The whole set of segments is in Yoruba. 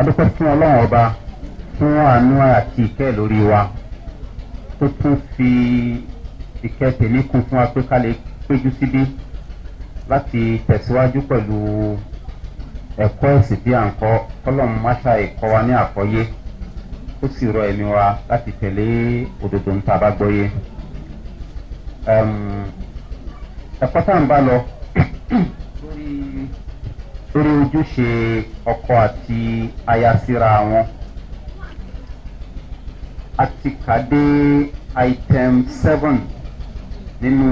adúpẹ́ fún ọlọ́run ọba fún àánú àti ìkẹ́ lórí wa tó tún fi ìkẹ́ tèmi kún fún wa pé ká lè péjú síbí láti tẹ̀síwájú pẹ̀lú ẹ̀kọ́ ẹ̀sìn bí à ń kọ́ kọ́lọ́mù máṣá ìkọ́ wa ní àkọ́yé ó sì rọ ẹ̀mí wa láti tẹ̀lé òdòdó ń ta bá gbọ́yé ẹ̀kọ́ tá à ń bá lọ lórí ojúṣe ọkọ àti aya síra wọn a ti kà dé item seven nínú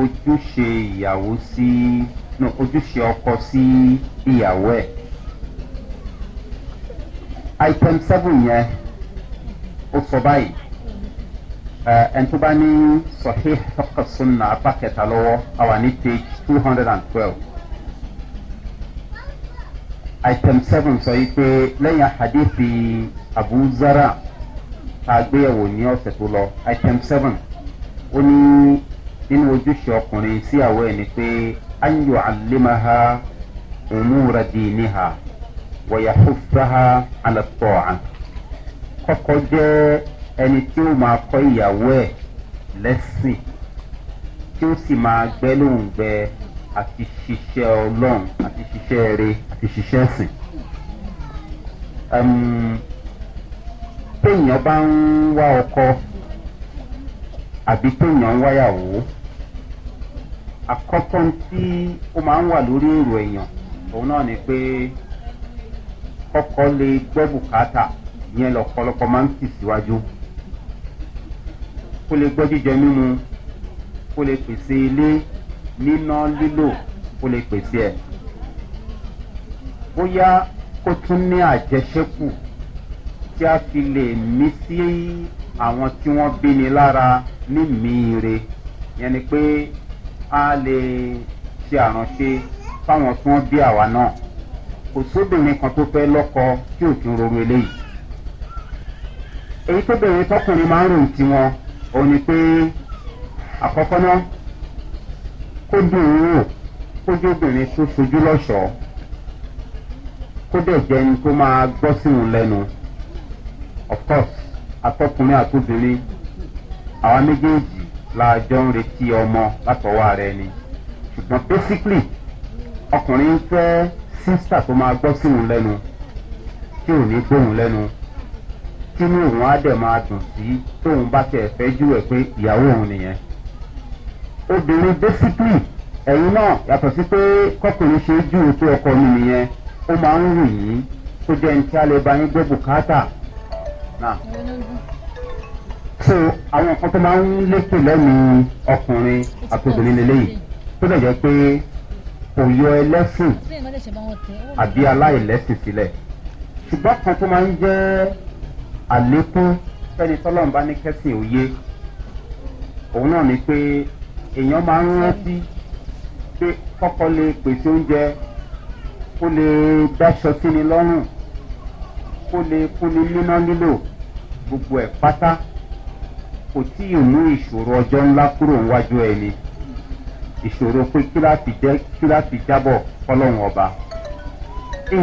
ojúṣe ìyàwó sí no ojúṣe ọkọ sí ìyàwó ẹ item seven yẹn ó sọ báyìí ẹn tó bá ní sọ̀hí ọkọ̀ sunna apá kẹta lọ́wọ́ àwa ní page two hundred and twelve item seven sọ yìí pé lẹ́yìn àdéhìí abuzara àgbéyẹ̀wò ní ọ̀sẹ̀ tó lọ item seven ó ní nínú ojúṣe ọkùnrin síyàwó ẹ̀ ni pé ayọ̀ àlemaha òmùra dìníha wọ̀yàfúfáha alàtọ̀à kọ́kọ́ jẹ́ ẹni tí ó máa kọ́ ìyàwó ẹ̀ lẹ́sìn tí ó sì máa gbẹ́ lóhùn gbẹ́ àti ṣiṣẹ́ ọlọ́run àti ṣiṣẹ́ eré àti ṣiṣẹ́ ẹ̀sìn. téèyàn bá ń wá ọkọ àbí téèyàn ń wáyàwó àkọ́kọ́ tí ó máa ń wà lórí èrò èèyàn òun náà ni pé kọ́kọ́ lè gbọ́ bùkátà yẹn lọ́pọ̀lọpọ̀ máa ń tì kó lè gbọ́ jíjẹ mímu kó lè pèsè ilé níná lílò ó lè pèsè ẹ̀ bóyá kó tún ní àjẹsẹ́kù tí a fi lè mí sí àwọn tí wọ́n bí ni lára ní mìíire yẹn ni pé a lè ṣe àránṣe fáwọn tí wọ́n bí àwa náà kò sóbìnrin kan tó fẹ́ lọ́kọ tí ò tún roro eléyìí èyí tóbìnrin tọkùnrin máa ń ròyìn tiwọn òun ni pé àkọ́kọ́ náà kó dùn ún wò kó jóbìnrin tó sojú lọ́ṣọ̀ọ́ kó dẹ̀ jẹ́ ẹni tó máa gbọ́ sí lẹ́nu of course atọ́kùnrin àtòbìnrin àwa méjèèjì la jọ ń retí ọmọ látọwọ́ ara ẹni ṣùgbọ́n basically ọkùnrin ń fẹ́ sísà tó máa gbọ́ sí òun lẹ́nu tí ò ní gbóhùn lẹ́nu tínú òun á dẹ̀ máa dùn sí tóun bá tẹ̀ fẹ́ jù ẹ̀ pé ìyàwó òun nìyẹn obìnrin basically ẹ̀yin náà yàtọ̀ sí pé kọkùnrin ṣe jù ú tó ọkọ mi nìyẹn ó máa ń rù yín tó jẹ́ ní tí a lè ba yín gbé bùkátà náà so àwọn nǹkan tó máa ń lékè lẹ́nu ọkùnrin àtòbìnrin lélẹ́yìí tó dẹ̀ jẹ́ pé kò yọ ẹlẹ́sìn àbí aláìlẹ́sìn sílẹ̀ ṣùgbọ́n kan tó máa ń jẹ́ àlékún fẹ́ni tọ́lọ́mùbá ní kẹ́sìn òye òun náà ni pé èèyàn máa ń rántí pé kọ́kọ́ lè pèsè oúnjẹ kó lè dáṣọ síni lọ́rùn kó lè fúnni níná nílò gbogbo ẹ̀ pátá kò tí ì mú ìṣòro ọjọ́ ńlá kúrò níwájú ẹni ìṣòro pé kíláàsì jẹ́ kíláàsì jábọ̀ fọlọ́run ọba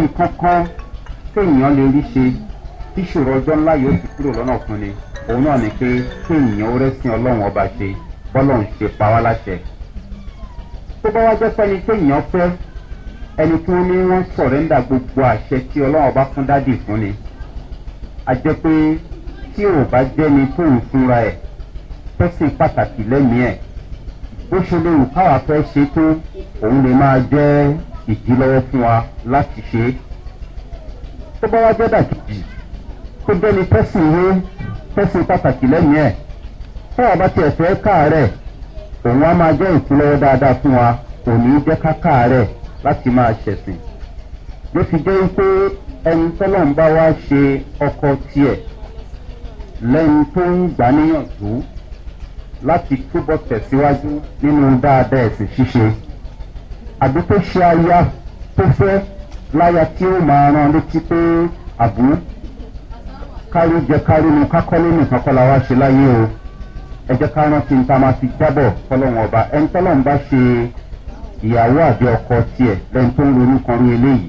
nǹkan kan téèyàn lè rí ṣe tíṣòro ọjọ́ ńlá yóò fi kúrò lọ́nà fún ni òun náà ni pé kéèyàn ó rẹ́sìn ọlọ́run ọba ṣe bọ́lọ̀ ń ṣe pa wá láṣẹ. tó bá wá jẹ́ pẹ́ni téèyàn fẹ́ ẹni tí wọ́n ní wọ́n sọ̀rẹ́ńdà gbogbo àṣẹ tí ọlọ́run bá fún dádì fún ni. a jẹ́ pé tí ò bá jẹ́ni tó ń fúnra ẹ̀ tẹ́sìn pàtàkì lẹ́mìí ẹ̀ ó ṣe léwu káwa fẹ́ ṣe tó òun lè máa jẹ́ ìdílọ́wọ́ fún wa láti ṣe é. tó bá wá jẹ́ dàkejì tó jẹ́ni tẹ́sìn wé tẹ́sìn pàtàkì lẹ́mìí ẹ̀ táwọn bá tiẹ̀ fẹ́ káàárẹ̀ òun á máa jẹ́ ìfúnlọ́wọ́ dáadáa fún wa kò ní í jẹ́ ká káàárẹ̀ láti máa ṣẹ̀sìn ló fi jẹ́ pé ẹni tọ́lọ̀ ń bá wá ṣe ọkọ tiẹ̀ lẹ́ni tó ń gbàníyànjú láti túbọ̀ tẹ̀síwájú nínú dáadáa ẹ̀sìn ṣíṣe àbí ṣe aya tó fẹ́ láya tí ó máa rán létí pé àbú kárí jẹ kárí mu kákọ́lé nìkan kọ́ la wá ṣe láyé o ẹjẹ́ kárán tí n ta máa fi jábọ̀ fọlọ́wọn ọba ẹni tọ́lọ́ ń bá ṣe ìyàwó àbí ọkọ tiẹ̀ lẹ́yìn tó ń ronú kan rí eléyìí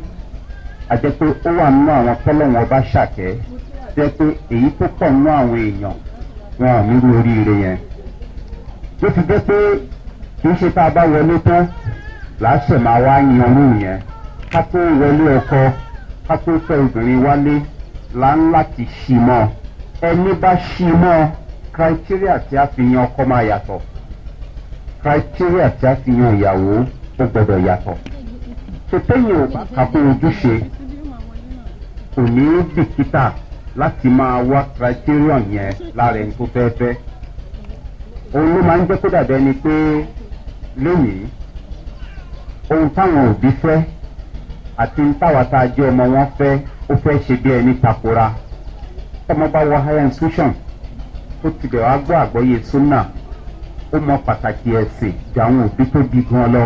a jẹ́ pé ó wà nínú àwọn tọ́lọ́wọn ọba ṣàkẹ́ jẹ́ pé èyí tó pọ̀ nínú àwọn èèyàn wọn ò ní rí oríire yẹn ló fi jẹ́ pé kì í ṣe tá a bá wọlé tán làásẹ̀ máa wá yan ọrùn yẹn ká tó wọlé ọkọ ká tó fẹ́ obìnrin wálé là ń láti ṣì mọ́ ẹni bá ṣì mọ́ criteria tí a fi yan ọkọ máa yàtọ̀ criteria tí a fi yan ìyàwó ó gbọdọ̀ yàtọ̀ tó téyìn ò bá kàkún ojúṣe kò ní í bìkítà láti máa wá criterion yẹn lára ẹni tó fẹ́ fẹ́ òun ló máa ń jẹ́ kó dàbẹ́ ni pé lónìí ohun táwọn òbí fẹ́ àti táwa tá a jẹ́ ọmọ wọn fẹ́ ó fẹ́ ṣe bí ẹni takora ọmọ bá wọ higher institution ó ti dẹ̀ wá gbọ́ àgbọ́yé súnà ó mọ pàtàkì ẹ̀sìn ju àwọn òbí tó bí gan lọ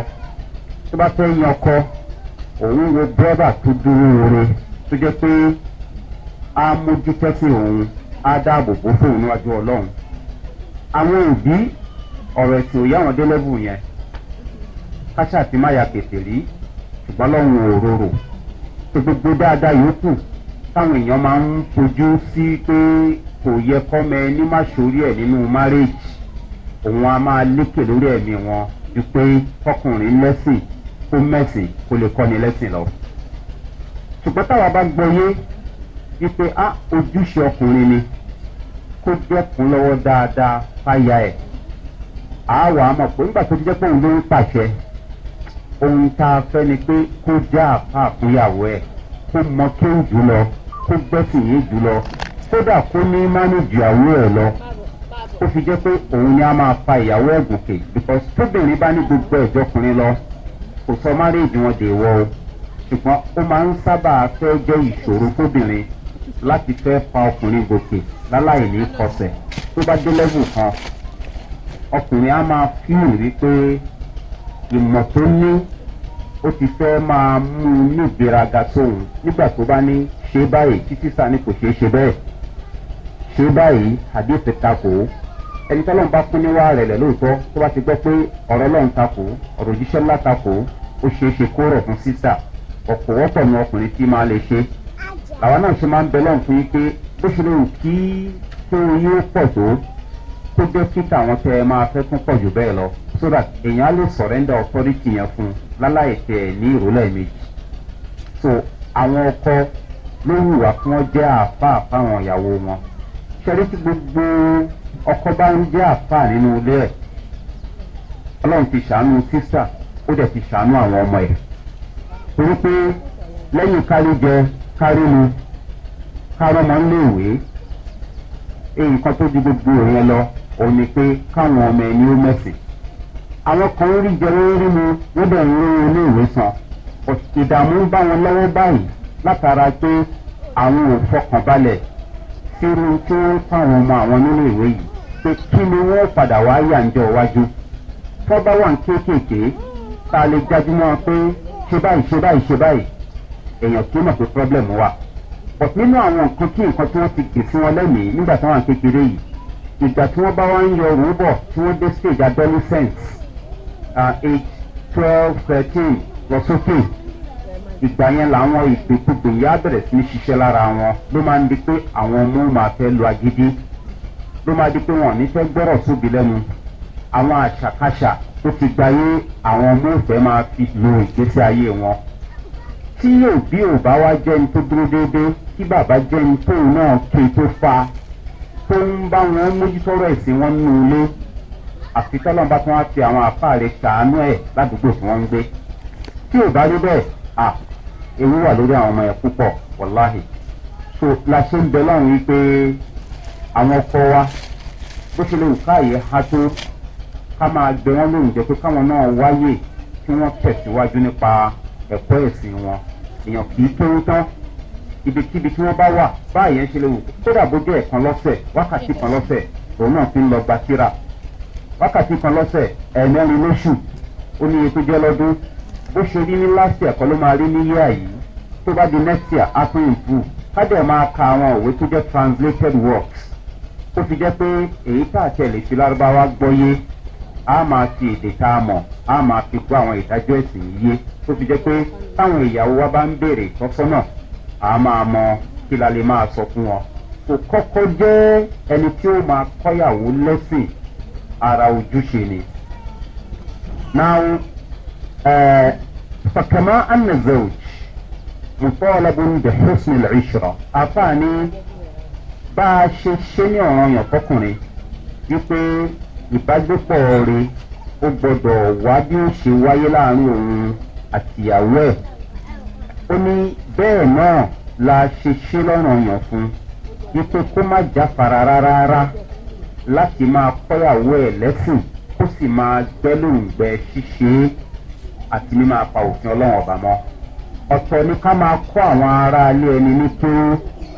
tó bá fẹ́ yan ọkọ òun wo bírọ́bà tó dúró wore tó jẹ́ pé á mójútó sí òun á dáàbò bó fóun níwájú ọlọ́run àwọn òbí ọ̀rọ̀ ẹ̀sìn òye àwọn délẹ́bù yẹn káṣá ti má ya kètè rí ṣùgbọ́n lọ́hùn òróró tó gbogbo dáadáa yòókù táwọn èèyàn máa ń fojú sí pé kò yẹ kọ́mọ ẹni má sórí ẹ̀ nínú márèèjì òun a máa lékè lórí ẹ̀mí wọn ju pé kọkùnrin lẹ́sìn kó mẹ́sìn kó lè kọ́ni lẹ́sìn lọ. ṣùgbọ́n táwa bá gbọ́ yé wípé á ojúṣe ọkùnrin ni kó dẹ́kun lọ́wọ́ dáadáa fáyà ẹ̀ àáwọ̀ àmọ̀ pé nígbà tó ti jẹ́ pé òun ló ń pàṣẹ ohun tá a fẹ́ ni pé kó já àpá àkúyàwó ẹ̀ kó mọ kéwù jùlọ kó gbẹ́sìn yìí jùlọ kódà kó ní mánú ju àwọ̀ ẹ̀ lọ ó fi jẹ́ pé òun ni a máa fa ìyàwó ẹ̀ gòkè because tóbìnrin bá ní gbogbo ẹ̀jọkùnrin lọ kò sọ márèèjì wọn dè wọ o ṣùgbọ́n ó máa ń sábà fẹ́ jẹ́ ìṣòro fóbìnrin láti fẹ́ fa ọkùnrin gòkè láláì ní kọsẹ̀ tó bá dé lẹ́bù kan ọkùnrin á máa fíìmù wípé ìmọ̀ tó ní ó ti fẹ́ máa mú un ní ìgbéraga tóun nígbà tó bá ní ṣe báyìí títí sani kò ṣeé ṣe bẹ́ẹ̀ ṣe báyìí àdéhùn takò ẹni tọ́lọ́n bá kú níwá rẹ̀ lẹ̀ lóòótọ́ tó bá ti gbọ́ pé ọ̀rọ̀ lọ́n takò ọ̀rọ̀ òjíṣẹ́ ńlá takò ó ṣeé ṣe kó rẹ̀ fún sísà ọ̀pọ̀ wọ́pọ̀ ni ọkùnrin tí máa lè ṣe làwọn náà ṣe máa ń bẹ lọ́n fún yín pé bó ṣe lóhùn kí tó yín ó pọ̀ tó tó jẹ́ kí tàwọn tẹ́ ẹ máa fẹ́ tún pọ̀ jù bẹ́ẹ̀ lọ so that èèyàn á lè sọ̀rẹ́ndà ọ̀tọ́rìtì yẹn fún un láláì tẹ̀ ní ìrólẹ̀ méjì so àwọn ọkọ ló hùwà kí wọ́n jẹ́ àáfàá fáwọn ìyàwó wọn sẹ́rí tí gbogbo ọkọ bá ń jẹ́ àfa nínú ilé ẹ̀ ọlọ́run ti ṣàánú sísà ó dẹ̀ ti ṣàánú àwọn ọmọ ẹ̀ torí pé lẹ́yìn kárí jẹ kárí mu kárí nǹkan tó di gbogbo ìyẹn lọ òun ni pé káwọn ọmọ ẹni ó mẹ́sì àwọn kan rí jẹ mu wọ́n ń rí san ìdààmú bá wọn lọ́wọ́ báyìí látara irú tí wọ́n ń fáwọn ọmọ àwọn nínú ìwé yìí pé kí ni wọ́n padà wá yà ń jọ iwájú tó bá wà ní kéékèèké tá a lè dájú mọ́ pé ṣe báyìí ṣe báyìí ṣe báyìí èèyàn tó mọ̀ pé pọ́blẹ́mù wà but nínú àwọn nǹkan kí nǹkan tí wọ́n ti gbè fún wọn lẹ́mìí nígbà táwọn kékeré yìí ìgbà tí wọ́n bá wá ń yọ òun bọ̀ tí wọ́n dé stage adolescence uh, age twelve thirteen lọ sókè ìgbà yẹn làwọn ìgbèkúgbè yá bẹ̀rẹ̀ sí ní ṣiṣẹ́ lára wọn ló máa ń di pé àwọn ọmọ máa fẹ́ lu agídí ló máa di pé wọn ní fẹ́ gbọ́rọ̀ tóbi lẹ́nu àwọn àṣàkáṣà tó ti gbayé àwọn ọmọ òfẹ́ máa fi lo ìgbésí ayé wọn tí òbí ò bá wá jẹ́ ní tó dúró déédéé tí bàbá jẹ́ ní tóun náà ké tó fa tó ń bá wọn mójútó ọ̀rọ̀ ẹ̀sìn wọn nínú ilé àfi tọ́lọ́n bá tún wá fi àwọn àfáà rẹ̀ ṣàánú ẹ̀ ládùúgbò tí wọ́n ń gbé tí ò bá rí bẹ́ẹ̀ ewu wà lórí àwọn ọmọ yẹn púpọ̀ wàláhì so la ṣe ń bẹ lọ́run yìí pé àwọn ọkọ wa bó ṣe lè ká àyè ha tó ká máa gbé wọn lóhùn jẹ pé káwọn náà wáyè kí wọ́n tẹ̀síwájú nípa ẹ̀kọ́ ẹ̀sìn wọn èèyàn kì í kéwú tán ibikíbi tí wọ́n bá wà báyìí ń ṣe lè wù kódà bó jẹ́ ẹ̀kan lọ́sẹ̀ wákàtí kan lọ́sẹ̀ òun náà fi ń lọ gba síra wákàtí kan lọ́sẹ̀ ẹ̀ẹ̀mẹ́rin lóṣù ó ní iye tó jẹ́ lọ́dún bó ṣe rí ní last year kan ló máa rí ní year yìí tó bá di next year á tún improve ká dẹ̀ máa ka àwọn òwe tó jẹ́ translated works ó fi jẹ́ pé èyí tá àti ẹ̀ lè fi lárúbáwá gbọ́yé a máa fi èdè tá a mọ̀ a máa fi gbọ́ àwọn ìdájọ́ ẹ̀sìn yíyé tó fi jẹ́ pé táwọn ìyàwó wa bá ń béèrè ìtọ́sọ́nà a máa mọ kí la lè máa sọ fún wọn kò kọ́kọ́ jẹ́ ẹni tí ó máa kọ́yàwó lẹ́sìn ara ojúṣe ni. now uh, فكما أن الزوج مطالب بحسن العشرة أفاني bá a ṣe ṣe ní ọ̀ràn yàn fọkùnrin wípé ìbágbépọ̀ rẹ ó gbọdọ̀ wá bí ó ṣe wáyé láàrin òun àtìyàwó ẹ̀ ó ní bẹ́ẹ̀ náà la ṣe ṣe lọ́nà yàn fún wípé kó má jáfara rárá láti máa kọ́yàwó ẹ̀ lẹ́sìn kó sì máa gbẹ́lòǹgbẹ́ ṣíṣe é àti mímọ apá òfin ọlọ́run ọ̀bà mọ́ ọ̀tọ̀ ni ká máa kọ́ àwọn ará ilé ẹni ní tó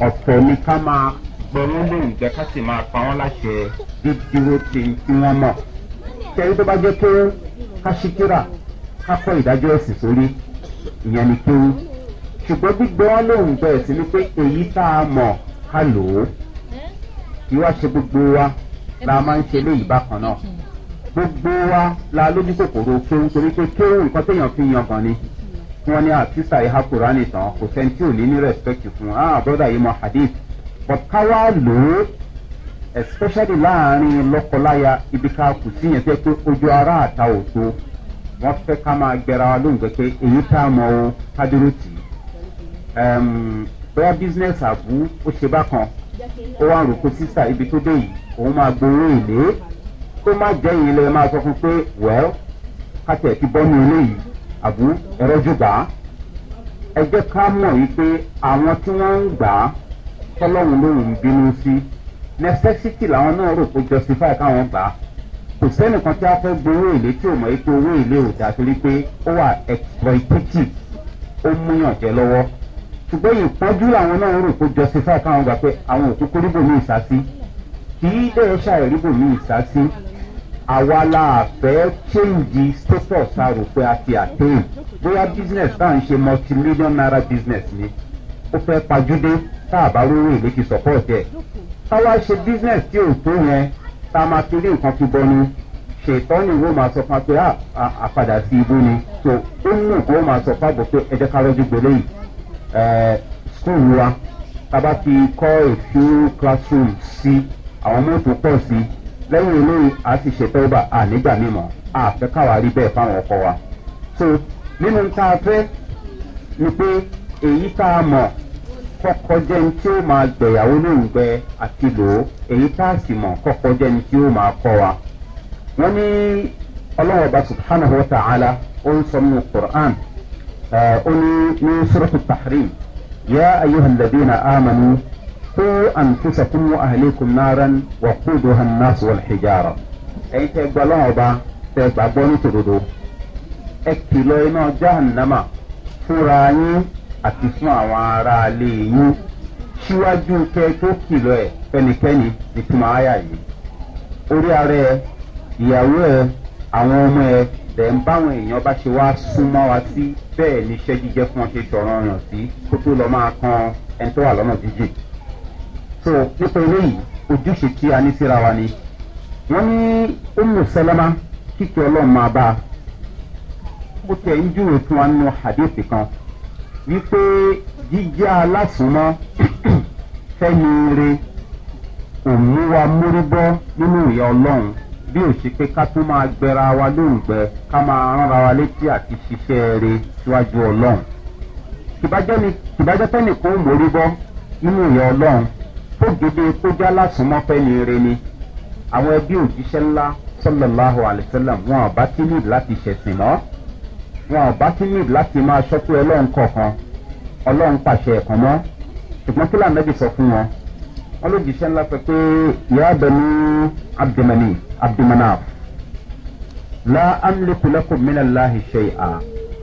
ọ̀tọ̀ ni ká máa gbọ́rún lè ń jẹ́ ká sì máa pa wọ́n láṣẹ dídúró ti tí wọ́n mọ̀ kẹ́rí tó bá jẹ́ pé ká ṣíkírà ká kọ́ ìdájọ́ ẹ̀sìn sórí ìyẹn ni tó ṣùgbọ́n gbígbé wọn lóhùn bẹ̀rẹ̀ sí ni pé èyí tá a mọ̀ ká lò ó ìwà ṣe gbogbo wa la máa ń ṣe léyìí bákan náà gbogbo wa la lójú kòkòrò kéwù torí pé kéwù nǹkan téèyàn fi yan gan ni tí wọ́n ní àtúnṣà ìhà kùránì tán kò sẹ́ni tí ò ní ní respect fún ah brother yìí mọ hadith but ká wá lò ó especially láàrin lọ́kọláya ibi ká kù sí yẹn tẹ́ pé ojú ara àta ò tó wọ́n fẹ́ ká máa gbẹra wa lóhùn pé èyí tá a mọ o ká dúró tì í bóyá business àbú ó ṣe bákan ó wà rò pé sísà ibi tó dé yìí òun máa gbowó èlé tó má jẹ́ yìí lè máa sọ fún pé wẹ́ẹ́ kàtẹ́ ti bọ́ ní eléyìí àbú ẹ̀rọ jù gbà á ẹ jẹ́ ká mọ̀ yìí pé àwọn tí wọ́n ń gbà á tọ́lọ́run lóhùn bínú sí necessity làwọn náà rò pé justify káwọn gbà á kò sẹ́nìkan tí a fẹ́ gbowó èlé tí ò mọ̀ yìí pé owó èlé ò dáa torí pé ó wà exploitative ó múyàn jẹ lọ́wọ́ ṣùgbọ́n ìpọ́njú làwọn náà rò pé justify káwọn gbà pé àwọn òkú kórìbò ní ìsásí kì í dẹ́ ṣàìríbò ní ìsásí àwa la fẹ́ change status a rò pé a ti attain bóyá business tá à ń ṣe multimillion naira business ni ó fẹ́ pajúdé tá a bá rówó èlé ti support ẹ̀ táwa ṣe business tí ò tó yẹn tá a máa fi rí nǹkan fi bọnu ṣètọ́nì wo máa sọ fún pé àpadà sí ibú ni so ó ń nù kó máa sọ fún àbò pé ẹ ká lọ́jú gbélé yìí school wa tá a bá fi kọ́ a few classrooms sí àwọn mọ́tò pọ̀ sí i lẹ́yìn eléyìí a ti ṣètò ọba ànígbà mímọ́ àfẹ́ rí bẹ́ẹ̀ fáwọn ọkọ wa so nínú tá a fẹ́ ni pé èyí tá a mọ̀ kọ́kọ́ jẹ́ ní tí ó máa gbẹ̀yàwó lóògbẹ àti lò ó èyí tá a sì mọ̀ kọ́kọ́ jẹ́ ní tí ó máa kọ́ wa wọ́n ní ọlọ́wọ́ba subhanahu wa ta'ala ó ń sọ nínú quran ó ní ní sọ́rọ́tù tahrim yá ayélujára dàbí na amanu qu anfusakum wa ahlikum naran waquduha an-nas wal hijara ẹ̀yin tẹ́ gbọ́ lọ́wọ́ ọba tẹ́ gbàgbọ́ nítòdodo ẹ kìlọ̀ iná jahannama fúnra yín àti fún àwọn ará ilé yín síwájú kẹ́ tó kìlọ̀ ẹ̀ fẹnikẹ́ni ìtumọ̀ àyà yìí orí ara ẹ ìyàwó ẹ àwọn ọmọ ẹ bẹ̀ ń báwọn èèyàn bá ṣe wá súnmọ́ wa sí bẹ́ẹ̀ ni iṣẹ́ jíjẹ́ fún ọ ṣe ṣọ̀rọ̀ ọ̀yàn sí kó tó lọ́ọ́ máa kan ẹni tó wà lọ́nà jíjìn so nípa eléyìí ojúṣe tí a ní síra wa ni wọn ní umu salama kíkẹ́ ọlọ́run máa bá a ó tẹ ń júwe fún wa nínú hadith kan wípé jíjẹ́ alásùnmọ́ fẹ́ni re kò mú wa mórí bọ́ nínú ìyá ọlọ́run bí ò ṣe pé ká tún máa gbẹra wa lóògbẹ ká máa ránra wa létí àti ṣiṣẹ́ re síwájú ọlọ́run kìbájẹ́ tẹ́nìkan mórí bọ́ nínú ìyá ọlọ́run tó gèdè kójá lásùnmọ́ fẹ́ni rẹ ni àwọn ẹbí òjíṣẹ́ ńlá sọlọ́láhùn àlẹ́sẹ́lẹ̀m wọn àbá tí ní láti ṣẹ̀sìn mọ́ wọn àbá tí ní láti máa ṣọ́kú ẹlọ́run kọ̀ọ̀kan ọlọ́run pàṣẹ ẹ̀kan mọ́ ṣùgbọ́n kí làmẹ́bí sọ fún wọn wọn ló jíṣẹ́ ńlá sọ pé ìyá abẹ ní abdulmani abdulmanaf la amlekulẹ́kù mílẹ̀láhi ṣe à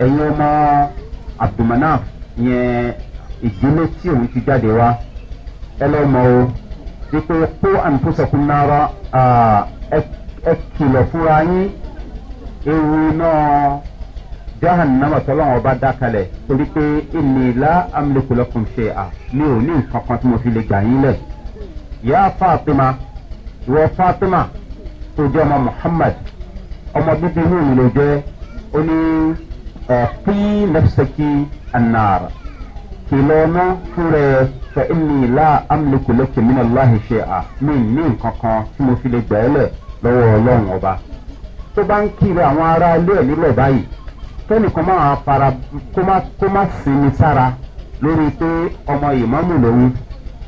ẹ̀yin ọmọ abdulmanaf yẹn ìdílé tí òun ti jáde wá ẹlẹ́mọ̀ o wípé kó àǹfọ̀sẹ̀kùn náírà ẹ kìlọ̀ fúnra yín ewu náà jahannama tọ́lọ́wọ́n bá dákalẹ̀ torí pé ìnìlá amúlẹ̀kùlọ́kùn ṣe à mi ò ní nǹkan kan tí mo fi lè gbà yín lẹ̀. ìyá fatima ìwọ fatima tó jẹ́ ọmọ muhammad ọmọ bíbí inú mi ló jẹ́ ó ní ọ̀pín nafsaki anara ìlọ́nà fúnra ẹ fẹ́ mi là amúlùkù lókè mí náà láì ṣe à mí ní nǹkan kan tí mo fi lè gbà ẹ́ lẹ̀ lọ́wọ́ ọlọ́run ọba. tó bá ń kiri àwọn ará ilé ẹ̀ nílẹ̀ báyìí kẹ́nìkan máa fara kó má sinmi sára lórí pé ọmọ ìmọ̀mù lòun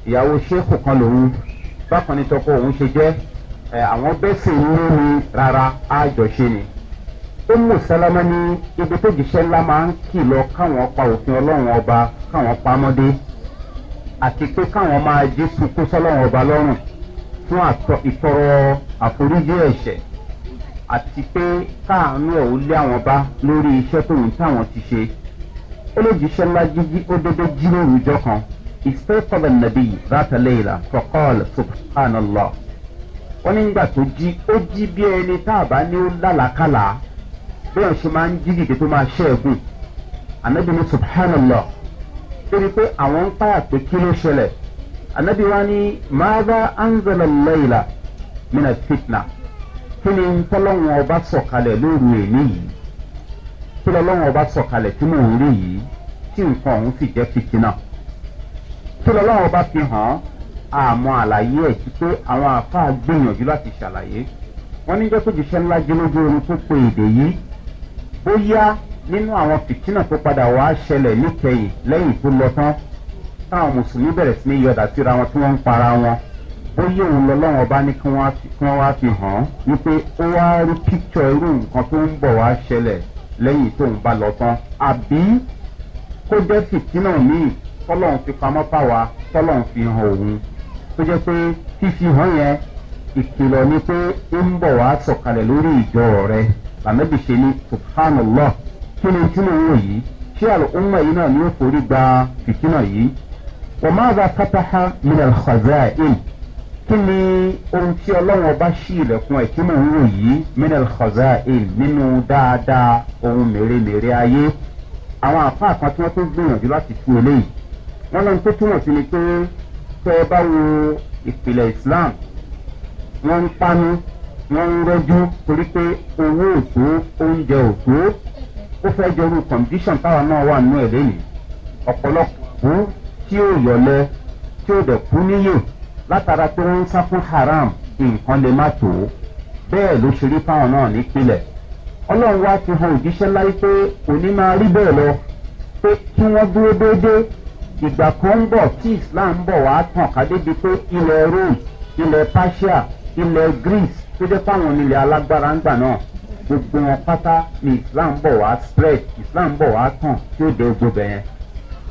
ìyàwó ṣéèkù kan lòun bákan ní tọkọ òun ṣe jẹ́ àwọn bẹ́sẹ̀ ń lé mi rárá àjọṣe ni umu salama ní ibi tó jìṣẹ́ ńlá máa ń kì lọ káwọn pa òfin ọlọ́run ọba káwọn pamọ́dé àti pé káwọn máa jí sunkún sọlọ́run ọba lọ́rùn fún ìtọrọ àforíjì ẹ̀ṣẹ̀ àti pé káàánú ẹ̀ ó lé àwọn bá lórí iṣẹ́ tóun táwọn ti ṣe ó lè jíṣẹ́ ńlá jíjí ó dédé jí lóru ìjọ kan ìfẹ́kọ̀lẹ̀ nàbí rátàlẹ́yìnlá fọkọ́ọ̀lù subhanallah wọ́n nígbà tó jí ó jí bí ẹni tá a bá ní ó lálàkàlà bóyá ṣe máa ń jí dìde tó máa ṣe ẹ̀gùn anabi ni subhanallah torí pé àwọn ń pààyà pé kí ló ṣẹlẹ̀ anabi wa ni maada anzala layla mina fitna kí ni ntọ́lọ́wọ́n ọba sọ̀kalẹ̀ lóru èmi yìí kí lọ́lọ́wọ́n ọba sọ̀kalẹ̀ tí mò ń rí yìí tí nǹkan ọ̀hún sì jẹ́ fitina kí lọ́lọ́wọ́n ọba fi hàn àmọ́ àlàyé ẹ̀ ti pé àwọn àfáà gbìyànjú láti ṣàlàyé wọ́n níjọ́ tó jíṣẹ́ ńlá jẹ́ lójú orin tó pe èdè yìí bóyá nínú àwọn fìtínà tó padà wá ṣẹlẹ̀ níkẹyìn lẹ́yìn tó lọ tán táwọn mùsùlùmí bẹ̀rẹ̀ sí ní yọ̀dà síra wọn tí wọ́n ń para wọn bóyá òun lọ́lọ́wọ́n bá ní kí wọ́n wá fi hàn án wípé ó wá rí píkṣọ irú nǹkan tó ń bọ̀ wá ṣẹlẹ̀ lẹ́yìn tóun bá lọ tán àbí kó jẹ́ fìtínà míì tọ́lọ́run fi pamọ́ fáwa tọ́lọ́run fi hàn òun tó jẹ́ pé fífi hàn yẹn ìkìlọ̀ ni pé ó ń bọ̀ wá sọ̀kalẹ̀ lórí ìjọ rẹ̀ làmẹ́bí ṣe subhanallah kí ni tí mo wò yìí ṣé àlùkùnmọ̀ yìí náà ni ó forí gba fìtínà yìí wọ́n máa gba pátáhá minal khazain kí ni ohun tí ọlọ́run ọba ṣí ilẹ̀kùn ẹ̀ tí mo wò yìí minal khazain nínú dáadáa ohun mèremère ayé àwọn àfáà kan tí wọ́n tó gbìyànjú láti tú eléyìí wọ́n lọ́n tó túmọ̀ sí ni pé tẹ́ ẹ bá wo ìpìlẹ̀ islam wọ́n ń panu wọ́n ń rọ́jú torí pé owó ò tó oúnjẹ ò tó ó fẹ́ jọrú kọ̀ǹdíṣàn táwa náà wà nínú ẹ̀ lẹ́yìn ọ̀pọ̀lọpọ̀ tí ó yọlẹ tí ó dẹ̀ kú níyè látara pé wọ́n ń sá fún haram nǹkan lè má tó bẹ́ẹ̀ ló ṣe rí fáwọn náà nípìnlẹ̀ ọlọ́run wá fi hàn òjíṣẹ́ láyé pé òní máa rí bẹ́ẹ̀ lọ pé kí wọ́n dúró déédéé ìgbà kan ń bọ̀ tí islam ń bọ̀ wá tàn ká pé ilẹ̀ rome ilẹ̀ persia ilẹ̀ greece tó jẹ́ fáwọn onílẹ̀ alágbára ń gbà náà gbogbo wọn pátá ni islam bọ̀ wá spread islam bọ̀ wá tàn tí ó dé gbogbo yẹn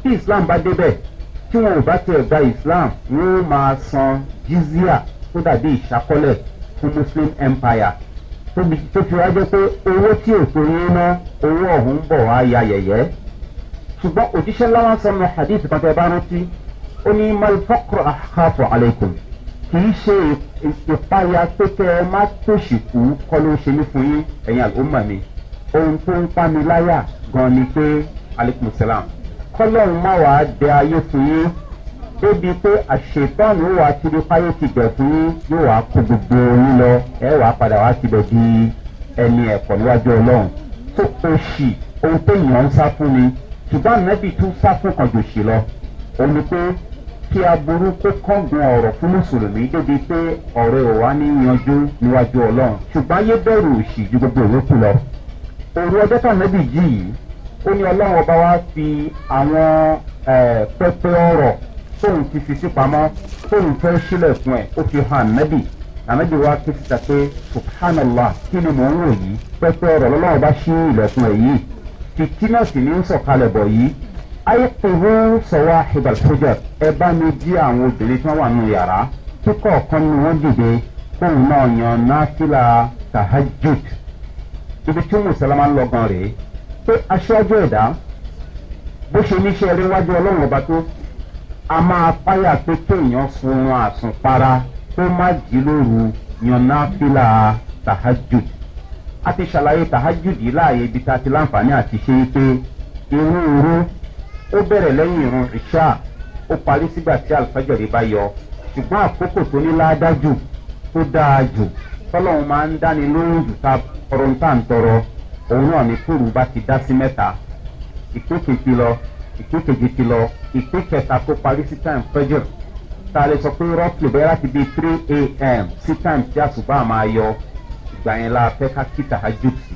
tí islam bá débẹ̀ tí wọn ò bá tẹ̀ gba islam wọn ó máa san jizya tó dàbí ìṣàkọlẹ̀ fún muslim empire tó fi wá jẹ́ pé owó tí ò tó yín ná owó ọ̀hún bọ̀ wá ya yẹ̀yẹ́ ṣùgbọ́n òjíṣẹ́ láwọn sọ mi hadith kan tẹ́ bá rántí ó ní malfakro akhafu aleikum kì í ṣe ìpayà pé kẹ́ ẹ má tòṣì kú ló ń ṣe ní fún yín ẹ̀yin àlùmọ̀ mi ohun tó ń pa mi láyà gan ni pé aleikum salam kọ́lọ́run má wàá dẹ ayé fún yín débi pé àṣetán ló wàá kiri fáyé ti bẹ̀ fún yín yóò wàá kó gbogbo yín lọ ẹ wàá padà wàá ti bẹ̀ di ẹni ẹ̀kọ́ níwájú ọlọ́run tó oṣì ohun tó yàn ń sá fún ni ṣùgbọ́n nẹ́bì tún sá fún kan jòṣì lọ òun ni pé kí aburú kó kángun ọ̀rọ̀ fún mùsùlùmí débi pé ọ̀rọ̀ ìwà ní yanjú níwájú ọlọ́run ṣùgbọ́n ayé bẹ̀rù òṣì ju gbogbo ìyókù lọ. òru ọjọ́ tànàbì yìí ó ní ọlọ́run ọba wa fi àwọn pẹpẹ ọ̀rọ̀ tóun ti fi sí pamọ́ tóun fẹ́ sílẹ̀kùn ẹ̀ ó fi hàn nẹ́bì ànábì wa ké síta pé subhanallah kí ni mò ń wò yìí pẹpẹ ọ̀rọ̀ lọ́lọ́run ọba ṣí ilẹ̀kùn ẹ̀ yìí ayé ìwé sọ̀wọ́ ìbàlùfẹ́jọ ẹ bá mi jí àwọn obìnrin tí wọ́n wà nínú yàrá tí kọ̀ọ̀kan ni wọ́n dìde kóun náà yan náfìlà tahajud ibi tí mùsàlámà ń lọ́gàn rèé pé aṣáájú ẹ̀dá bó ṣe níṣẹ́ rí wájú ọlọ́run ọba tó a máa páyà pé kéèyàn sunrun àsùnpara kó má jí lóru yan náfìlà tahajud a ti ṣàlàyé tahajud yìí láàyè ibi tá a ti láǹfààní àti ṣe é pé irú irú ó bẹ̀rẹ̀ lẹ́yìn irun ìṣá ó parí sígbà tí alfajọ́rì bá yọ ṣùgbọ́n àkókò tó ní ládájú tó dáa jù tọ́lọ́run máa ń dáni lóhùn jù ta tọrọ tá à ń tọrọ òun náà ní kóòrù bá ti dá sí mẹ́ta ìpín kejì lọ ìpín kejì ti lọ ìpín kẹta tó parí sí time fẹ́jọ́ tá a lè sọ pé rọ́pìlì bẹ́ẹ̀ láti bíi three a.m. sí time tí àsùbá máa yọ ìgbà yẹn la fẹ́ ká kí tàhájú sí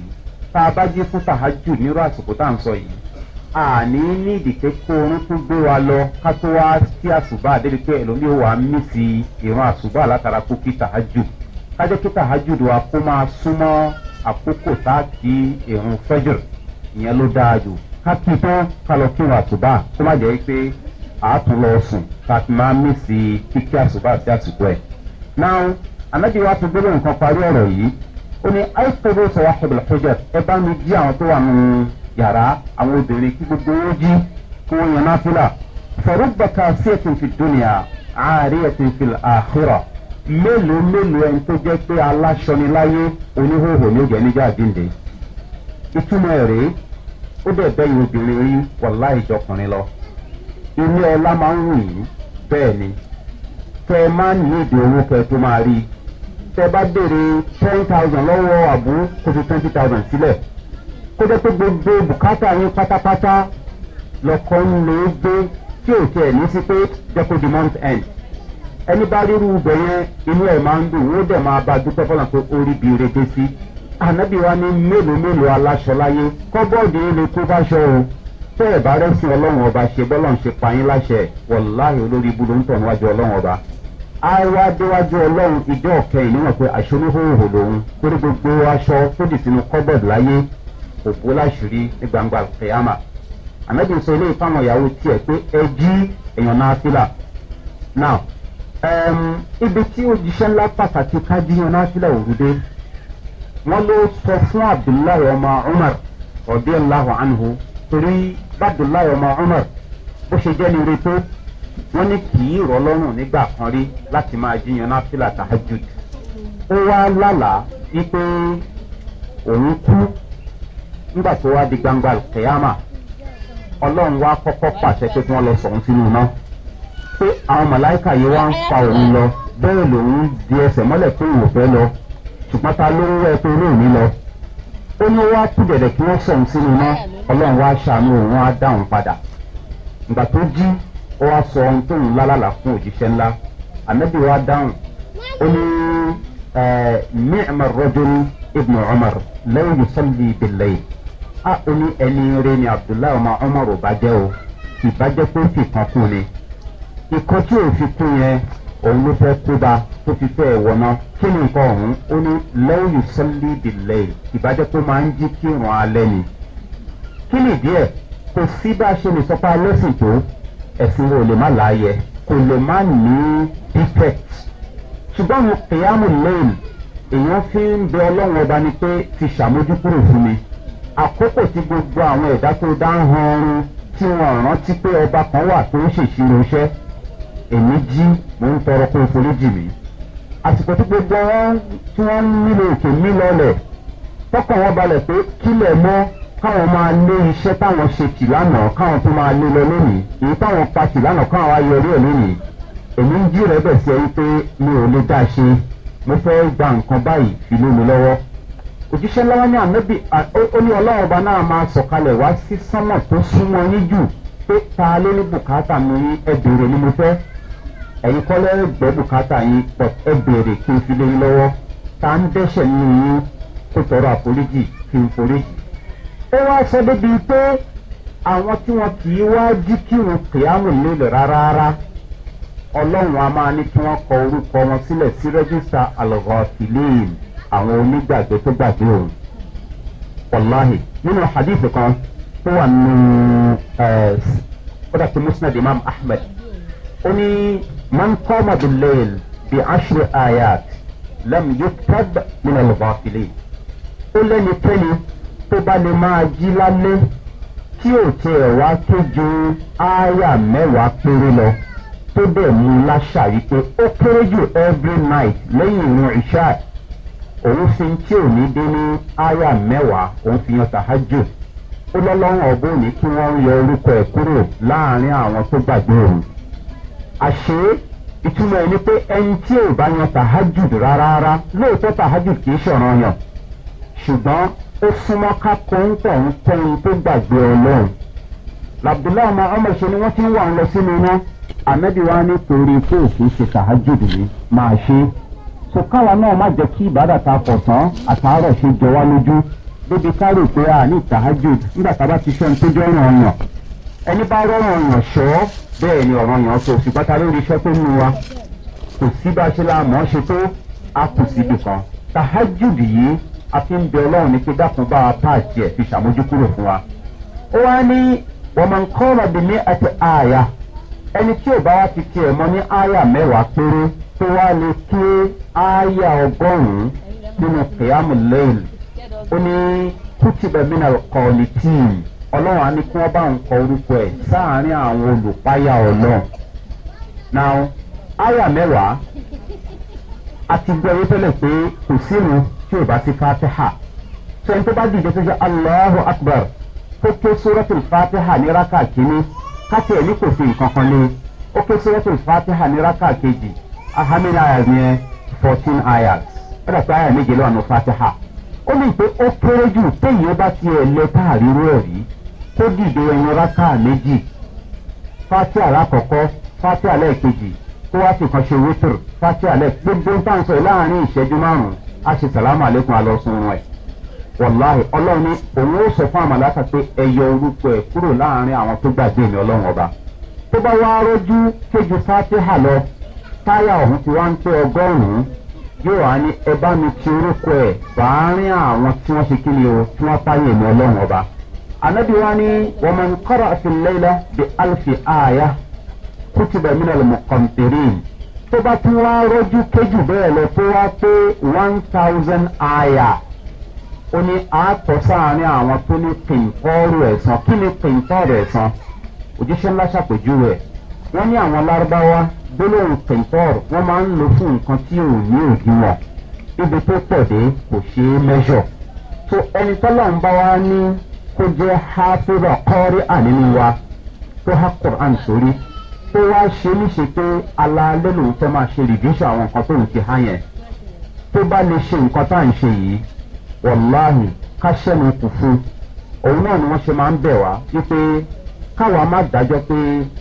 tá a bá jí fún tàhájú nírú àsìkò tá à ń sọ yìí àní nídìí pé kó oorun tún gbé wa lọ ká tó wá sí àṣùbà débi pé ẹlòmíì ò wá mí sí ìran àṣùbà látara kó kí tàájù kájẹ́ kí tàájù wa kó máa súnmọ́ àkókò tá a kí ìrun fẹ́jọ̀ ìyẹn ló dáa jù ká kí tán ká lọ kí ìrun àṣùbà kó má jẹ́ pé àátún lọ sùn ká fi máa mí sí kíkí àṣùbà sí àsìkò ẹ̀. now anájú wa ti gbọ́dọ̀ nǹkan parí ọ̀rọ̀ yìí ó ní àìsàn ló sọ wá ṣẹ̀bẹ̀lẹ̀ yàrá àwọn obìnrin kí gbogbo wọn jí kí wọn yan náfìlà fọrọgbàkà sẹẹtùn fi dúnìá àárẹẹtùn fi àhírà mélòó mélòó ẹni tó jẹ pé aláṣọ ni láyé oníhòòhò ni ó jẹ níjà àdínde ìtumọ̀ ẹ̀ rèé ó dẹ̀ bẹ́yìn obìnrin rí wọ̀lá ìjọkùnrin lọ ilé ọlá máa ń wù yín bẹ́ẹ̀ ni kẹ ẹ máa ń ní owó kẹ ẹ tó máa rí tẹ bá béèrè ten thousand lọ́wọ́ àbú kó fi twenty thousand sílẹ̀. Si kó jẹ́ pé gbogbo bùkátà yín pátápátá lọ́kọ́ ń lò ó gbé tí ò tiẹ̀ ní sí pé jẹ́ kó di month end ẹni bá rírú ibẹ̀ yẹn inú ẹ̀ máa ń dùn wọ́n dẹ̀ máa bá dúpẹ́ fọlọ́n pé ó rí bi rete sí ànábì wa ní mélòó mélòó aláṣọ láyé kọ́bọ́ọ̀dù yín lè kó báṣọ o tẹ́ ẹ̀ bá rẹ́sìn ọlọ́run ọba ṣe bọ́lọ́n ṣe pa yín láṣẹ wọ̀láhì olórí ibu ló ń tọ̀ níwájú ọlọ́run ọba àwa déwájú ọlọ́run ìjọ ọ̀kẹ́ ìníwọ̀n pé àṣonúhóhò lòun torí gbogbo aṣọ tó dì sínú kọ́bọ̀dù láyé kò bó láṣìírí ní gbangba kẹyàmà ànábì sọ ilé ìfáwọn ìyàwó tiẹ̀ pé ẹ jí èèyàn náà sílà now um, ibi tí òjíṣẹ́ ńlá pàtàkì ká jí èèyàn náà sílà òrùdé wọ́n ló sọ fún abdullahi ọmọ umar ọ̀bí allahu anhu torí abdullahi ọmọ umar bó ṣe jẹ́ ní retó wọ́n ní kì í rọ lọ́rùn nígbà kan rí láti máa jíyan náà sílà tahajud ó wá lálàá wípé òun kú nígbà tó wá di gbangba kẹyàmà ọlọ́run wá kọ́kọ́ pàṣẹ pé kí wọ́n lọ sọ̀rọ̀ sínú iná pé àwọn màláìka yìí wá ń fa òun lọ bẹ́ẹ̀ lòun di ẹsẹ̀ mọ́lẹ̀ pé òun ò fẹ́ lọ ṣùgbọ́n ta ló ń wẹ́ pé olóòní lọ ó ní wá kú dẹ̀dẹ̀ kí wọ́n sọ̀rọ̀ sínú iná ọlọ́run wá ṣàánú òun á dá òun padà ìgbà tó jí ó wá sọ ohun tóun lálàlà fún òjíṣẹ́ ńlá ànábì wá dáhùn ó ní mẹ́ẹ̀mà rọ́jò ibùn ọmọ lẹ́yìn sọ́ọ̀lì ìbílẹ̀ yìí a ò ní ẹni rẹ ni abdullahi ọmọ ọmọ rò o ìbàjẹ́ pé fi kan kú ni ikọ́ tí ò fi kú yẹn òun ló fẹ́ kú ba tó fi fẹ́ wọná kí ni nǹkan ọ̀hún ó ní lẹ́yìn sọ́lí bìlẹ̀ ìbàjẹ́ pé máa ń jí kí ìrùn alẹ́ ni kí ni ìdí ẹ̀ kò sí bá a ṣe lè sọpá lẹ́sìn tó ẹ̀sìn wo lè má láàyè kò lè má ní defect ṣùgbọ́n àwọn kìyàmù lẹ́yìn èèyàn fi ń bẹ ọlọ́run ọba ni pé ti ṣàmójúkúrò fún mi àkókò tí gbogbo àwọn ẹ̀dá tó dá ń han ọrùn tí wọn rántí pé ọba kan wà tó ń ṣèṣirò iṣẹ́ èmi jí mò ń tọrọ pé ìforíjì mi àsìkò tí gbogbo wọn tí wọn nílò òkè mí lọlẹ̀ tọkàn wọn balẹ̀ pé kílẹ̀ mọ́ káwọn máa lé iṣẹ́ táwọn ṣe tì lánàá káwọn tó máa lé lọ lónìí èyí táwọn pa tì lánàá káwọn ayọ̀ orí ẹ̀ lónìí èmi ń jí rẹ̀ bẹ̀ sí ẹ wípé mi ò lè dá ṣe mo fẹ́ gba nǹkan báyìí fi lé mi òjíṣẹ́ lọ́wọ́ ní ànábì ó ní ọlọ́run ọba náà máa sọ̀kalẹ̀ wá sí sánmà tó súnmọ́ yín jù pé ta ló ní bùkátà mi yín ẹ ni mo fẹ́ ẹ̀yin kọ́ lẹ́rẹ́ gbọ́ bùkátà yín but ẹ béèrè kí n fi lé yín lọ́wọ́ ta ń dẹ́sẹ̀ nínú yín kó tọrọ àforíjì kí n foríjì. ó wá sọ débi pé àwọn tí wọn kì í wá jí kírun kìámù nílẹ̀ rárá ọlọ́run a máa ní kí wọ́n kọ orúkọ wọn sílẹ̀ sí rẹ́gísítà alọ́gọ́tìléèmù àwọn onígbàgbé tó gbàgbé òun wàláhì nínú hadith kan tó wà nínú kódà tí musnad imam ahmed ó ní man kọ́mọ bilẹ́ẹ̀l bí aṣọ ayat lam yuktab min al-ghafilin ó lẹ́nikẹ́ni tó bá lè máa jí lálẹ́ tí ò tiẹ̀ wá tó ju ááyà mẹ́wàá péré lọ tó bẹ̀ mú láṣà yìí pé ó kéré jù every night lẹ́yìn ìrún ìṣáà òun fi tí ò ní dé ní áyà mẹ́wàá òun fi yan sàhájò ó lọ́lọ́run ọ̀gbọ́n ní kí wọ́n yọ orúkọ ẹ̀ kúrò láàrin àwọn tó gbàgbé òun. àṣé ìtumọ̀ ẹni pé ẹni tí ò bá yan sàhájò rárá lóòótọ́ sàhájò kì í ṣọ̀ràn yàn ṣùgbọ́n ó súnmọ́ ká kóńtọ̀ ń kóhun tó gbàgbé ọlọ́run. làbdùláì ọmọ ọmọ ìṣe ni wọ́n ti ń wà ń lọ sínú iná àmẹ́bí wa ní torí pé òkè ṣe sàhájò dùn máa ṣe é so káwa náà má jẹ́ kí ìbádà ta pọ̀ tán àtàárọ̀ ṣe jọ wá lójú débi ká rò pé a ní ìtàhájò nígbà tá a bá ti ṣe ohun tó jẹ́ ọ̀ràn ọ̀yàn ẹni bá rọrùn ọ̀yàn ṣọ́ bẹ́ẹ̀ ni ọ̀ràn ọ̀yàn tó ṣùgbọ́n ta lórí iṣẹ́ tó nu wa kò sí bá a ṣe la mọ̀ ọ́ ṣe tó a kù síbi kan tàhájò yìí a fi ń bẹ ọlọ́run ní pé dákun bá a páàkì ẹ̀ fi ṣàmójúkúrò fún wa. ó wá ní wọ́n máa ń kọ́ ọ̀rọ̀ bí ní àti àyà ẹni tí ò bá wá ti kí mọ́ ní àyà mẹ́wàá péré tó wá lè kí aya ọgọ́rùn-ún nínú kìámù lẹ́yìn ó ní kútìbẹ̀ mí náà kọ́ ni tíì ọlọ́run á ní kí wọ́n bá ń kọ orúkọ ẹ̀ sáàárín àwọn olùpáyà ọlọ́run now aya mẹ́wàá a ti gbọ́ ẹ tẹ́lẹ̀ pé kò sínú tí ò bá ti fatiha sẹ́ni tó bá tó ṣe allahu akbar tó fatiha ní raka káti ẹ̀ ní kò sí nǹkan kan fourteen ayat ó dàtí ayat méje lọ́wọ́ àná fatiha ó lè pé ó kéré jù téèyàn bá ti ẹ̀ lẹ táàrírú ẹ̀ rí tó dìde ẹyin rákà méjì fatiha lákọ̀ọ́kọ́ fatiha lẹ́ẹ̀kejì tó wá sì kan ṣe wítìrì fatiha lẹ́ẹ̀ gbogbo ń tàn sọ yìí láàrin ìṣẹ́jú márùn-ún a ṣe sàlámù àlékún alọ́sùn ẹ̀ wàláhì ọlọ́run ní òun ó sọ fún àmàlàkà pé ẹ yọ orúkọ ẹ kúrò láàrin àwọn tó gbàgbé mi ọlọ́run ọba tó bá wá rọ́jú kéju fatiha lọ táyà ọ̀hún ti wá ń tó ọgọ́rùn-ún yóò wá ní ẹ bá mi ti orúkọ ẹ̀ fàárín àwọn tí wọ́n ṣe kí ni o tí wọ́n táyà èmi ọlọ́run ọba. anabi wa ni wọ́n máa ń kọ́ra àfìlẹ́lá bí alfi aya kútùbẹ̀ mílíọ̀nù mọ̀kàntìrín tó bá tún wá rọ́jú kéjù bẹ́ẹ̀ lọ tó wá pé one thousand aya ó ní àátọ́ sáàárín àwọn tó ní pèǹkọ́ọ̀rù ẹ̀sán kí ni pèǹkọ́ọ̀rù ẹ̀sán òjíṣẹ́ ńlá ṣàpèjúwe wọ́n ní àwọn lárúbáwá gbólóhùn tẹ̀sán wọ́n máa ń lò fún nǹkan tí ò ní òdiwọ̀n ibi tó tẹ̀dé kò ṣe é mẹ́ṣọ̀ tó ẹni tọ́lọ̀ ń bá wa ní kó jẹ́ ha tó rà kọ́rí ànínú wa tó ha quran sórí tó wá ṣe níṣe pé alaalẹ́ lòun fẹ́ máa ṣe rìdíṣọ̀ àwọn nǹkan tó ń ti há yẹn tó bá lè ṣe nǹkan tá à ń ṣe yìí wàláhì ká kù fún òun náà ni wọ́n ṣe máa ń bẹ̀ wá wípé káwa má dájọ́ pé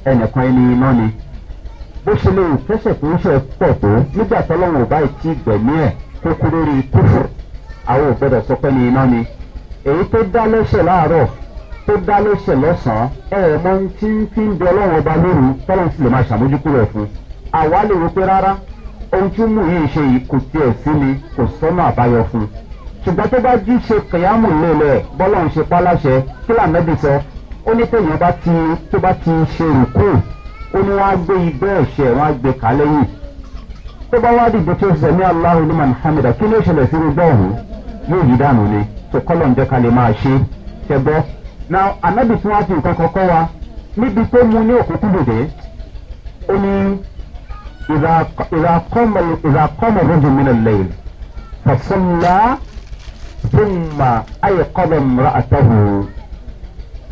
ẹnìkan ẹni iná ni bó ṣe lè fẹsẹ̀ tó ń ṣe pọ̀ tó nígbà tọ́lọ́wọ̀n bá ti gbẹ̀mí ẹ̀ tó kú lórí kúfù àwọn ò gbọ́dọ̀ sọ pé ní iná ni èyí tó dá lẹ́sẹ̀ láàárọ̀ tó dá lẹ́sẹ̀ lọ́sàn-án ẹ̀ mọ tí ń fi ń bẹ ọlọ́run ọba lóru tọ́lọ́run sì lè máa ṣàmójúkú rẹ̀ fún àwa lè wò pé rárá ohun tí mú yìí ṣe yìí kò tiẹ̀ sí ni kò sọ́nà àbáyọ fún ṣùgbọ́n tó bá jí ṣe kìyàmù lélẹ̀ bọ́lọ́run ṣe páláṣẹ kí sọ ó ní pé bá ti tó bá ti ṣe rùkúù ó ní wọ́n á gbé ibẹ́ ẹ̀ṣẹ̀ wọ́n á gbé kalẹ́ yìí tó bá wá dìbò tí ó ṣe ní aláhùn ní muhammed kí ló ṣẹlẹ̀ sí irú bẹ́ẹ̀ hù yóò yí dànù ni tó kọ́lọ̀ ń jẹ́ ká lè máa ṣe ṣẹ gbọ́. na anabi tí wọ́n á nǹkan kọ́kọ́ wa níbi tó mu ní òkúkú dòde ó ní ìràkọ́mọ̀ rọ́jò mi lọ́lẹ̀ fàṣọlá fúnma ayé kọ́lọ̀ mìíràn àtàwọ̀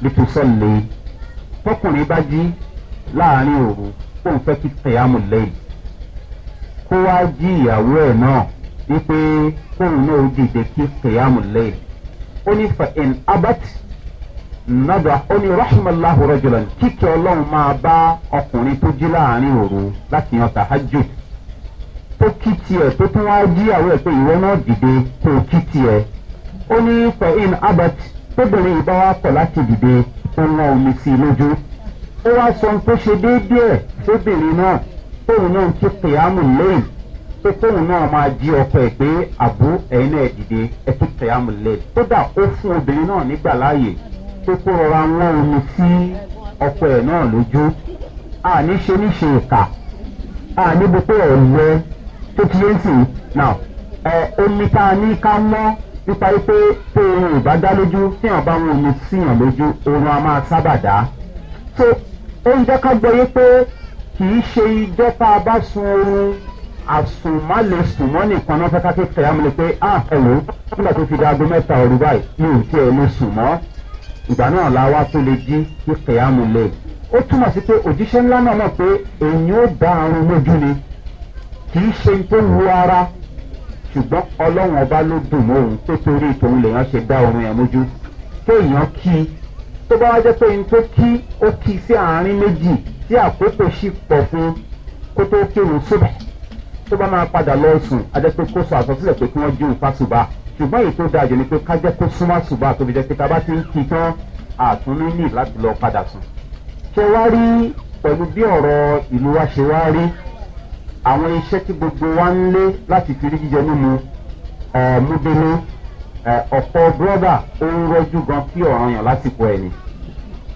lùtùsọ̀lẹ̀ tọkùnrin bá jí láàrin òru kó n fẹ́ kí tẹ̀yàmù lẹ́yìn kó wá jí ìyàwó ẹ̀ náà wípé kóun náà dìde kí tẹ̀yàmù lẹ́yìn ó ní abat nàdà ó ní rahmalahu rajulan kíkẹ́ ọlọ́run máa bá ọkùnrin tó jí láàrin òru láti yan tàhájú tó kí tiẹ̀ tó tún wá jí ìyàwó ẹ̀ pé ìwọ náà dìde kó kí tiẹ̀ ó ní abat tóbìnrin ìbáwá kọ̀ láti dìde ó ó wá sọ tó ṣe déédéé tóbìnrin náà tóun náà tún pè á mú lẹ́yìn pé tóun náà máa jí ọkọ ẹ̀ pé àbú ẹ̀yin náà dìde ẹ̀ tún pè á mú lẹ́yìn kódà ó fún obìnrin náà nígbà láàyè pé kó rọra wọ́n omi sí ọkọ ẹ̀ náà lójú àní ṣe níṣe ìkà àní bí pé ọ̀lẹ́ tó ti yé sí náà ẹ̀ omi tá a ní ká mọ́ nípa wípé pé ohun ìbá dá lójú tí èèyàn bá wọn omi síyàn lójú oorun a máa sábà dá. tó ó ń jẹ́ ká gbọ́yé pé kì í ṣe ijọ́ tá a bá sun oorun àsùnmálẹ̀sùn mọ́ nìkan náà fẹ́ ká ké tẹ̀yà mi lè pé à ah, ẹ wò ó nígbà tó fi di aago mẹ́ta òru báyìí mi ò tiẹ̀ lè sùn mọ́ ìgbà náà la wá tó lè jí kí tẹ̀yà mi lè. ó túmọ̀ sí pé òjíṣẹ́ ńlá náà mọ̀ pé èyí ó da àrùn lójú ni kì í ṣe tó wu ara ṣùgbọ́n ọlọ́run ọba ló dùn mọ́ òun tó torí tòun lèèyàn ṣe dá oorun yẹn mójú kéèyàn kí i tó bá wá jẹ́ pé n tó kí ó kí sí àárín méjì tí àkókò sì pọ̀ fún kó tó kírun síbẹ̀ tó bá máa padà lọ sùn a jẹ́ pé kó sọ àsọsílẹ̀ pé kí wọ́n jí nǹkan ṣùgbọ́n ṣùgbọ́n èyí tó dáa jù ni pé ká jẹ́ kó súnmọ́ ṣùgbọ́n àtòbí jẹ́ pé ká bá ti ń kí tán àtúnú nì láti lọ padà sùn. ṣé wá rí pẹ̀lú bí ọ̀rọ̀ ìlú wa ṣe wá rí àwọn iṣẹ́ tí gbogbo wa ń lé láti fi rí jíjẹ mímu ọ̀ọ́múbélé ọ̀pọ̀ bírọ́dà ó ń rẹ́jú gan kí ọ̀ràn yàn lásìkò ẹ̀ ni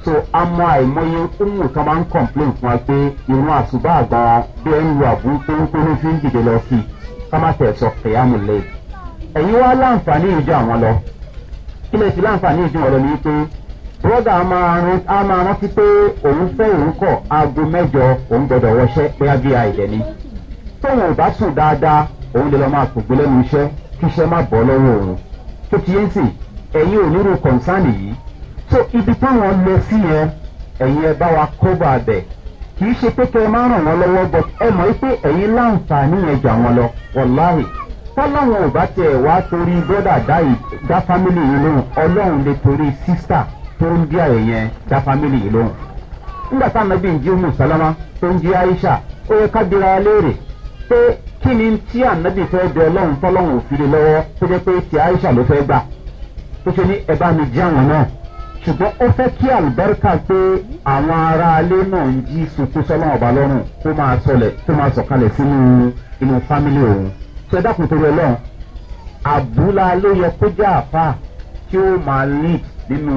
so a mọ àìmọye ohun tó máa ń complain fún wa pé irun àtúbà àgbà bí ẹ ń lu àbúrú pérépéré fi ń dìde lọ sí i ká má tẹ̀ sọ kẹ̀yàmù lẹ́yìn ẹ̀yin wá láǹfààní ìjọ àwọn lọ kí lè fi láǹfààní ìjọ wọn lọ ní pé bọ́dà a máa rántí pé òun fẹ́ òun kọ̀ aago mẹ́jọ òun gbọ́dọ̀ wọṣẹ́ bóyá bí àìlẹ̀ ni tóun ò bá sùn dáadáa òun lè lọ máa pògbé lẹ́nu iṣẹ́ kíṣẹ́ má bọ́ lọ́wọ́ òun ó ti yẹn sìn ẹ̀yin ò nírú kọ̀ǹsánì yìí so ibi táwọn lọ sí yẹn ẹ̀yin ẹ bá wa kó bá bẹ̀ kì í ṣe pé kẹ́ ẹ máa ràn wọ́n lọ́wọ́ but ẹ mọ̀ pé ẹ̀yin láǹfààní yẹn jà wọ́n lọ wọ̀láhì fọláwọn ò bá tẹ̀ wá torí bọ́dà dá fámìlì yìí lóhùn ọlọ́run lè torí sísà tó ń bí àyè yẹn dá fámìlì yìí lóhùn nígbà táwọn ẹbí ń jí mùsàlámà tó ń jí aisha ó yẹ ká bira léèrè pé kí ni tí ànábì fẹ́ bẹ ọlọ́run tọ́lọ́run òfìrí lọ́wọ́ tó jẹ́ pé ti aisha ló fẹ́ gbà tó ṣe ní ẹ bá mi jẹ́ àwọn náà ṣùgbọ́n ó fẹ́ kí àlùbáríkà pé àwọn ará alé náà ń jí sunkún sọ́lọ́run ọba lọ́rùn kó máa sọlẹ̀ kó máa sọ̀kalẹ̀ sínú inú fámílì òun ṣe dákun torí ọlọ́run àbúlá ló yẹ kó jẹ́ àfà kí ó máa lead nínú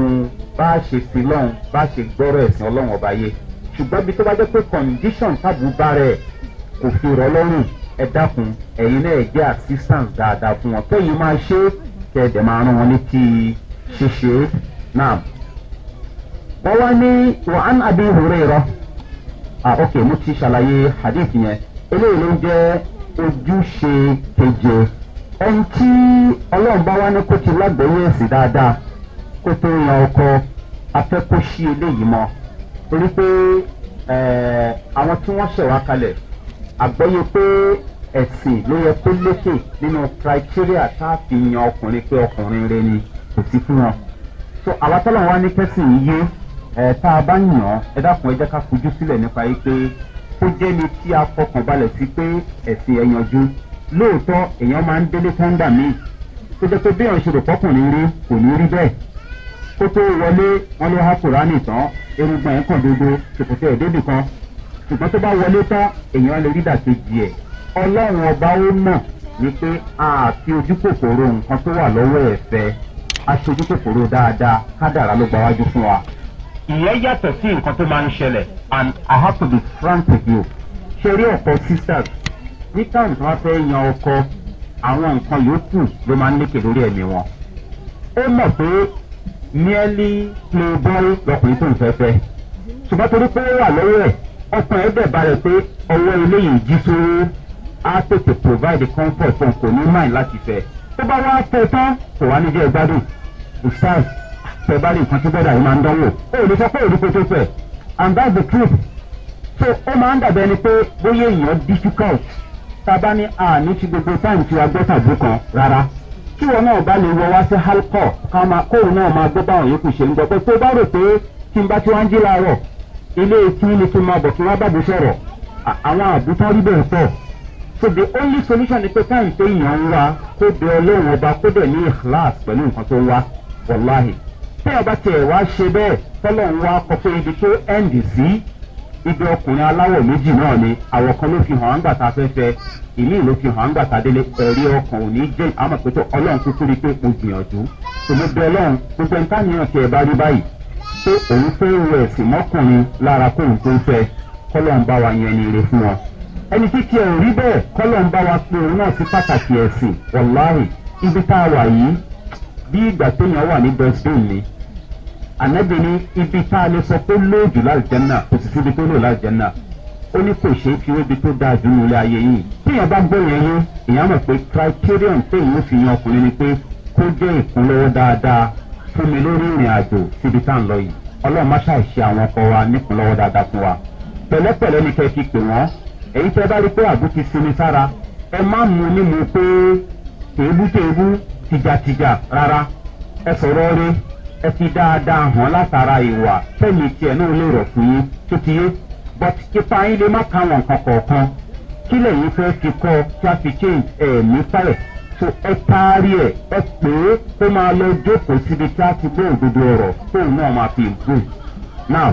bá a ṣe sí lọ́run bá a ṣe gbọ́rọ̀ ẹ̀sìn ọlọ́run ọba yé ṣùgbọ́n bí tó bá jẹ́ pé condition tábù bá rẹ̀ kò fi rọ́ lọ́rùn ẹ dákun ẹ̀yin náà jẹ́ assistance dáadáa fún wọn kẹ́yìn máa ṣe é kẹ́ ẹ̀ dẹ̀ máa rán wọn létí ṣíṣe náà. wọ́n wá ní wàhán àbí ìhòòrè rọ ah ok mo ti ṣàlàyé hadith yẹn eléyìí ló ń jẹ́ ojúṣe keje ẹni tí ọlọ́run bá wá ní kó ti lágbẹ̀ẹ́ ẹ̀sìn dáadáa kó tó yan ọkọ afẹ́kọ́ṣí eléyìí mọ́ torí pé àwọn tí wọ́n ṣẹ̀wá kalẹ̀ àgbọ́yé pé ẹ̀sìn ló yẹ kó lékè nínú criteria tá a fi yan ọkùnrin pé ọkùnrin rẹ ni kò sí fún wọn. so àwa tọ́lọ̀ wá ní kẹ́sìn yé ẹ̀ tá a bá yàn ẹ dákun ẹ jẹ́ ká fojú sílẹ̀ nípa yìí pé kó jẹ́ ni tí a fọkàn balẹ̀ sí pé ẹ̀sìn ẹ̀ yanjú lóòótọ́ èèyàn máa ń délé tọ́ńdà míì tó jẹ́ pé bí èèyàn ṣe rò pọ́kùnrin rí kò ní rí bẹ́ẹ̀ kó tó wọlé wọn ló há kùránì tán ẹ̀ kàn ṣùgbọ́n tó bá wọlé tán èèyàn lè rí dàkejì ẹ̀ ọlọ́run ọba ó mọ̀ wípé àfi ojú kòkòrò nǹkan tó wà lọ́wọ́ ẹ̀ fẹ́ aṣojú kòkòrò dáadáa kádàrá ló gbáwájú fún wa. ìyẹn yàtọ̀ sí nǹkan tó máa ń ṣẹlẹ̀ and i have to be frank with you ṣe rí ọ̀pọ̀ sisters ní táwọn tó wá fẹ́ yan ọkọ àwọn nǹkan yòókù ló máa ń lékè lórí ẹ̀mí wọn. ó mọ̀ pé nearly playboy lọkùnrin tó ń fẹ́ fẹ́ ṣùgbọ́n torí pé ó wà lọ́wọ́ ẹ̀ ọkàn ẹ̀ bẹ̀ balẹ̀ pé ọwọ́ eléyìí jí sóró á tètè provide comfort fún kò ní mind láti fẹ́ tó bá wá tẹ tán kò wá ní jẹ́ gbádùn ìsáàs tẹ bá rí nǹkan tí bọ́dà yìí máa ń dánwò ó lè sọ pé òrùkọ tó fẹ́ and that's the truth so ó máa ń dàbẹ́ ni pé bóyá èèyàn difficult tábà ní àní ti gbogbo táyì tí a gbọ́ tàbí kan rárá kí wọn náà bá lè wọ wá sí halkọ káwọn kóun náà máa gbọ́ báwọn yòókù ṣe ń gbọ́ pé tó bá rò pé tí n bá ti wá ń jí láàárọ̀ ilé etí ni kí n bọ̀ kí wọ́n bá mi sọ̀rọ̀ àwọn àbútọ́ rí bẹ́ẹ̀ pọ̀ so the only solution ni pé káyìn pé èèyàn ń wá kó bẹ ọlọ́run ọba kó bẹ̀ ní ìhlas pẹ̀lú nǹkan tó ń wá wàláhì tẹ́ ọba tiẹ̀ wá ṣe bẹ́ẹ̀ tọ́lọ̀ ń kọ pé ibi tó end sí ibi ọkùnrin aláwọ̀ méjì náà ni àwọn kan ló fi hàn án gbàtà afẹ́fẹ́ ìní ló fi hàn án gbàtà délé ẹ̀rí ọkàn ò ní jẹ́ àmọ́ pé tó ọlọ́run kúkú rí pé mo gbìyànjú tòmọ́ bẹ ọlọ́run gbogbo nǹkan mìíràn tiẹ̀ bá rí báyìí pé òun fẹ́ ro ẹ̀sìn mọ́kùnrin lára kóun tó fẹ́ kọ́lọ́ ń bá wa yẹn ní ire fún wọn. ẹni tí kí ẹ rí bẹ́ẹ̀ kọ́lọ́ ń wa pé òun náà ti pàtàkì ẹ̀sìn wàláhì ibi tá a wà yìí bí ìgbà téèyàn wà ní dustbin ni ànábì ní ibi tá a lè sọ pé lóòjù lálùjẹ́nà kò sì síbi tó lò lálùjẹ́nà ó ní kò ṣeé fi wébi tó dáa jù nílé ayé yìí téèyàn bá gbọ́ yẹn yé èèyàn mọ̀ pé criterion téèyàn fi yan ọkùnrin ni pé kó jẹ́ ìkúnlọ́wọ́ dáadáa fún mi lórí ìrìn àjò síbi tá à ń lọ yìí ọlọ́run má ṣàì ṣe àwọn ọkọ wa nípìn lọ́wọ́ dáadáa fún wa pẹ̀lẹ́pẹ̀lẹ́ ni kẹ́ ẹ fi pè wọ́n èyí tẹ́ bá rí pé àgbo ti sinmi sára ẹ má mu nímu pé tèébútèébú tìjàtìjà rárá ẹ sọ̀rọ̀ rí ẹ fi dáadáa hàn látara ìwà fẹ́mi tiẹ̀ náà lè rọ̀ fún yín tó ti yé but ipa yín lè má káwọn nǹkan kọ̀ọ̀kan kí lẹ́yìn fẹ́ fi kọ́ kí a fi change ẹ̀ẹ̀mí fẹ́rẹ̀ so ẹ taari ẹ ẹ pè é kó máa lọ jókòó síbi tá a ti gbé òdodo ọ̀rọ̀ fóun náà máa fi gbó. now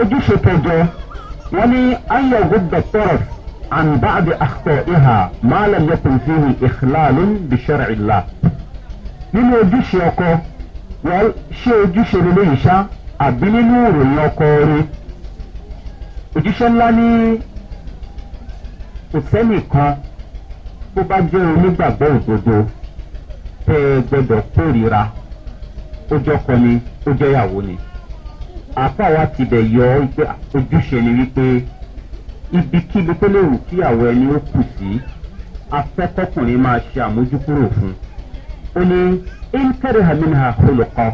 ojúṣe kẹjọ wọn ní ayọ̀gùn dọ̀tọ̀rọ̀ àǹbáàdì àkọ́ ìhà máa lọ yẹpùn fihì ìhìláàlún bìṣẹ́rẹ̀ ìlà. nínú ojúṣe ọkọ wọn ṣé ojúṣe lè lóyìn àbí nínú ìròyìn ọkọ rẹ òjíṣẹ́ ńlá ní kò bó bá jẹ́ onígbàgbọ́ òdodo tẹ́ ẹ gbọ́dọ̀ kórìíra ó jọkọ ni ó jẹ́yàwó ni àpá wa ti bẹ̀ yọ ojúṣe ni wípé ibikíbi tó lè wù kíyàwó ẹni ó kù sí afẹ́kọ́kùnrin máa ṣe àmójúkúrò fún un ó ní íńtẹ́rẹ̀ hàmínà olùkọ́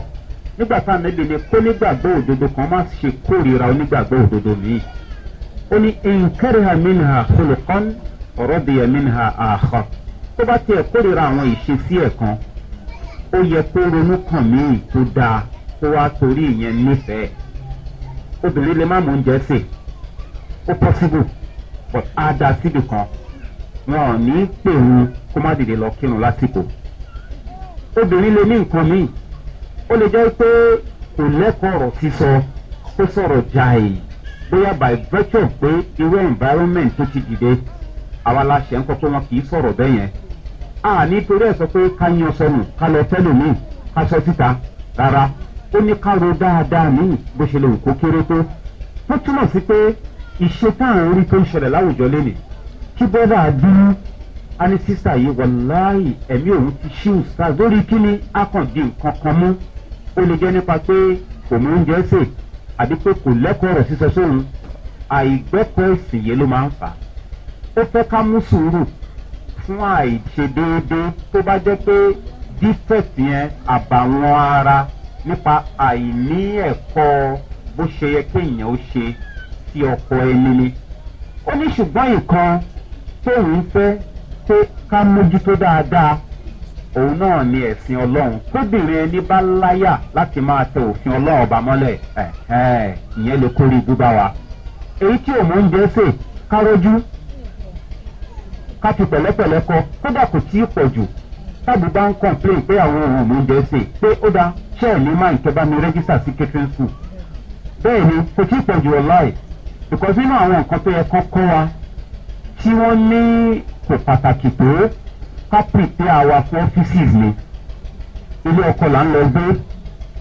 nígbà tá a nẹ́bi ni kó nígbàgbọ́ òdodo kan má ṣe kórìíra onígbàgbọ́ òdodo míì ó ní íńtẹ́rẹ̀ hàmínà olùkọ́ ní rọ́bìyà minha àhọ́ tó bá tiẹ̀ kórìíra àwọn ìṣesí ẹ̀ kan ó yẹ kó ronú kàn míì tó dáa kó wá torí ìyẹn nífẹ̀ẹ́ obìnrin lè má mú oúnjẹ sè ó pọ́sibù but á da síbì kan wọn ò ní pè wọn kó má dìde lọ kírun lásìkò obìnrin lè ní nǹkan míì ó lè jẹ́ pé kò lẹ́kọ̀ọ́ ọ̀rọ̀ sísọ kó sọ̀rọ̀ jàì bóyá by virtue pé irú environment tó ti dìde àwọn aláṣẹ ń kọ́ pé wọn kì í sọ̀rọ̀ bẹ́ẹ̀ yẹn a nítorí ẹ̀ sọ pé ká yan sọnù ká lọ tẹ́lòmíì ká sọ síta rárá ó ní ká ro dáadáa míì bó ṣe lè wù kó kéré tó tó túmọ̀ sí pé ìṣe táwọn orí tó ń ṣẹlẹ̀ láwùjọ lénìí kí bọ́dà dúró a ní sísà yìí wàláì ẹ̀mí òun ti ṣí òsà lórí kíni a kàn di nǹkan kan mú ó lè jẹ́ nípa pé kò mú oúnjẹ sè àbí pé kò lẹ́kọ̀ọ́ ọ̀rọ̀ sísọ sóhun àìgbẹ́kọ̀ọ́ ìsìn yẹn ló máa ń fà á ó fẹ́ ká mú sùúrù fún àìṣedéédé tó bá jẹ́ pé defect yẹn àbàwọ́n ara nípa àìní ẹ̀kọ́ bó ṣe yẹ kéèyàn ó ṣe sí ọkọ ẹni ni ó ní ṣùgbọ́n nǹkan tóun fẹ́ pé ká mójútó dáadáa òun náà ni ẹ̀sìn ọlọ́run kóbìnrin ẹni bá láyà láti máa tẹ òfin ọlọ́run ọba mọ́lẹ̀ ìyẹn lè kórè ibú wa èyí tí òun ń jẹ́ sè kárójú ká fi pẹ̀lẹ́pẹ̀lẹ́ kọ kódà kò tí ì pọ̀ jù tábì bá ń complain pé àwọn ohun mi jẹ́ sè pé ó da ṣẹ́ẹ̀ ní máa ìkẹba mi rẹ́gísà sí catering school bẹ́ẹ̀ ni kò tí ì pọ̀ jù ọ̀la ẹ̀ because nínú àwọn nǹkan tó yẹ kán kọ́ wa tí wọ́n ní kò pàtàkì tó ká prepare wa fún offices ni ilé ọkọ là ń lọ gbé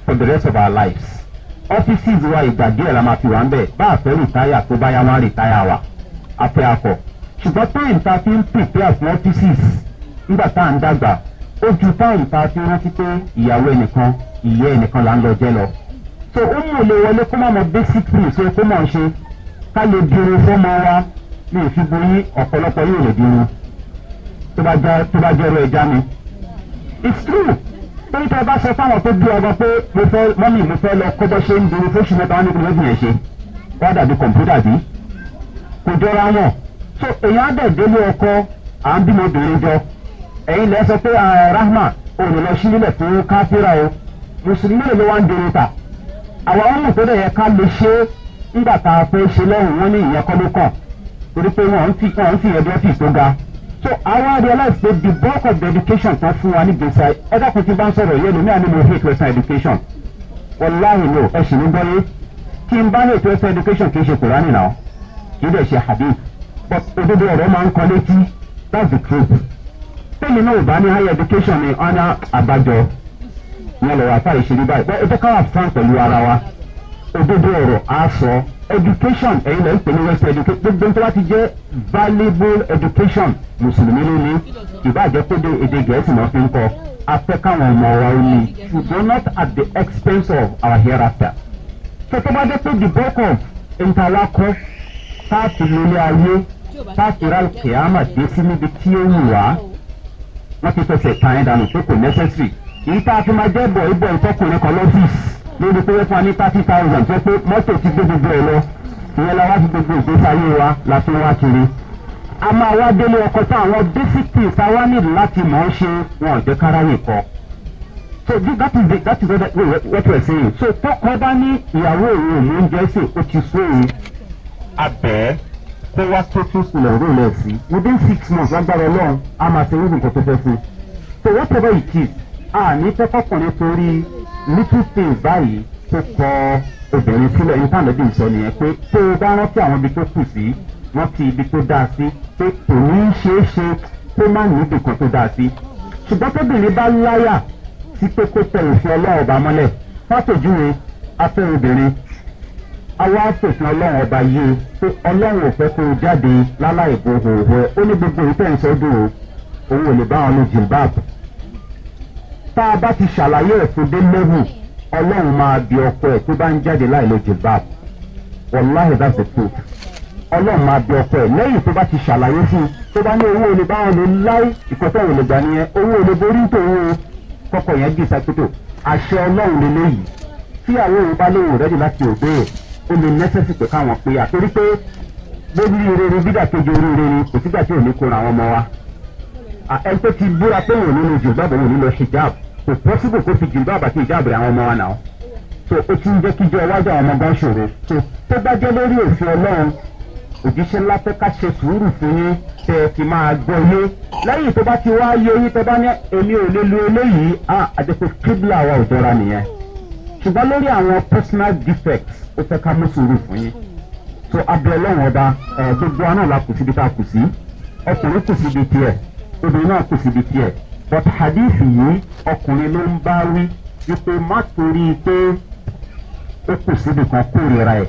for the rest of our lives offices wa ìgbà díẹ̀ la máa fi wà ń bẹ̀ bá a fẹ́ rìtáyà tó bá yá wọn rìtáyà wa afẹ́ akọ̀ ṣùgbọ́n táyì ta fi ń pèpè athletics nígbà tá à ń dàgbà ó ju táyì ta fi rántí pé ìyàwó ẹnìkan ìyá ẹnìkan là ń lọ jẹ́ lọ. so ó mú òlè wọlé kó má mọ basic things ó kó mọ̀ ń ṣe ká lè dirun fọ́mọ wa ní ìfibú yín ọ̀pọ̀lọpọ̀ yóò lè dirun tó bá jẹ́ ẹrú ẹja mi. it's true torí tá a bá sọ fáwọn tó bí ọba pé mo fẹ́ mọ́mì mo fẹ́ lọ kó bọ́ ṣe ń dirun fóṣù mẹ́ta wọn ní kò jọra so èyàn á dẹ̀ délé ọkọ à ń bímọ bèrè jọ ẹ̀yin lẹ́ sọ pé ah, rahma òní lọ sílẹ̀ fún káfíra o mùsùlùmí ló wá ń dèrò ta àwọn ọmọ tó dẹ̀ yẹ ká lè ṣe nígbà tá a fẹ́ ṣe lọ́rùn wọn ní ìyẹn kọ́ló kàn torí pé wọ́n ti wọ́n ti yẹ dọ́tì tó ga so àwọn realize pé the bulk of dedication tán fún wa ní gbèsè ẹ̀dá kan ti bá ń sọ̀rọ̀ yẹn lómi àná mo hate western education wàláhì lò ẹ̀sìn ní gbọ́yé kí n bá hate western education kì í ṣe kùránì náà kì í dẹ̀ ṣe hadith but òdodo ọ̀rọ̀ máa ń kọ létí that's the truth tẹ́mi náà ò bá ní higher education ní ọ̀nà àbájọ wọn lọ́wọ́ àtàrí ṣe ní báyìí bẹ́ẹ̀ ẹ jẹ́ káwá fún pẹ̀lú ara wa òdodo ọ̀rọ̀ á sọ education ẹ̀yin lẹ́yìn pẹ̀lú west education gbogbo tó bá jẹ́ valuable education mùsùlùmí ló ní ìbàjẹ́ pé de èdè gẹ̀ẹ́sì náà fi ń kọ́ afẹ́ káwọn ọmọ wa ó ní ṣùgbọ́n not at the expense of our hereafter ṣé tó bá dé pé the bulk of ntàlákọ́ táàtì lórí ayé káàkiri kíámà dé sí níbi tí ó wù wá wọ́n ti fẹsẹ̀ ta ẹ̀ dànù pé kò nẹ́sẹ̀sì èyí tá a fi máa jẹ́ bọ̀ ibẹ̀ ìtọ́kùnrin kan lọ́fíìsì lórí pé wọ́n fún wa ní thirty thousand tó pé mọ́tò ti gbé gbogbo ẹ̀ lọ ìyẹn la wá fi gbogbo ìgbésí ayé wa la fi wá kiri a máa wá délé ọkọ tá àwọn bísíkì táwa ní láti mọ̀ ọ́ ṣe wọn ò jẹ́ káráyè kọ́ so that is the that is what what we are saying so tọkọ bá ní ìyàwó òun òun oúnjẹ sè ó ti sóòrùn abẹ́ẹ́ kó wá total school ọ̀rọ̀ rẹ̀ sí within six months lágbára ọlọ́run a máa ṣe wíwì nǹkan tó fẹ́ sí. so whatever it is a ní fẹ́ kọkùnrin torí little things báyìí tó kọ obìnrin sílẹ̀ ní tàǹdẹ́bì ń sọ nìyẹn pé tó o bá rántí àwọn ibi tó kù sí wọ́n ti ibi tó dáa sí pé kò ní í ṣeé ṣe kó má ní ibì kan tó dáa sí. ṣùgbọ́n tóbìnrin bá láyà sí pé kó tẹ òfin ọlọ́ọ̀bá mọ́lẹ̀ fátòjúwe aláàpòfin ọlọ́run ọba yìí pé ọlọ́run ò fẹ́ kó o jáde láláì bo òhò ẹ ó ní gbogbo ìtẹ́ ìṣẹ́jú o òun ò lè bá wọn lo zimbab tá a bá ti ṣàlàyé ẹ̀fún dé lẹ́wù ọlọ́run máa bí ọkọ ẹ̀ tó bá ń jáde láì lo zimbab wàláhì bá ṣe tó ọlọ́run máa bí ọkọ ẹ̀ lẹ́yìn tó bá ti ṣàlàyé fún un tó bá ní owó olè bá wọn lò láì ìkọ́tọ̀ òun lè gbà nìyẹn owó olè borí tòun kọ́kọ́ yẹn gbèsè àkótó àṣẹ ọlọ́run lélẹ́yìí tíyàwó òun bá lóun rẹ́dì láti òbẹ́ẹ̀ ó lè nẹ́sẹ̀sì pé káwọn pé àtorí pé lórí rere bídà kejì oríire ni kò sígbà tí ò ní kóra àwọn ọmọ wa ẹni tó ti búra pé òun nínú jùlbáàbò òun nílò ṣìjáàbù kò pọ́sibò kó fi jùlbáàbò àti ìjáàbù àwọn ọmọ wa náà so ó ti ń jẹ́ kí jẹ́ iwájú àwọn ọmọ gan ṣòro so tó bá jẹ́ lórí òfin ọlọ́run òjíṣẹ́ ńlá fẹ́ ká ṣe sùúrù fún yín tẹ ẹ fi máa gbọ́ yé lẹ́yìn tó bá ti wá yé yín tẹ bá ní èmi ò lè lu eléyìí á àdẹ́kù kíbla wa ò jọra nìyẹn ṣùgbọ́n lórí àwọn personal defects ó fẹ́ ká mú sùúrù fún yín tó abẹ́ ọlọ́run ọba ẹ̀ gbogbo aná la kù síbi tá a kù sí ọkùnrin kù síbi tiẹ̀ obìnrin náà kù síbi tiẹ̀ but hadith yìí ọkùnrin ló ń bá wí wípé má torí pé ó kù síbi kan kórìíra ẹ̀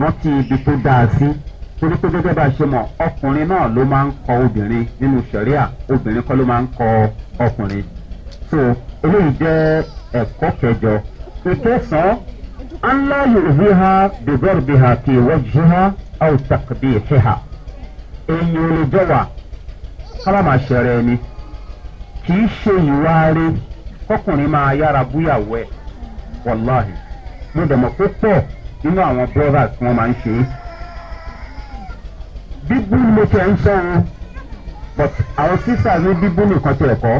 rántí ibi tó dáa sí torí pé gẹ́gẹ́ bá a ṣe mọ̀ ọkùnrin náà ló máa ń kọ obìnrin nínú sẹ̀ríà obìnrin kọ́ ló máa ń kọ ọkùnrin so eléyìí jẹ́ ẹ̀kọ́ kẹjọ ìkẹsàn-án. Allah yuziha bidorbiha fi wajiha aw takbihiha èyí ò lè jọ wà kálá máa ṣẹrẹ ẹni kì í ṣe ìwà rẹ kọkùnrin máa yára búyàwó ẹ wàláhì mo dẹ̀ mọ̀ pé pọ̀ nínú àwọn brothers wọn máa ń ṣe mo tẹ̀ ń sọ but àwọn sisters ní bíbú nìkan tẹ̀ kọ́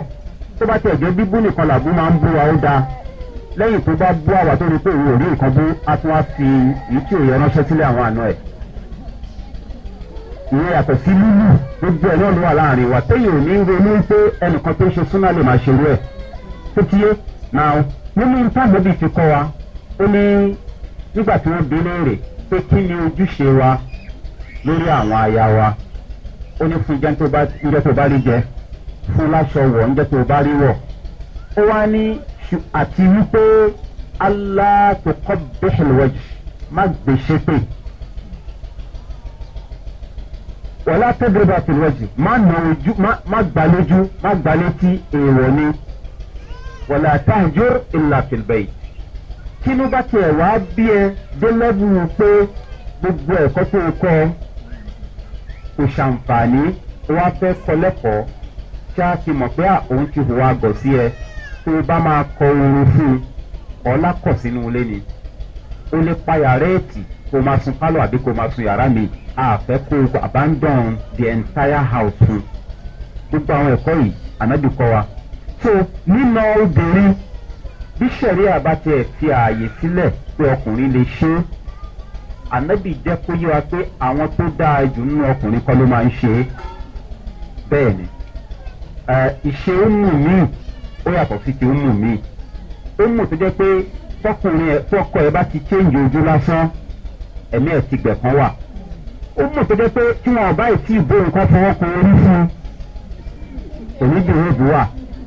tó bá tẹ̀ jẹ́ bíbú nìkan làbú máa ń bú wa ó dáa lẹ́yìn tó bá bú àwa tó rí pé òun ò rí nǹkan bú á tún wá fi èyí tí òye ránṣẹ́ sílẹ̀ àwọn àna ẹ̀. ìyẹn yàtọ̀ sí lílù gbogbo ẹ̀ náà ló wà láàrin wa téèyàn ò ní ronú pé ẹnìkan tó ń ṣe súnà lè máa ṣerú ẹ̀ tó náà nínú ìtàmọ́bì ti kọ́ wa ó ní nígbà tí wọ́n bí léèrè pé kí ni ojúṣe wa lórí àwọn aya wa ó ní fún jẹ́ tó bá rí jẹ fún láṣọ wọ̀ ń jẹ́ tó bá rí wọ̀ ó wá ní àti wípé aláàtòkọ́ bẹ́sẹ̀lẹ́wọ̀jì má gbèsè pé wọ́n látẹ́gbẹ́bà tìlọ́jì má nà ojú má gbà lójú má gbà létí èèwọ̀ ni wọ́n látàjọ́ ìlà tìlbẹ̀yì kínú bá tiẹ̀ wá bí ẹ dé lẹ́bùrú pé gbogbo ẹ̀kọ́ tó kọ́ kò ṣàǹfààní wọ́n á fẹ́ kọ́ lẹ́kọ̀ọ́ kí fi mọ̀ pé òun ti hùwà gọ̀ sí ẹ tó bá máa kọ oorun fún un ọlá kọ̀ sínú ilé ni ó lè payà rẹ́ẹ̀tì kó máa sun pálọ̀ àbí kó máa sun yàrá mi àfẹ́ kó o abandon the entire house fún gbogbo àwọn ẹ̀kọ́ yìí ànábì kọ́ wa so nínà obìnrin bí sẹ̀rí àbátẹ̀ fi ààyè sílẹ̀ pé ọkùnrin lè ṣe é ànábì jẹ́ kó yé wa pé àwọn tó dáa jù nínú ọkùnrin kọ́ ló máa ń ṣe é bẹ́ẹ̀ ni ìṣe ó mú míì ó yàtọ̀ sí ti ọmọ mi ọmọ tó jẹ́ pé tọkùnrin ẹ tọkọ ẹ bá ti chéǹjì ojú lásán ẹ̀mí ẹ̀ ti gbẹ̀ kan wà ọmọ tó jẹ́ pé tí wọn ọba ìtì ìbò nǹkan fọwọ́ kan orí fún onídìrí òbí wà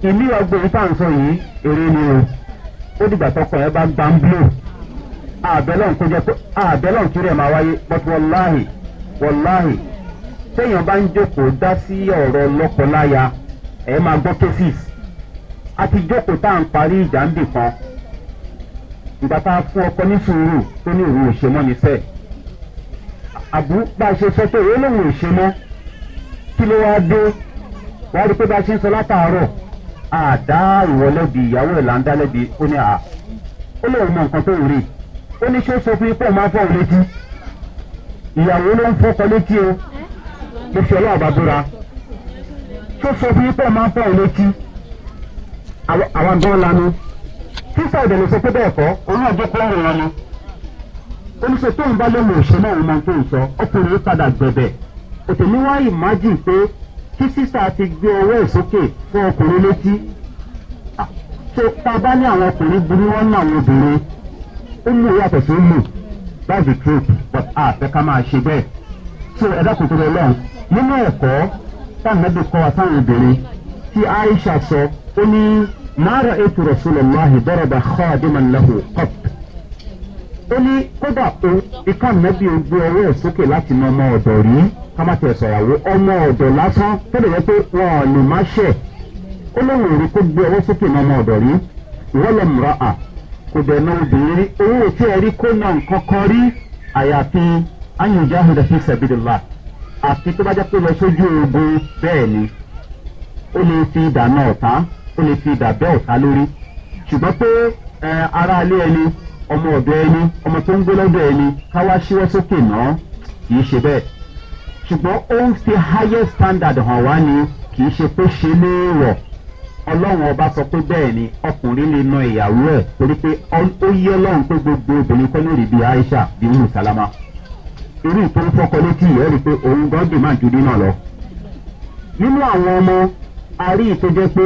ilé ọgbẹ́ ìtànsọ yìí eré ni o ó dìgbà tọkọ ẹ bá gbà ń blò àbẹ̀lọ́n tó jẹ́ pé àbẹ̀lọ́n kiri ẹ̀ máa wáyé but wọláhì wọláhì téèyàn bá ń jókòó dá sí ọ̀rọ̀ lọ́kọláya ẹ̀ máa gbọ́ kéfìsì a ti jókòó tá à ń parí ìjà ń bì kan ìgbà a fún ọkọ ní sùúrù tó ní òun ò ṣe mọ́ ní sẹ́ẹ̀ àbú bá a ṣe sọ pé òun lòun ò ṣe mọ́ kí ló wáá dé wáá rí pé bá a ṣe ń sọ látàárọ̀ àdá ìwọlẹ́bi ìyàwó ẹ̀ là ń dá lẹ́bi ó ní à ó lè mọ nǹkan tó ń rí ó ní ṣé ó sọ fún yín máa fọ́ létí ìyàwó ló ń fọ́kọ létí o mo fi ọlọ́ọ̀bá búra ṣé ó sọ fún yín máa fọ́ létí àwọn gan lanu sísá ìdè lè sọ pé bẹ́ẹ̀ kọ́ òun àjọ kọ́ ọ̀rọ̀ wọn ni oníṣe tó ń bá lóun òṣè náà wọn máa tó ń sọ ọkùnrin padà gbẹ̀bẹ̀ òtẹ̀mí wá ìmájì pé kí sísá ti gbé ọwọ́ ìsókè fún ọkùnrin létí tó ah, ta bá ní àwọn ọkùnrin burú wọn ní àwọn obìnrin ó mú ìyàtọ̀ tó mú that's the truth but àfẹ́ ká máa ṣe bẹ́ẹ̀ so ẹ̀dá kò tó lọ lọ́hùn nínú ẹ̀kọ́ táwọn ẹbí kọ́ wa táwọn obìnrin tí aisha sọ. So, ó ní mara ètò rasulillahi dọ́rọ̀dà khadiman lahu qab ó ní kódà o ìka mẹ́bí o gbé ọwọ́ ẹ̀ sókè láti mọ ọmọ ọ̀dọ̀ rí ká má tẹ̀ sọ̀yàwó ọmọ ọ̀dọ̀ lásán tó lè yẹ pé wọn ò lè má ṣẹ̀ ó rí kó gbé ọwọ́ sókè mọ ọmọ ọ̀dọ̀ rí wọ́lẹ̀ mùra à kò dẹ̀ náà obìnrin owó òtí ẹ̀rí kó na nǹkan rí àyàfi ayùnjẹ́ ahùdà fi sẹ̀bìdìlá àti tó pé lọ sójú ogun bẹ́ẹ̀ ó lè fi ìdáná ọ̀tá ó lè fi ìdà bẹ́ ọ̀tá lórí ṣùgbọ́n pé ara alé ẹni ọmọ ọ̀dọ́ ẹni ọmọ tó ń gbé lọ́dọ̀ ẹni káwá ṣíwọ́ sókè náà kì í ṣe bẹ́ẹ̀ ṣùgbọ́n ó ń fi highest standard hàn wá ni kì í ṣe pé ṣe ló rọ̀ ọlọ́run ọba sọ pé bẹ́ẹ̀ ni ọkùnrin lè na ìyàwó ẹ̀ torí pé ó yí ọlọ́run pé gbogbo obìnrin kọ́ lórí bíi aisha bíi umu salama irú ìtọ́jú fọ́kọ létí ìyẹ́ rí i pé òun gbọ́dọ̀ máa ju nínà lọ nínú àwọn ọmọ a rí ìtọ́jẹ́ pé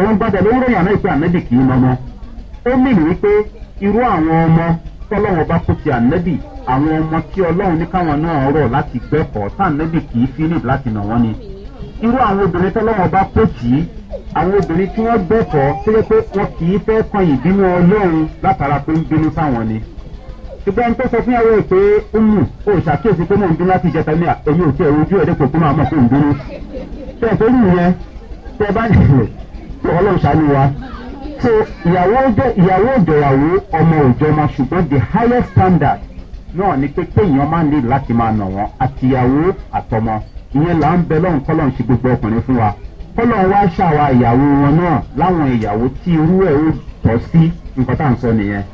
òun gbọdọ̀ ló ń ròyìn àná ìpè ànẹ́bì kì í mọmọ ó mìlì wípé irú àwọn ọmọ tọ́lọ́wọ́n bá kó ti ànẹ́bì àwọn ọmọ tí ọlọ́run ní káwọn náà rọ̀ láti gbẹ́kọ̀ọ́ tá ànẹ́bì kì í fi nìb láti nà wọ́n ni irú àwọn obìnrin tọ́lọ́wọ́n bá kó tì í àwọn obìnrin tí wọ́n gbẹ́kọ̀ọ́ tó yẹ pé wọn kì í fẹ́ kan ìbínú ọlọ́run látara pé ń bínú sáwọn ni ṣùgbọ́n ẹni tó sọ fún ìyàwó ẹ̀ pé ó mú o ṣàkíyèsí pé mò ń bínú láti ìjẹta ní èyí ò ojú ẹ̀ dẹ́kun kó máa mọ̀ pé ń bínú tẹ̀ pé nìyẹn tẹ bá nìyẹn ọlọ́run ṣàánú wa so ìyàwó ìyàwó ọmọ òjọmọ ṣùgbọ́n the highest standard náà ni pé kéèyàn máa ń láti máa nà wọ́n àtìyàwó àtọmọ ìyẹn là ń bẹ lọ́run kọ́lọ́run ṣe gbogbo ọkùnrin fún wa kọ́lọ́run wá ṣàwa ìyàwó wọn náà láwọn ìyàwó tí irú ẹ̀ ó tọ́ sí nǹkan tá à ń sọ nìyẹn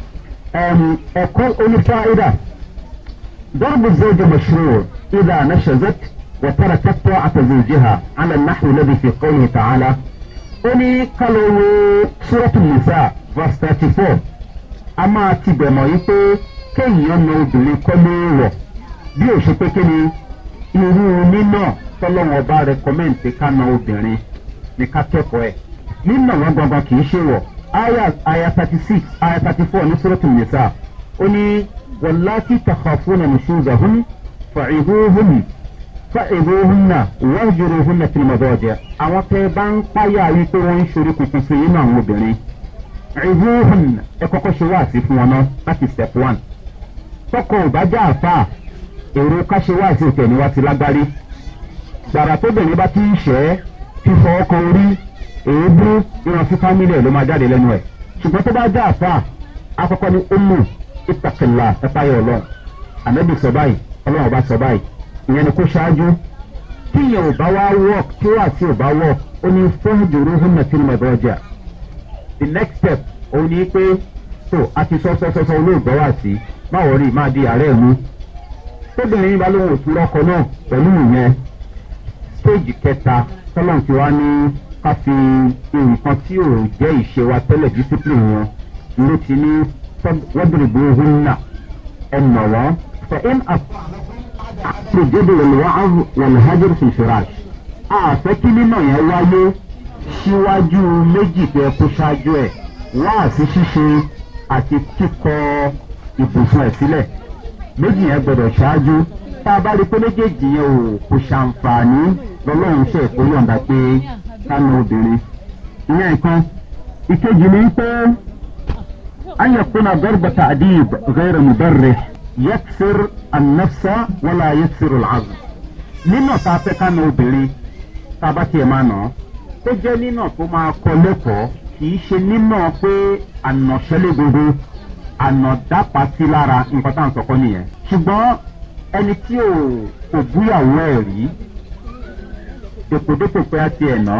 ẹ̀kọ́ ó ní kálọ̀wé ṣúrọ́pù nìsa verse thirty four a máa ti bẹ̀mọ̀ yí pé kéèyàn na obìnrin kọ́ ló rọ̀ bí ò ṣe pé kí ni irú nínà tọ́lọ́wọ́n bá recommend pé ká na obìnrin ní ká kẹ́kọ̀ọ́ ẹ̀ nínà wọn gangan kì í ṣe wọ̀ aya thirty six aya thirty four ní ṣúrọ́pù nìsa ó ní wọ́n láti tàkà fún ẹ̀mí ṣúzà hún fàìhó fa'idhuhunna wahjuruhunna fil madaji' àwọn tẹ́ bá ń páyà wípé wọ́n ń ṣorí kùkù sí inú àwọn obìnrin ìhùhùn ẹ kọ́kọ́ ṣe wáàsí fún wọn náà láti step one tọkọ ò bá já àfà èrò ká ṣe wáàsí òkè ni wá ti lágbárí gbàrà tóbìnrin bá ti ń ṣẹ́ fífọ ọkọ orí èébú ìran sí fámílì ẹ̀ ló máa jáde lẹ́nu ẹ̀ ṣùgbọ́n tó bá já àfà akọ́kọ́ ni ó mú ìtàkìlà ẹ̀páyọ̀ ọlọ́run àmẹ́bí sọ báyìí ọlọ́run ọba sọ báyìí ìyẹn ni kó ṣáájú tíyẹn ò bá wá work tí wà tí ò bá work ó ní fọ́ọ̀dù rúhùn nàfíìlì mọ̀dọ́jà the next step òun ni pé tó a ti sọ sọ sọ sọ olóògbọ́ wà sí báwo rí máa di àárẹ̀ mú tóbìnrin yín bá lóun ò tún rọ́kọ náà pẹ̀lú ìyẹn stage kẹta tọ́lọ́n ti wá ní ká fi nǹkan tí ò jẹ́ ìṣe wa tẹ́lẹ̀ discipline wọn ló ti ní wọ́n bèrè bó hùn náà ẹ̀ nà wọ́n for him as fi gbódò wàlúwàhù wàlúhàjò fi fìràj. àfẹ́kínímọ̀ yẹn wáyé síwájú méjì tẹ kó ṣáájú ẹ̀ wáàsí ṣíṣe àti kíkọ ìbùsùn ẹ̀ sílẹ̀ méjì yẹn gbọdọ̀ ṣáájú tá a bá rí pé méjèèjì yẹn ò kò ṣàǹfààní lọ́lọ́run ṣe èkó yọ̀ǹda pé kánú obìnrin ìyẹn nǹkan ìkejì ni pé ayẹ̀kúnà bẹ́rẹ̀ bàtà àdìyẹ gẹ́rẹ̀ mùbẹ́rẹ̀ yẹ́kṣẹ́rẹ́ anafsa wàlá ayéṣirò làzù nínà tá a fẹ́ ká na obìnrin tá a bá tiẹ̀ máa nà ó jẹ́ nínà tó máa kọ lẹ́kọ̀ọ́ kì í ṣe nínà pé ànàṣẹ́lẹ̀ gbogbo ànàdápàtì lára nǹkan tá à ń sọkọ́ nìyẹn ṣùgbọ́n ẹni tí ò kò búyàwó ẹ̀ rí dèpòdépò pé a ti ẹ̀ ná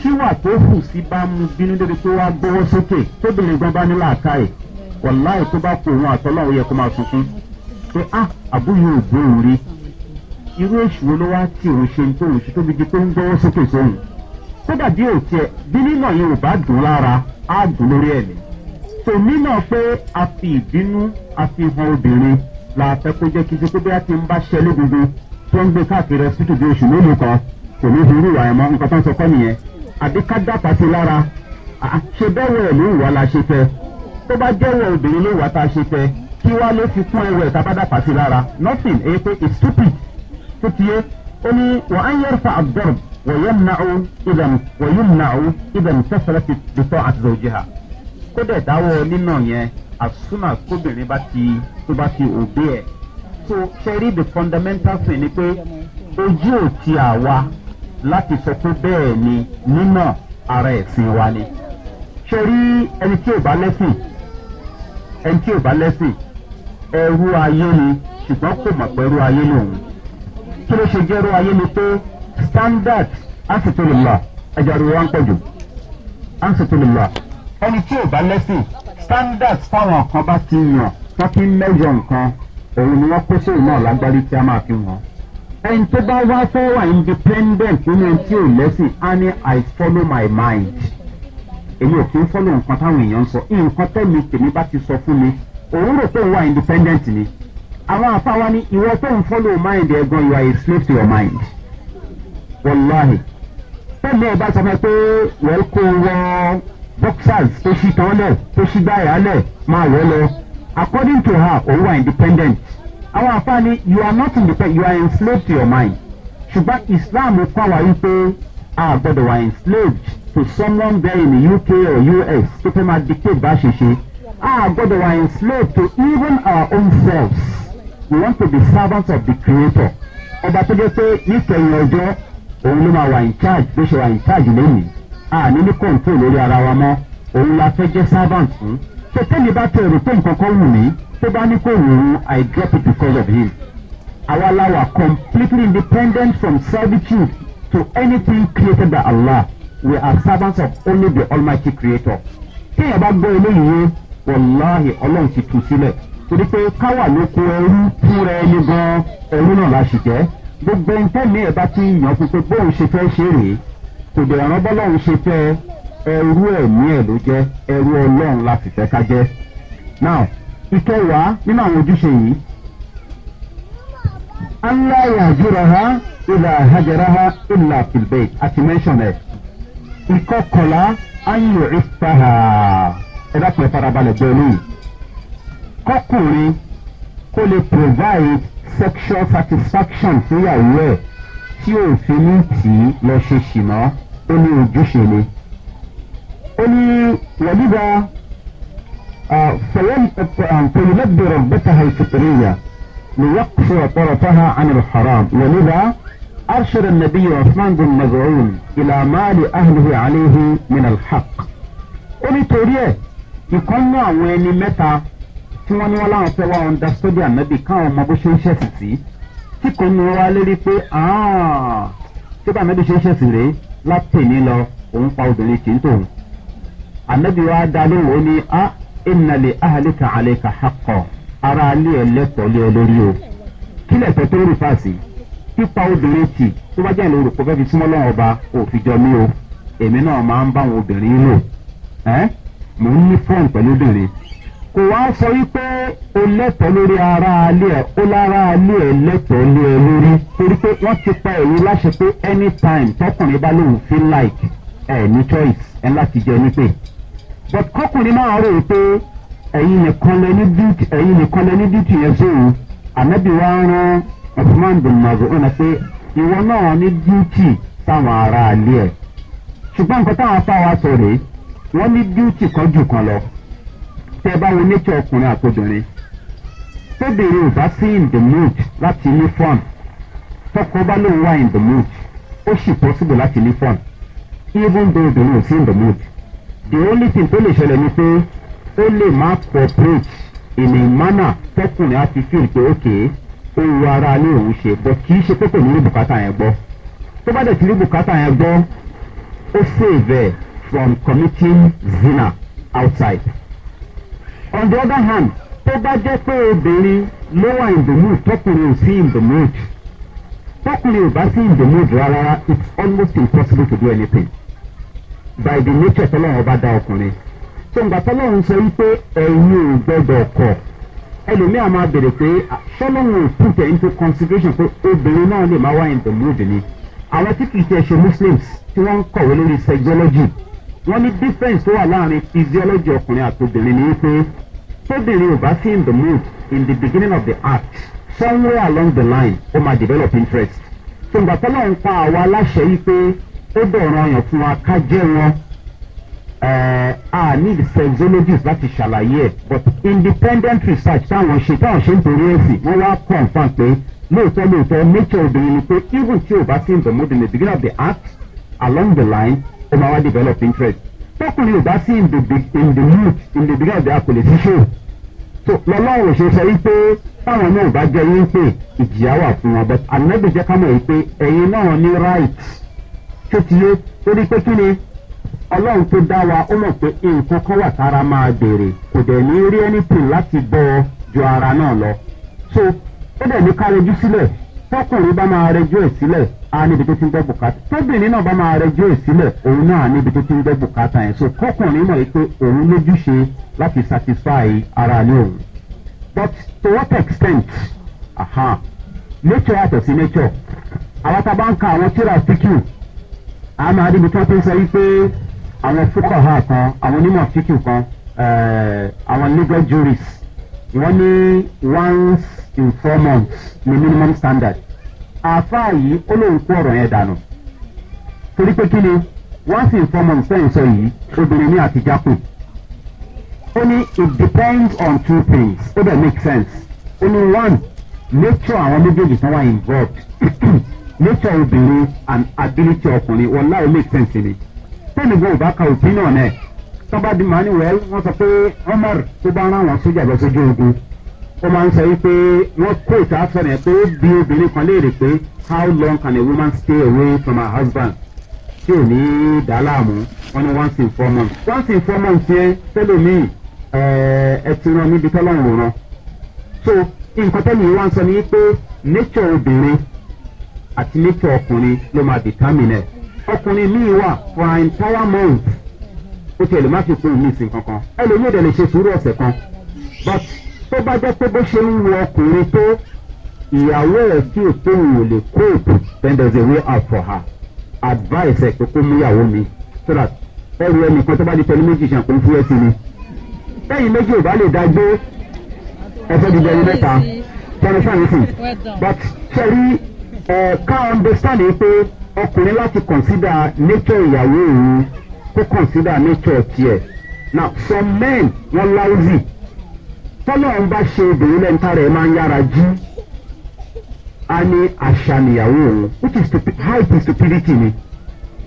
tíwà tó hù sí bá mú bínú débi pé wàá gbọ́wọ́ sókè tóbi lè gbọ́n bá ní làákàyè wọ̀láì tó bá kó òun àtọ́lọ́run yẹ kó máa sunkún pé ah àbúrò yóò gbé òun rí irú èṣù wo ló wá tí òun ṣe tó òun ṣe tóbi di pé ń gbọ́wọ́ sókè sóhun kódà bí ò tiẹ̀ bí nínà yìí ò bá dùn lára á dùn lórí ẹ̀mí tò nínà pé a fi ìbínú a fi han obìnrin la fẹ́ kó jẹ́ kí n ṣe pé bí ti ń bá ṣẹ́ lógungun tó ń gbé káàkiri ẹsítù bí oṣù mélòó kan kò ní fi irú ìwà ẹ̀mọ́ nǹkan tó ń sọ kọ́ nìyẹn àbí ká dàpá sí lára ṣe bẹ́ẹ̀ wọ̀ ló wà la ṣe fẹ́ tó bá jẹ́wọ́ obìnrin ló wà tá a ṣe fẹ́ kí wá ló fi kún ẹrù ẹ̀ tábàdà lára nothing èyí pé it's stupid tó ti yé ó ní wọ́n á yẹ́rù fa àgbọ̀rọ̀ wọ́n yẹ́n na ó ibẹ̀ wọ́n yẹ́n na ó ibẹ̀ tẹ́sẹ̀rẹ́ ti dùtọ́ àti lòjì hà kódà dáwọ́ nínà yẹn àsúnà kóbìnrin bá ti tó bá ti òbí ẹ̀ so ṣẹ́rí the fundamental thing ni pé ojú ò ti àwa láti sọ pé bẹ́ẹ̀ ni nínà ara ẹ̀sìn wa ni ṣẹ́rí ẹni tí ò bá lẹ́sìn ẹni tí ò bá lẹ́sìn ẹrú ayé ni ṣùgbọ́n kò mọ̀ pé ẹrú ayé lòun kí ló ṣe jẹ́ ẹrú ayé ni pé standard asitolula ẹja rí wọn pẹ̀jù asitolula ẹni tí ò bá lẹ́sìn standard táwọn kan bá ti yàn wọ́n fi mẹ́jọ nǹkan òun ni wọ́n kó sóun náà lágbárí tí a máa fi wọ́n ẹni tó bá wá fẹ́ independent nínú ẹni tí ò lẹ́sìn á ní i follow my mind èmi ò kí ń follow nǹkan táwọn èèyàn ń sọ nǹkan tẹ́mi tèmi bá ti sọ fún mi òun rò pé òun wà independent ni àwọn àfáwa ní ìwọ tó ń follow mind ẹ gan you are a slave to your mind wàláhì tẹ́lẹ̀ ẹ̀ bá sọ fún ẹ pé wọ́n kó wọ boxers tó ṣì tán lẹ̀ tó ṣì gbá ẹ̀yà lẹ̀ máa wọ́ lọ according to her òun wà independent àwọn àfáà ní you are not independent you are enslaved to your mind ṣùgbọ́n islam kọ́ wa wípé a gbọ́dọ̀ wà enslaved to someone there in the uk or us tó fẹ́ máa dictate bá ṣe ṣe a ah, gbọ́dọ̀ wà enslaved to even our own selves we want to be servants of the creator ọba tó jẹ́ pé níkẹyìn ọjọ́ òun ló máa wà in charge bó ṣe wà in charge lẹ́yìn a ah, ní ní control lórí ara wa mọ́ òun la fẹ́ jẹ́ servant fún tó tẹ́lẹ̀ bá tẹ èrò pé nǹkan kan wù mí tó bá ní kó wù i drop it because of him àwa la wà completely independent from servitude to anything created by allah we are servants of only the almighty creator kéèyàn bá gbọ́ eléyìí yé wàláhì ọlọ́run ti tù sílẹ̀ torí pé káwà ló kó ẹrú fúnra ẹni gan ẹrú náà la sì jẹ́ gbogbo ntẹ́mi ẹ̀ bá ti yàn fún pé bóun ṣe fẹ́ ṣe rèé kò dẹ̀ ràn bọ́lọ́run ṣe fẹ́ ẹrú ẹ̀mí ẹ̀ ló jẹ́ ẹrú ọlọ́run la sì fẹ́ ká jẹ́ now ìkẹwàá nínú àwọn ojúṣe yìí anla ha ìlà hajara ha ìlà filbait àti mention ìkọkànlá ayò ìfahà ẹ dákun ẹ farabalẹ̀ jẹ́ olóyè kọkùnrin kó lè provide sexual satisfaction fúnyàwó ẹ̀ tí òfin ní tì í lọ ṣe ṣìnà ó ní ojúṣe ni ó ní wàlúùbá fẹ̀yẹ́n pẹ̀lúmẹ́bẹ̀rẹ̀ bẹ́tàhà ìfìtìrìyà ni wàkùsù ọ̀pọ̀rọ̀tàhà anil haram wàlúùbá أرشد النبي عثمان بن مزعون إلى مال أهله عليه من الحق. قل توريه ìkọ́nú àwọn ẹni mẹ́ta tí wọ́n ní wọ́n láwọn fẹ́ wá ọ̀ndàstọ́dì ànábì káwọn ọmọ bó ṣe ń ṣẹ̀sìn sí tí kò ní wá lérí pé ṣé ànábì ṣe ń ṣẹ̀sìn rèé látẹ̀ní lọ òun pa obìnrin kì í tòun ànábì wa dá lóhùn ó ní a ìnàlẹ̀ ahàlẹ́kà àlẹ́kà hakọ̀ ara alẹ́ ẹlẹ́tọ̀ọ́ lé ẹ lórí o kílẹ̀ tẹ́ tó rí fàásì pípa obìnrin tì tó bá jẹ́ ìlú olùkọ́ fi súnmọ́ lọ́wọ́ ọba òfìjọ́ mi o èmi náà máa ń bá obìnrin lò ẹ́ mò ń ní fóun pẹ̀lú obìnrin kò wá sọ wípé o lẹ́tọ̀ọ́ lórí ara alẹ́ ẹ̀ ó lára alẹ́ ẹ̀ lẹ́tọ̀ọ́ lé ẹ lórí torí pé wọ́n ti pa èyí láṣẹ pé anytime tọkùnrin bá lóun feel like ẹ ní choice ẹ láti jẹ nípè but kọkùnrin náà rò pé ẹ̀yin nìkan lẹ ní duty ẹ̀yin nìkan lẹ ní duty yẹn sóun ànábì wa ń rán ọ̀fùnmáà dùn màgò ọ̀nà pé ìwọ náà ní duty táwọn ará alẹ́ ẹ̀ ṣùgbọ́n nǹkan táwọn afáwa sọ rèé wọ́n ní díútì kan jù kan lọ tẹ bá wo nature ọkùnrin àtobìnrin tóbìnrin ò bá sí in the mood láti ní fun tọkọ bá lóun wá in the mood ó sì possible láti ní fun even though obìnrin ò sí in the mood the only thing tó lè ṣẹlẹ̀ ni pé ó lè má cooperate in a manner tọkùnrin á fi feel pé ok ó wu ara ní òun ṣe but kì í ṣe pé kò ní rí bùkátà yẹn gbọ́ tó bá dẹ̀ ti rí bùkátà yẹn gbọ́ ó save ẹ̀ from committing zina outside. on the other hand tó bá jẹ́ pé obìnrin ló wà in the mood tọkùnrin ò sí in the mood tọkùnrin ò bá sí in the mood rárá it's almost impossible to do anything by the nature tọ́lọ́run ọba dá ọkùnrin tó ń gbà tọ́lọ́run sọ wípé ẹ̀yin ò gbọ́dọ̀ kọ̀ ẹlòmíà máa bèrè pé tọ́lọ́run ò put it into consideration pé obìnrin náà lè máa wá in the mood ni àwọn tí kìí ṣe ṣe muslims tí wọ́n ń kọ̀wé lórí sexology wọ́n ní difference tó wà láàrin physiology ọkùnrin àtòbìnrin ni pé tóbìnrin ò bá sí in the mood in the beginning of the act somewhere along the line ó máa develop interest tó ìgbà tó lọ́n pa àwa aláṣẹ yìí pé ó dọ̀ràn ọyàn fún wa ká jẹ́ wọn eh, a need sexologist láti ṣàlàyé ẹ̀ but independent research táwọn ṣe táwọn ṣe ń torí ẹ̀sìn wọ́n wá confam pé lóòótọ́ lóòótọ́ nature obìnrin ni pé even tí ò bá sí in the mood in the beginning of the act along the line ó máa wá develop interest tọkùnrin ò bá sí in the in the mood in the beginning of the apple so lọ́lọ́run ò ṣe sọ wípé táwọn náà bá jẹ́ yín pé ìjìyà wà fún wọn but ànábì jẹ́ ká mọ̀ wípé ẹ̀yin náà ní right tó ti yé torí pé kí ni ọlọ́run tó dá wa ó mọ̀ pé nǹkan kan wà tára máa béèrè kò dẹ̀ ní rí anything láti bọ́ ju ara náà lọ so ó dẹ̀ ní ká rẹjú sílẹ̀ tọkùnrin bá máa rẹjú ẹ̀ sílẹ̀ a níbi tó ti ń gbọ́ bùkátà tóbìnrin náà bá máa rẹjú ìsílẹ̀ òun náà níbi tó ti ń gbọ́ bùkátà yẹn so kọkùnrin mọ̀ pé òun lójúṣe láti satisfy ara ní òun but to what extent aha nature yàtọ̀ sí nature àwọn tá a bá ń ka àwọn tíra fíkìú a máa rí ibi tí wọ́n ti ń sọ wípé àwọn fúkọ̀há kan àwọn onímọ̀ fíkìú kan eh, àwọn legal juries wọ́n ní once in four months ni minimum standard àáfàá yìí ó lóun kó ọ̀rọ̀ yẹn dànù torí pé kí ni wọ́n sì ń fọmọ ìfẹ́ǹsọ yìí obìnrin ní àtijọ́ pè ó ní it depends on two things ó dẹ̀ make sense ó ní one nature àwọn méjèèjì tán wà involved nature obìnrin and ability ọkùnrin wọ́n láwọn make sense ni tẹ́lẹ̀ gbọ́n ò bá ka opinion ẹ̀ tọ́ba di màá ní wẹ́ẹ́ wọ́n sọ pé ọmọ rẹ̀ tó bá rán àwọn sójà lọ sójú ogun ó máa ń sọ wípé wọ́n kó ìtàsọ̀rọ̀ pé ó bí obìnrin kan léèrè pé how long can a woman stay away from her husband tí ò ní dá láàmú wọn ní once in four months once in four months yẹn sẹ́lòmíì ẹ ti rán níbi tọ́lọ́run ràn so nǹkan tẹ́lẹ̀ wá ń sọ ni pé nature obìnrin àti nature ọkùnrin ló máa determine ẹ̀ ọkùnrin míì wà for an entire month ó ti ẹ̀ lè má fi kún un ní ìsìn kankan ẹ lè ní ìdẹ̀ ṣe sùúrù ọ̀sẹ̀ kan but tó bá jẹ́ pé bó ṣe ń wo ọkùnrin tó ìyàwó ẹ̀ bí ètò ìwò lè kóòbù then there is a way out for her advice ẹ̀ pé kó mú ìyàwó mi so that ẹrù ẹnìkan tó bá di tẹni méjì ṣàn kó ń fúyẹ́ sí ni lẹ́yìn méjì ò bá lè dá gbé ẹfẹ́ dídẹ ní mẹ́ta tẹni fáwọn sí but ṣẹ́rí ẹ̀ka understand yìí pé ọkùnrin láti consider nature ìyàwó òun kó consider nature tiẹ̀ now some men wọ́n lousy tọ́lọ́run bá ṣe obìnrin lẹ́ńtà rẹ̀ máa ń yára jí a ní àṣà nìyàwó òun which is high stupidity ni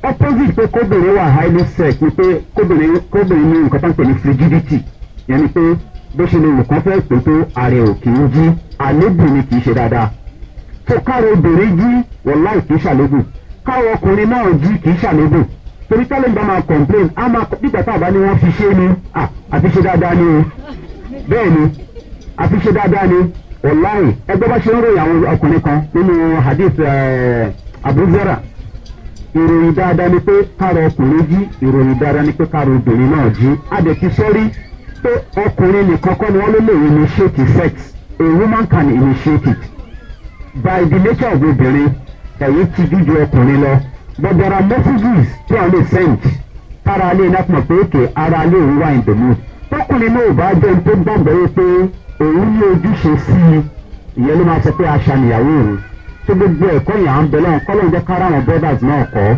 opposite pé kóbìnrin wà highly sex ni pé kóbìnrin kóbìnrin ní nǹkan tó ń pè ní frigidity yẹn ni pé bó ṣe lè nǹkan fẹ́ pé tó ààrẹ ò kì í jí àlébù ni kì í ṣe dáadáa tó káàrọ̀ obìnrin jí wọ̀láì kì í ṣàlébù káàrọ̀ ọkùnrin náà jí kì í ṣàlébù torí tẹ́lẹ̀ ń bá máa complain á máa nígbà tá a bá ní wọ́n fi ṣe é ni àti ṣe dáadáa ni o bẹ́ẹ̀ ni àti ṣe dáadáa ni ọ̀láì ẹgbẹ́ bá ṣe ń ròyìn àwọn ọkùnrin kan nínú hadith eh, abuzera ìròyìn dáadáa ni pé káàrọ ọkùnrin jí ìròyìn dáadáa ni pé káàrọ obìnrin náà jí adẹ̀ ti sọ́rí pé ọkùnrin nìkan kọ́ ni wọ́n ló lè initiate sex a woman can initiate it by the nature of obìnrin ẹ̀yìn ti jíjọ ọkùnrin lọ but there are messages tí a lè send kára alẹ́ iná pọ̀ pé òkè ara alẹ́ òun wà in the mood tọkùnrin náà bá jẹ́ tó gbàgbọ́ yẹ pé òun ní ojúṣe sí i ìyẹn ló máa sọ pé aṣa nìyàwó òun tó gbogbo ẹ̀kọ́ yẹn à ń bẹ lọ́wọ́ kọ́lọ́ jẹ́ kára àwọn brothers náà kọ́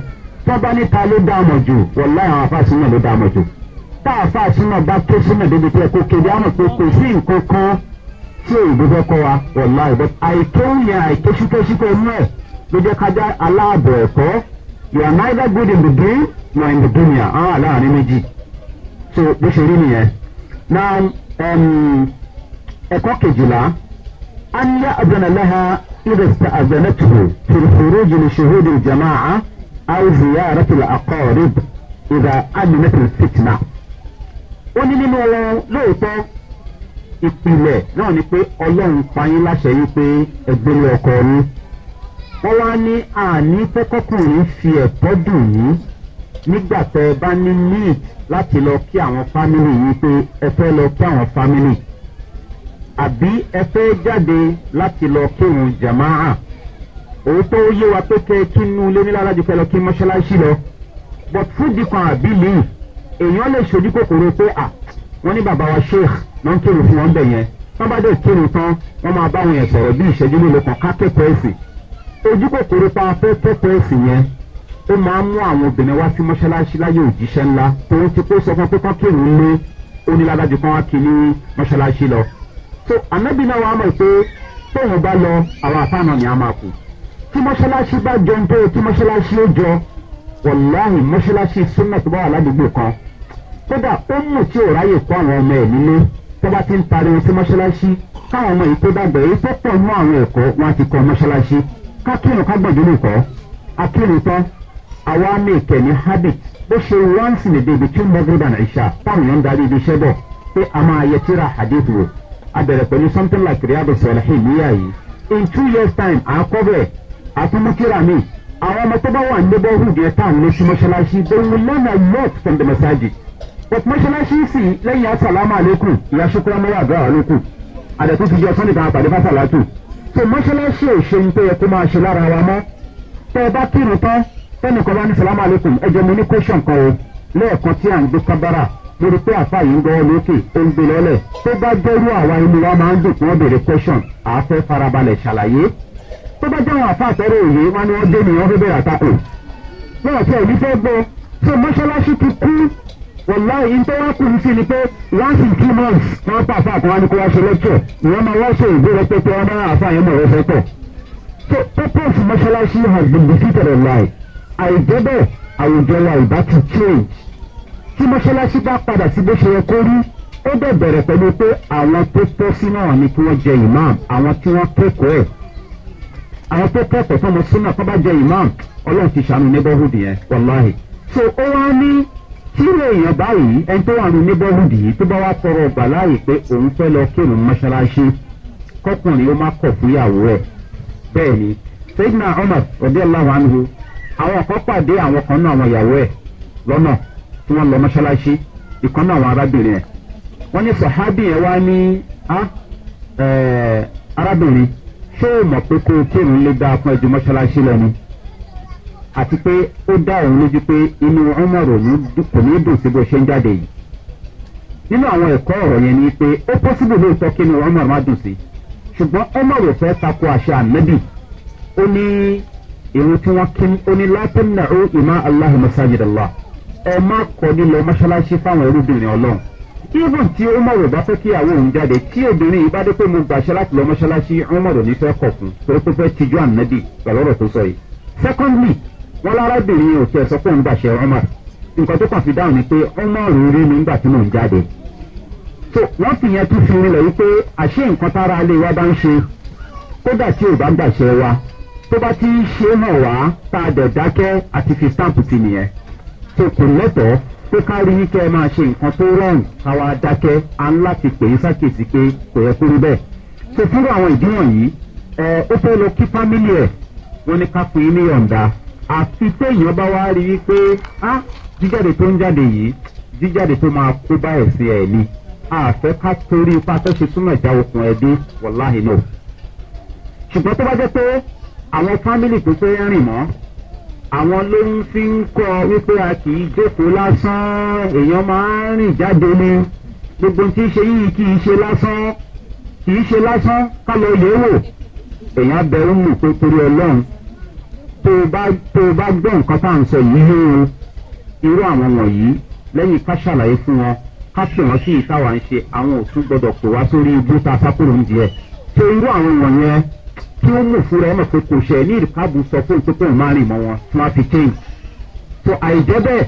tó níta ló dá àmọ̀ jù wọ̀lá àwọn afáàsì náà ló dá àmọ̀ jù tá àfáàsì náà bá ké sínú débi pé kó kéde àmọ̀ pé kò sí nǹkan kan tí òyìnbó fẹ́ kọ́ wa wọ̀lá ìbọn àìtó yẹn àìtó síkósíkó inú ẹ̀ ló jẹ́ kájá aláàbọ̀ ẹ̀kọ́ you are neither good in the game nor in the dunya àwọn àlàáfíà méjì so bó ṣe rí nìyẹn na ẹ̀kọ́ kejìlá anya abdulalaha ibasta azanatuhu firfuru jini shuhudu jama'a aw ziyarati al-aqarib idha aminat al-fitna ó ní nínú wọn lóòótọ́ ìpìlẹ̀ náà ni pé ọlọ́run payín láṣẹ yín pé ẹgbẹ́lẹ́ ọkọ yín wọ́n wá ní àní fẹ́kọ́kùnrin fi ẹ̀tọ́ dùn yín nígbà tẹ ẹ bá ní need láti lọ kí àwọn family yìí pé ẹ fẹ́ lọ kí àwọn family àbí ẹ fẹ́ jáde láti lọ kírun jamaa òótọ́ ó yé wa pé kẹ́ ẹ tún nu ilé nílá láti fẹ́ lọ kí mọ́ṣáláṣí lọ but fúdi kan àbí lèyìn èèyàn lè ṣojú kòkòrò pé à wọ́n ní bàbá wa sheikh náà ń kírun fún wọn bẹ̀ yẹn wọ́n bá dé kírun tán wọ́n máa bá wọn yẹn sọ̀rọ̀ bí ìṣẹ́jú mélòó kan ká kẹ́kọ̀ọ́ ẹ̀sìn ojú kòkòrò pa afẹ́ kẹ́kọ̀ọ́ ẹ̀sìn yẹn ó máa ń mú àwọn obìnrin wá sí mọ́ṣáláṣí láyé òjíṣẹ́ ńlá tòun ti kó sọ fún pé kán kírun lé ó ní ládájú kan wá kí ní mọ́ṣáláṣí lọ. so ànábì náà wàá mọ̀ pé tóun bá lọ àwọn àfáànà ni a máa kù tí mọ́ṣáláṣí bá jọ ń tó tí mọ́ṣáláṣí ó jọ wọ̀láhì mọ́ṣáláṣí súnmọ̀ tó bá wà ládùúgbò kan kódà ó mú tí ò ráyè kó àwọn ọmọ ẹ̀ nílé tó bá ti ń pariwo sí mọ́ṣáláṣí káwọn ọmọ yìí tó dàgbà èyí tó pọ̀ mú àwọn ẹ̀kọ́ wọn ti kọ́ mọ́ṣáláṣí ká kírun kọ́ akírun tán àwa mèkè ní habit bó ṣe once in a day between magreba and isha táwọn èèyàn ń darí ibi iṣẹ́ bọ̀ pé a máa yẹ tíra hadith wò a bẹ̀rẹ̀ pẹ̀lú something like riyadu salihin níyà yìí in two years time à á kọ́ bẹ̀ àtúmúkíra mi àwọn ọmọ tó bá wà níbẹ̀ hùdìẹ táwọn lóṣù mọ́ṣáláṣí they will learn a lot from the masajid but mọ́ṣáláṣí sì lẹ́yìn asalaamu aleykum ìyá ṣukura mọ́wá àgbà aleykum àdẹ̀tún ti jẹ́ sunday kan àpàdé fásitì aláàtù so mọ́ṣáláṣí ò ṣe ń pé ẹ kó máa ṣe lára wa mọ́ tẹ́ ẹ bá kírun tán tẹ́nìkan bá ní salamu alaykum ẹ jẹ́ mo ní question kan o lẹ́ẹ̀kan tí à ń gbé kábàrà lórí pé àfa yìí ń gbọ́ lókè ó ń gbé lọ́lẹ̀ tó bá jẹ́rú àwa inú wa máa ń dùn kí wọ́n béèrè question àáfẹ́ farabalẹ̀ ṣàlàyé tó bá jẹ́ àwọn àfa àtẹ́rẹ́ òye wọn ni wọ́n dé nìyẹn fẹ́ bẹ̀rẹ̀ àtakò náà fẹ́ fẹ́ gbọ́ so mọ́ṣáláṣí ti kú wọ̀láì àìjẹ́ bẹ́ẹ̀ àwùjọ wa ìbá ti change tí mọ́ṣáláṣí bá padà sí bó ṣe yẹ kó rí ó dẹ̀ bẹ̀rẹ̀ pẹ̀lú pé àwọn tó tọ́ sínú àwọn ni kí wọ́n jẹ imam àwọn tí wọ́n kẹ́kọ̀ọ́ ẹ̀ àwọn tó kẹ́kọ̀ọ́ tó mọ sínú àkọ́ bá jẹ imam ọlọ́run ti ṣàánú neighborhood yẹn wàláhì so ó wá ní tí èèyàn báyìí ẹni tó wà ní neighborhood yìí tó bá wá tọrọ ọgbà láàyè pé òun fẹ́ lọ kírun mọ́ṣáláṣí kọkùnrin ó má kọ̀ fún ìyàwó ẹ̀ bẹ́ẹ̀ ni sayyidina umar ọdẹ aláwa ni àwọn ọkọ pàdé àwọn kan náà àwọn ìyàwó ẹ̀ lọ́nà tí wọ́n lọ mọ́ṣáláṣí ìkan náà àwọn arábìnrin ẹ̀ wọ́n ní sọ̀hábì yẹn wá ní arábìnrin ṣé o pé kó o kírun fún ẹjọ́ lọ àti pé ó dá òun lójú pé inú kò ní dùn sí bó ṣe ń jáde yìí nínú àwọn yẹn ni pé ó ni irun tí wọ́n kí ó ní látẹ̀nà ó ìmá aláhi masajidala ẹ má kọ́ nílọ mọ́ṣáláṣí fáwọn irúbìnrin ọlọ́run even tí umaru bá fẹ́ kí àwọn òun jáde tí obìnrin yìí bá dé pé mo gbàṣẹ láti lọ mọ́ṣáláṣí umaru ní fẹ́ kọ̀ fún torí pé fẹ́ tijú ànábì pẹ̀lọ́rọ̀ tó sọ yìí secondly wọn lárábìnrin ò tiẹ̀ sọ pé òun gbàṣẹ umaru nǹkan tó kàn fi dáhùn ni pé umaru rí mi nígbà tí mò ń jáde so wọ́n fi yẹn tún fi rinlẹ̀ wípé àṣé nǹkan tára ilé wa bá ń ṣe kódà tí ò bá gbàṣẹ wa tó bá ti ń ṣe hàn wá tá a dẹ̀ dákẹ́ àti fi stamp ti nìyẹn tó kò lẹ́tọ̀ọ́ pé ká rí yín kẹ́ ẹ máa ṣe nǹkan tó rọrùn káwa dákẹ́ à ń láti pè é sákèsí pé kò yẹ kó rí bẹ́ẹ̀ tó fúnra àwọn ìdí wọ̀nyí ẹ ó fẹ́ lọ kí fámílì ẹ̀ wọ́n ní ká pè é ní yọ̀ǹda àfi téèyàn bá wá rí i pé á jíjáde tó ń jáde yìí jíjáde tó máa kó bá ẹ̀sìn ẹ̀ ni àfẹ́ ká torí ipá tó ṣe túnmọ̀ ìjà okùn ẹbí wọ̀láhìn náà ṣùgbọ́n tó bá jẹ́ pé àwọn fámìlì tó pé rìn mọ́ àwọn ló ń fi ń kọ́ wípé a kì í jókòó lásán èèyàn máa ń rìn jáde ni gbogbo tí ń ṣe yìí kì í ṣe lásán kì í ṣe lásán ká lọ yẹ̀ wò èèyàn bẹ̀rù mú pé torí ọlọ́run tó o bá gbọ́ nǹkan tá à ń sọ yìí yóò irú àwọn wọ̀nyí lẹ́yìn ká ṣàlàyé fún wọn ká pè wọ́n sí ìtawà ń ṣe àwọn òtún gbọ́dọ̀ pè wá sórí igbó tá a sákòrò ń di ẹ̀ tó irú àwọn wọ̀nyẹn tí ó mú fúnra ẹ̀ mọ̀ pé kò ṣe ní ìkábù sọ fún pé kóun máa rìn wọn tí wọ́n fi change. so àìjẹ́ bẹ́ẹ̀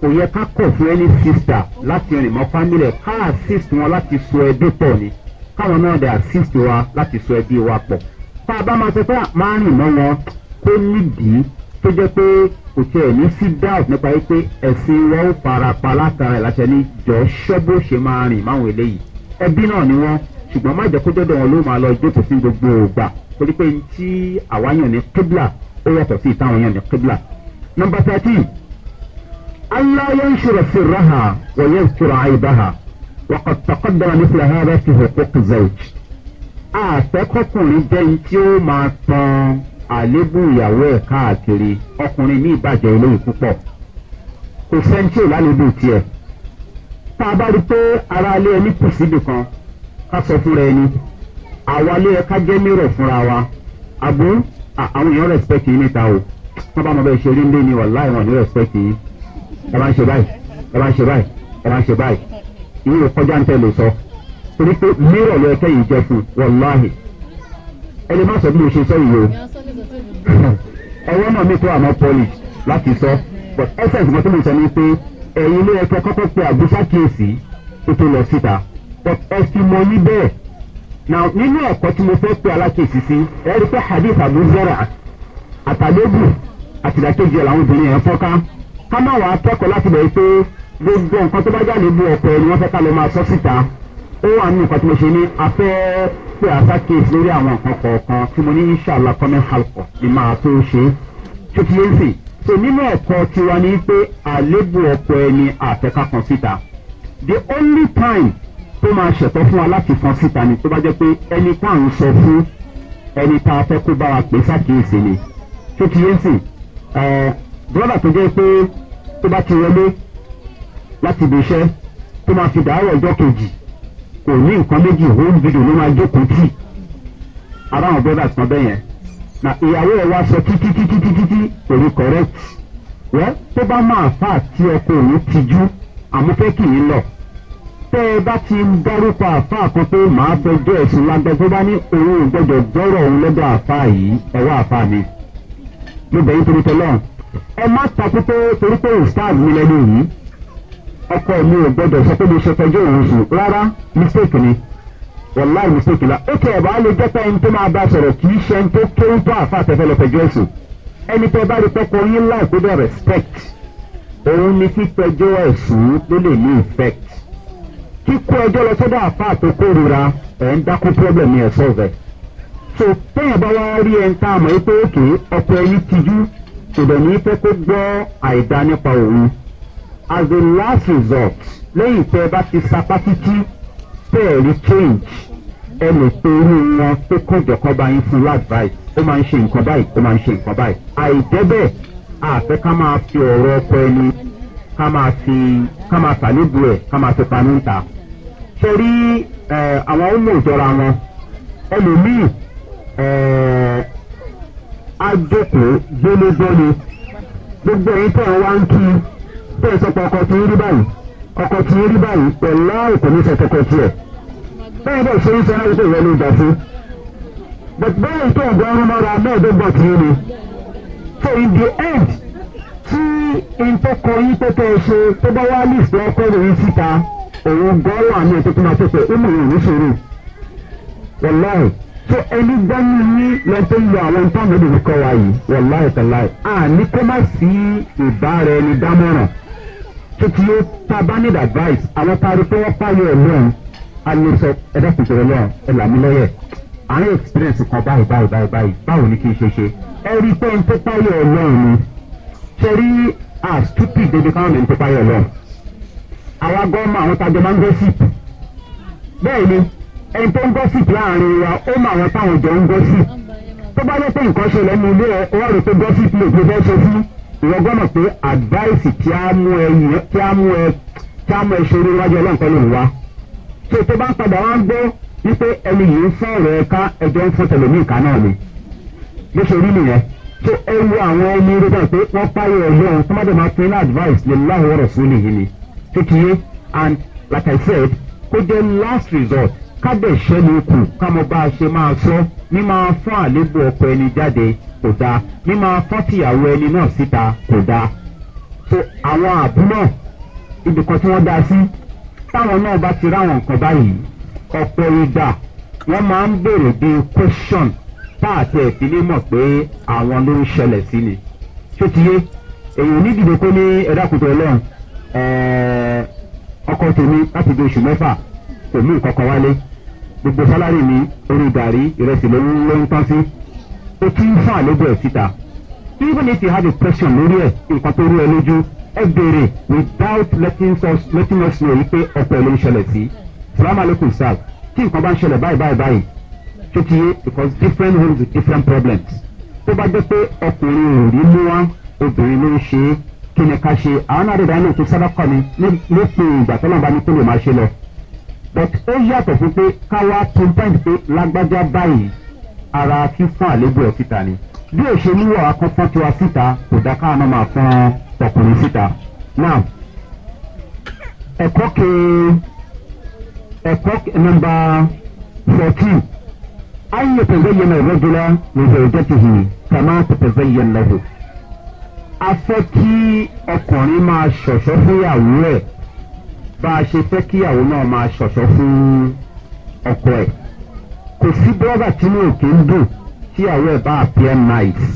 kò yẹ ká kọ̀ fún ẹni sista láti rìn mọ́ family ká assist wọn láti so ẹbí pọ̀ ni káwọn náà dẹ̀ assist wa láti so ẹbí wa pọ̀. tá a bá máa sọ pé máa rìn mọ́ wọn kó nídìí tó jẹ́ pé kò tiẹ̀ ní sí doubt nípa yìí pé ẹ̀sìn wọn ó farapa látara ìlàṣẹ ní jọ ṣọ́bó ṣe máa rìn máwọn eléyìí ẹbí náà ni wọ́n ṣùgbọ́n má jẹ́ kó jọ́dọ̀ wọn ló máa lọ jókòó sí gbogbo ògbà torí pé tí àwa yàn ní kébìlà ó yàtọ̀ sí ìtàwọn yàn ní kébìlà. nọmba thirteen aláyọ̀ ń ṣòro sí raha wọ̀nyẹ́ ìṣòro àìbáha wàkà tọkọ́dọ̀rọ̀ ní fìlà hàrẹ́ fi hòkó kìzẹ́wìj. àfẹ́kọ́kùnrin jẹ́ ní tí ó máa tan àlébù ìyàwó ẹ̀ káàkiri ọkùnrin ní ìbàjẹ́ eléyìí púpọ̀ kò sẹ́ńtì lálébù tiẹ̀ tá a bá rí pé ara alẹ́ ẹni kù síbì kan ká sọ fúnra ẹni àwa ló yẹ ká jẹ́ mírọ̀ fúnra wa àbó àwọn èèyàn respect yín níta o wọ́n bá mọ bẹ́ẹ̀ ṣe rí ń lé ní ọ̀la ìwọ̀n ní respect yín ẹ bá ń ṣe báyìí ẹ bá ń ṣe báyìí ẹ bá ń ṣe báyìí ìwé kọjá ń tẹ̀lé sọ torí pé mírọ̀ ló yẹ kẹ́yìn jẹ fún wàláhì ẹni má sọ bí mo ṣe sọ ìyó ọwọ́ náà mi tó àmọ́ polish láti sọ but essence mo tó lè sọ ni pé ẹ̀yin ló yẹ kọ́kọ́ pé àbúṣá kíyèsí tó tó lọ síta but ẹ̀sìn now nínú ẹ̀kọ́ tí mo fẹ́ pé alákèésí sí ẹ rí pé hadith abuzara àtàlébù àtìdákejì ẹ̀ làwọn obìnrin yẹn fọ́ká ká má wàá kẹ́kọ̀ọ́ láti bẹ̀ pé gbogbo nǹkan tó bá jáde bu ọ̀pọ̀ ẹni wọ́n fẹ́ ká lọ máa sọ síta ó wà nínú nǹkan tí mo ṣe ní afẹ́ pé àsákèésí lórí àwọn nǹkan kọ̀ọ̀kan tí mo ní inshàlá kọ́mẹ́ halkọ̀ ni máa tó ṣe tó ti yẹn sìn so nínú ẹ̀kọ́ tiwa ni pé àlébù ọ̀pọ̀ ẹni àfẹ́ká kan síta the only time tó máa ṣẹ̀tọ́ fún wa láti fọn síta ni tó bá jẹ́ pé ẹni tá à ń sọ fún ẹni tá a fẹ́ kó bá wa pè sákìyèsí ni tó ti yé sìn bọ́dà tó jẹ́ pé tó bá ti wọlé láti ibi iṣẹ́ tó máa fi dàárọ̀ ọjọ́ kejì kò ní nǹkan méjì home video ló máa jókòó tì ara àwọn bọ́dà kan bẹ́ẹ̀ yẹn na ìyàwó ẹ̀ wá sọ títí títí títí kò ní correct wẹ́ tó bá máa fà tí ọkọ òun ti jú àmúfẹ́ kì í lọ tẹ́ ẹ bá ti ń dárúkọ àáfàá kan pé màá fẹjọ́ ẹ̀sùn lágbẹ́ tó bá ní òun ò gbọ́dọ̀ jọ́rọ̀ òun lọ́dọ̀ àáfàá yìí ẹ̀wọ́ àáfàá mi. mo bẹ̀yìn torí tọ́lọ́ ẹ má takú pé torí pé ustaz mi lẹ́nu yìí ọkọ mi ò gbọ́dọ̀ sọ pé mo ṣe fẹjọ́ òun sùn rárá mistake ni wàláì mistake la ó kẹ́ ẹ̀ bá lè jẹ́pẹ́ ẹni tó máa bá sọ̀rọ̀ kì í ṣe ẹni tó kéwú tó àáfàá tẹ́fẹ́ lọ fẹjọ́ ẹ̀sùn ẹni tẹ́ bá rí pẹ́kọ̀ọ́ yín láì gbọ́dọ̀ respect òun ni fífẹjọ́ ẹ̀sùn ló lè ní effect kíkó ẹjọ́ lọ sọ́dọ̀ àfáà tó kórira ẹ̀ ń dákú pírọ́blẹ̀mù ẹ̀ sọ́ọ̀fẹ̀. tó téèyàn bá wá rí ẹni tá a mọ̀ òkè ọkọ̀ ẹyin tijú ṣùgbọ́n ní fẹ́ kó gbọ́ àìdá nípa òun. as a last resort lẹ́yìn tẹ́ ẹ bá ti sapá títí tẹ́ ẹ̀ rí change ẹ lè pe irú wọn pé kó jọ̀kọ́ bá yín fún ládùbáyì ó máa ń ṣe nǹkan báyìí ó máa ń ṣe nǹkan báyìí àìjẹ́ bẹ́ẹ̀ àfẹ́ ká máa fi ọ̀rọ̀ ọkọ ẹni ká máa fi ká máa tà níbu ẹ̀ ká máa fi pamọ́ ń ta. torí àwọn ọmọ ìjọra wọn ẹlòmíì á jókòó gbélégbélé gbogbo ẹ̀yin tẹ̀ wá ń kí tẹ̀ sọ́pọ̀ ọkọ̀ tí ń rí báyìí ọkọ̀ tí ń rí báyìí pẹ̀lú àìkòní sọ̀tọ̀kọ̀ tiẹ̀ báyìí bẹ́ẹ̀ ṣe ń sọ láti ìwọ ló gbà fún bẹ́ẹ̀ tó ọ̀gá ọ̀run mọ́ra mẹ́ẹ̀ẹ́dọ́gbọ̀n tí ń ni so in the end tí ìtọ́kọ yín tó tẹ̀ ṣe tó bá wá lìsì ọkọ rẹ̀ síta òun gan wà ní ètò tó máa tó ó mọ̀ òun ṣòro tó ẹni gbọ́nú ní lọ́tọ́ ń àwọn nǹkan mi kọ́ wa yìí wọ̀láì tẹ̀láì à ní kó má sí ìbára ẹni dámọ̀ràn tó ti yóò tá bá ní advice àwọn parí pé wọ́n pààyàn ẹ̀ lọ́run a sọ ẹ̀dá kùtùrọ̀ lọ́run ẹ̀ làmú lọ́yẹ̀ àárín experience kan báyìí báyìí báyìí báwo ni kí n ṣe ṣe ẹ pé n tó pààyàn ẹ̀ lọ́run ni sẹ́rí àstúpì débi káwọn ènìyàn tó páyọ̀ lọ. àwa gọ́ọ̀mù àwọn tajọ máa ń gọ́sìpì. bẹ́ẹ̀ ni ẹni tó ń gọ́sìpì láàrin wa ó mọ àwọn táwọn jọ ń gọ́sìpì. tó bá yẹ pé nǹkan ṣe lẹ́nu ilé ẹ ó wà rò pé gọ́sìpì lè gbé bẹ́ẹ̀ ṣe sí. ìwọ gọ́ọ̀mù pé àdváìsì kí á mú ẹ kí á mú ẹ kí á mú ẹ ṣeré wájú ọlọ́ǹkan lè wá. tó tó bá ń padà wá ń gbé wípé ẹni yìí ń fọ́ ọ̀rọ̀ ẹ̀ka ẹjọ́ ń fọ́ tẹ̀lómìn kan náà ni. bó ṣe rí nìyẹn so ẹ wo àwọn ẹni rẹ́gbà pé wọ́n páyọ̀ ọlọ́run tó má dẹ̀ máa fún ní advice lè láwọn ọ̀rọ̀ fún nìyí ni kékeré and like i said kó jẹ́ last resort ká dẹ̀ ṣẹ́ ní ikù ká mọ bá a ṣe máa sọ ní máa fún àlébù ọkọ ẹni jáde kò dáa ní máa fọ́tìyàwó ẹni náà síta kò dáa so àwọn àbú náà ibìkan tí wọ́n dá sí táwọn náà bá ti ráwọn nǹkan báyìí ọ̀pọ̀ ìgbà wọ́n máa ń béèrè bíi question táàtì ẹ̀fín ní mọ̀ pé àwọn ló ń ṣẹlẹ̀ sí ni tó ti yé èyàn ní dìbò kó ní ẹ̀dákùtù ọlọ́run ọkọ tèmi láti di oṣù mẹ́fà kò mú ìkọkọ wálé gbogbo sálárì mi orí gàrí ìrẹsì ló ń ló ń tán sí ó kí ń fà lójú ẹ̀ síta even if you had a question lórí ẹ̀ nǹkan tó rú ẹ lójú ẹ béèrè without letting us letting us know wípé ọ̀pọ̀ ẹ̀ ló ń ṣẹlẹ̀ sí salamaleykum sir kí nǹkan bá ń ṣẹlẹ̀ báyìí báyìí báyìí tó because different homes with different problems tó bá jẹ́ pé ọkùnrin ò rí mú wá obìnrin ló ń ṣe é kí ni ká ṣe àwọn náà dẹ̀dẹ̀ náà tó sábà kọ́ ni lópin ìgbà tó náà bá ní kó lè máa ṣe lọ but ó yàtọ̀ fún pé ká wá pinpoint pé lágbájá báyìí ara fífún àlébù ẹ̀ síta ni bí ò ṣe níwọ̀ akọ́fọ́n tiwa síta kò dá káwọn náà máa fọ́n ọkùnrin síta now ẹ̀kọ́ ke ẹ̀kọ́ nọmba fourteen. أن يتزين الرجل لزوجته كما تتزين له a fẹ́ kí ọkùnrin máa ṣọ̀ṣọ́ fúnyàwó ẹ̀ bá a ṣe fẹ́ kíyàwó náà máa ṣọ̀ṣọ́ fún ọkọ ẹ̀ kò sí bọ́ọ̀gà tí mi ò kí ń dùn kíyàwó ẹ̀ bá appear nice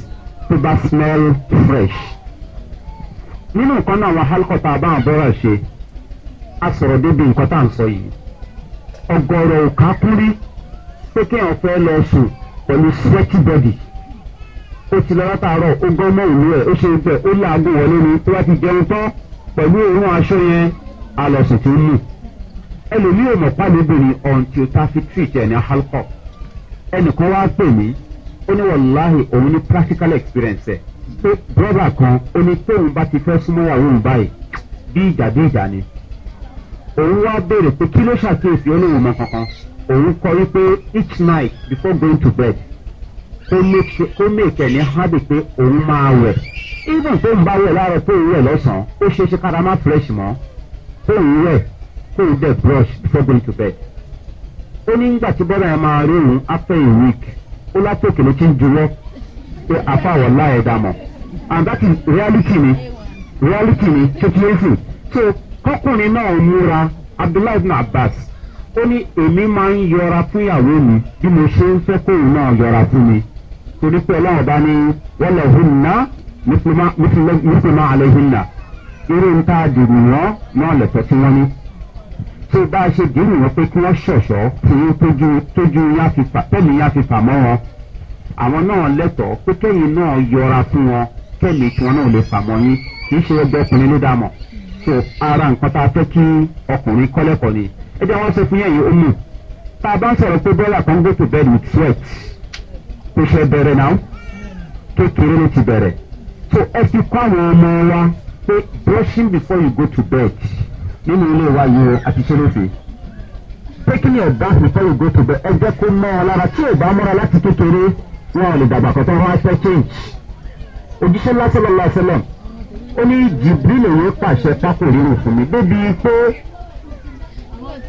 tó bá smell fresh nínú nǹkan náà àwọn alkọ̀tà àbáwọn bọ́ọ̀rà ṣe a sọ̀rọ̀ débi nǹkan tá à ń sọ yìí ọgọ́rọ̀ òkà pé kéèyàn fẹ́ lọ sùn pẹ̀lú sweaty body ó ti lọ látàárọ̀ ó gán mọ́ ìlú ẹ̀ ó ṣe ń pẹ́ ó láàgùn wọlé ni tó bá ti jẹun tán pẹ̀lú òórùn aṣọ yẹn alọ̀sùn tó lù ẹlòmíì ò mọ̀ pálíbìnrin ọ̀ǹtí ó ta fi treat ẹ̀ ní halkọ ẹnìkan wá pè mí ó ní wàláhì òun ní practical experience ẹ̀ pé brọ́dà kan ó ní tóun bá ti fẹ́ súnmọ́ àwọn òun báyìí bí ìjà dé ìjà ni òun wá béèrè pé kí ló ṣàkíyèsí ó ní òun mọ kankan òun kọ wípé each night before going to bed kó make, ní hábì pé òun máa wẹ̀ even tó ń bá wẹ̀ láàárọ̀ tó ń wẹ̀ lọ́sàn-án ó ṣe é ṣe kára má fresh mọ́ kó ń wẹ̀ kó ń dẹ̀ brush before going to bed. ó ní nígbà tí bọ́dà yẹn máa rí òun after a week ó látòkè ló ti ń juwọ́ pé àfàwọ̀ láyé dá mọ̀ and that is reality ni reality ni situation so kọkùnrin náà múra abdullahi ibn abbas ó ní èmi máa ń yọra fún ìyàwó mi bí mo ṣe ń fẹ́ kóun náà yọra fún mi torí pé ọlọ́run bá ní wọ́lẹ̀ hùnà mùsùlùmá àlẹ́ hùnà irú ń tá a dìbò yàn náà lẹ̀tọ́ tí wọ́n ní tó bá a ṣe dìbò yàn pé kí wọ́n ṣọ̀ṣọ́ fún tójú tójú tẹ́mi yá fi fà mọ́ wọn àwọn náà lẹ́tọ̀ọ́ pé kẹ́yìn náà yọra fún wọn kẹ́mi tí wọn náà lè fà mọ́ yín kì í ṣe ẹgbẹ́ ọkùnrin ló dà mọ̀ so ara nǹkan tá a fẹ́ kí ọkùnrin kọ́lẹ́kọ̀ọ́ ni ẹ jẹ́ wọ́n sọ fún yẹn yìí ó mú tá a bá ń sọ̀rọ̀ pé bọ́lá kan go to bed with sweat kò ṣe bẹ̀rẹ̀ náà kékeré ló ti bẹ̀rẹ̀ so ẹ fi kọ́ àwọn ọmọ wa pé brushing before you go to bed nínú ilé wa yìí o àti ṣe lófin taking your bath before you go to bed ẹ jẹ́ kó mọ́ ọ lára tí ò bá mọ́ra láti kékeré wọn ò lè dàgbà kọ́tọ́ wọn á fẹ́ change òjíṣẹ́ lásán lọ́la ṣẹlẹ̀ ó ní jìbìlì òwe pàṣẹ pákó rírun fún mi débi pé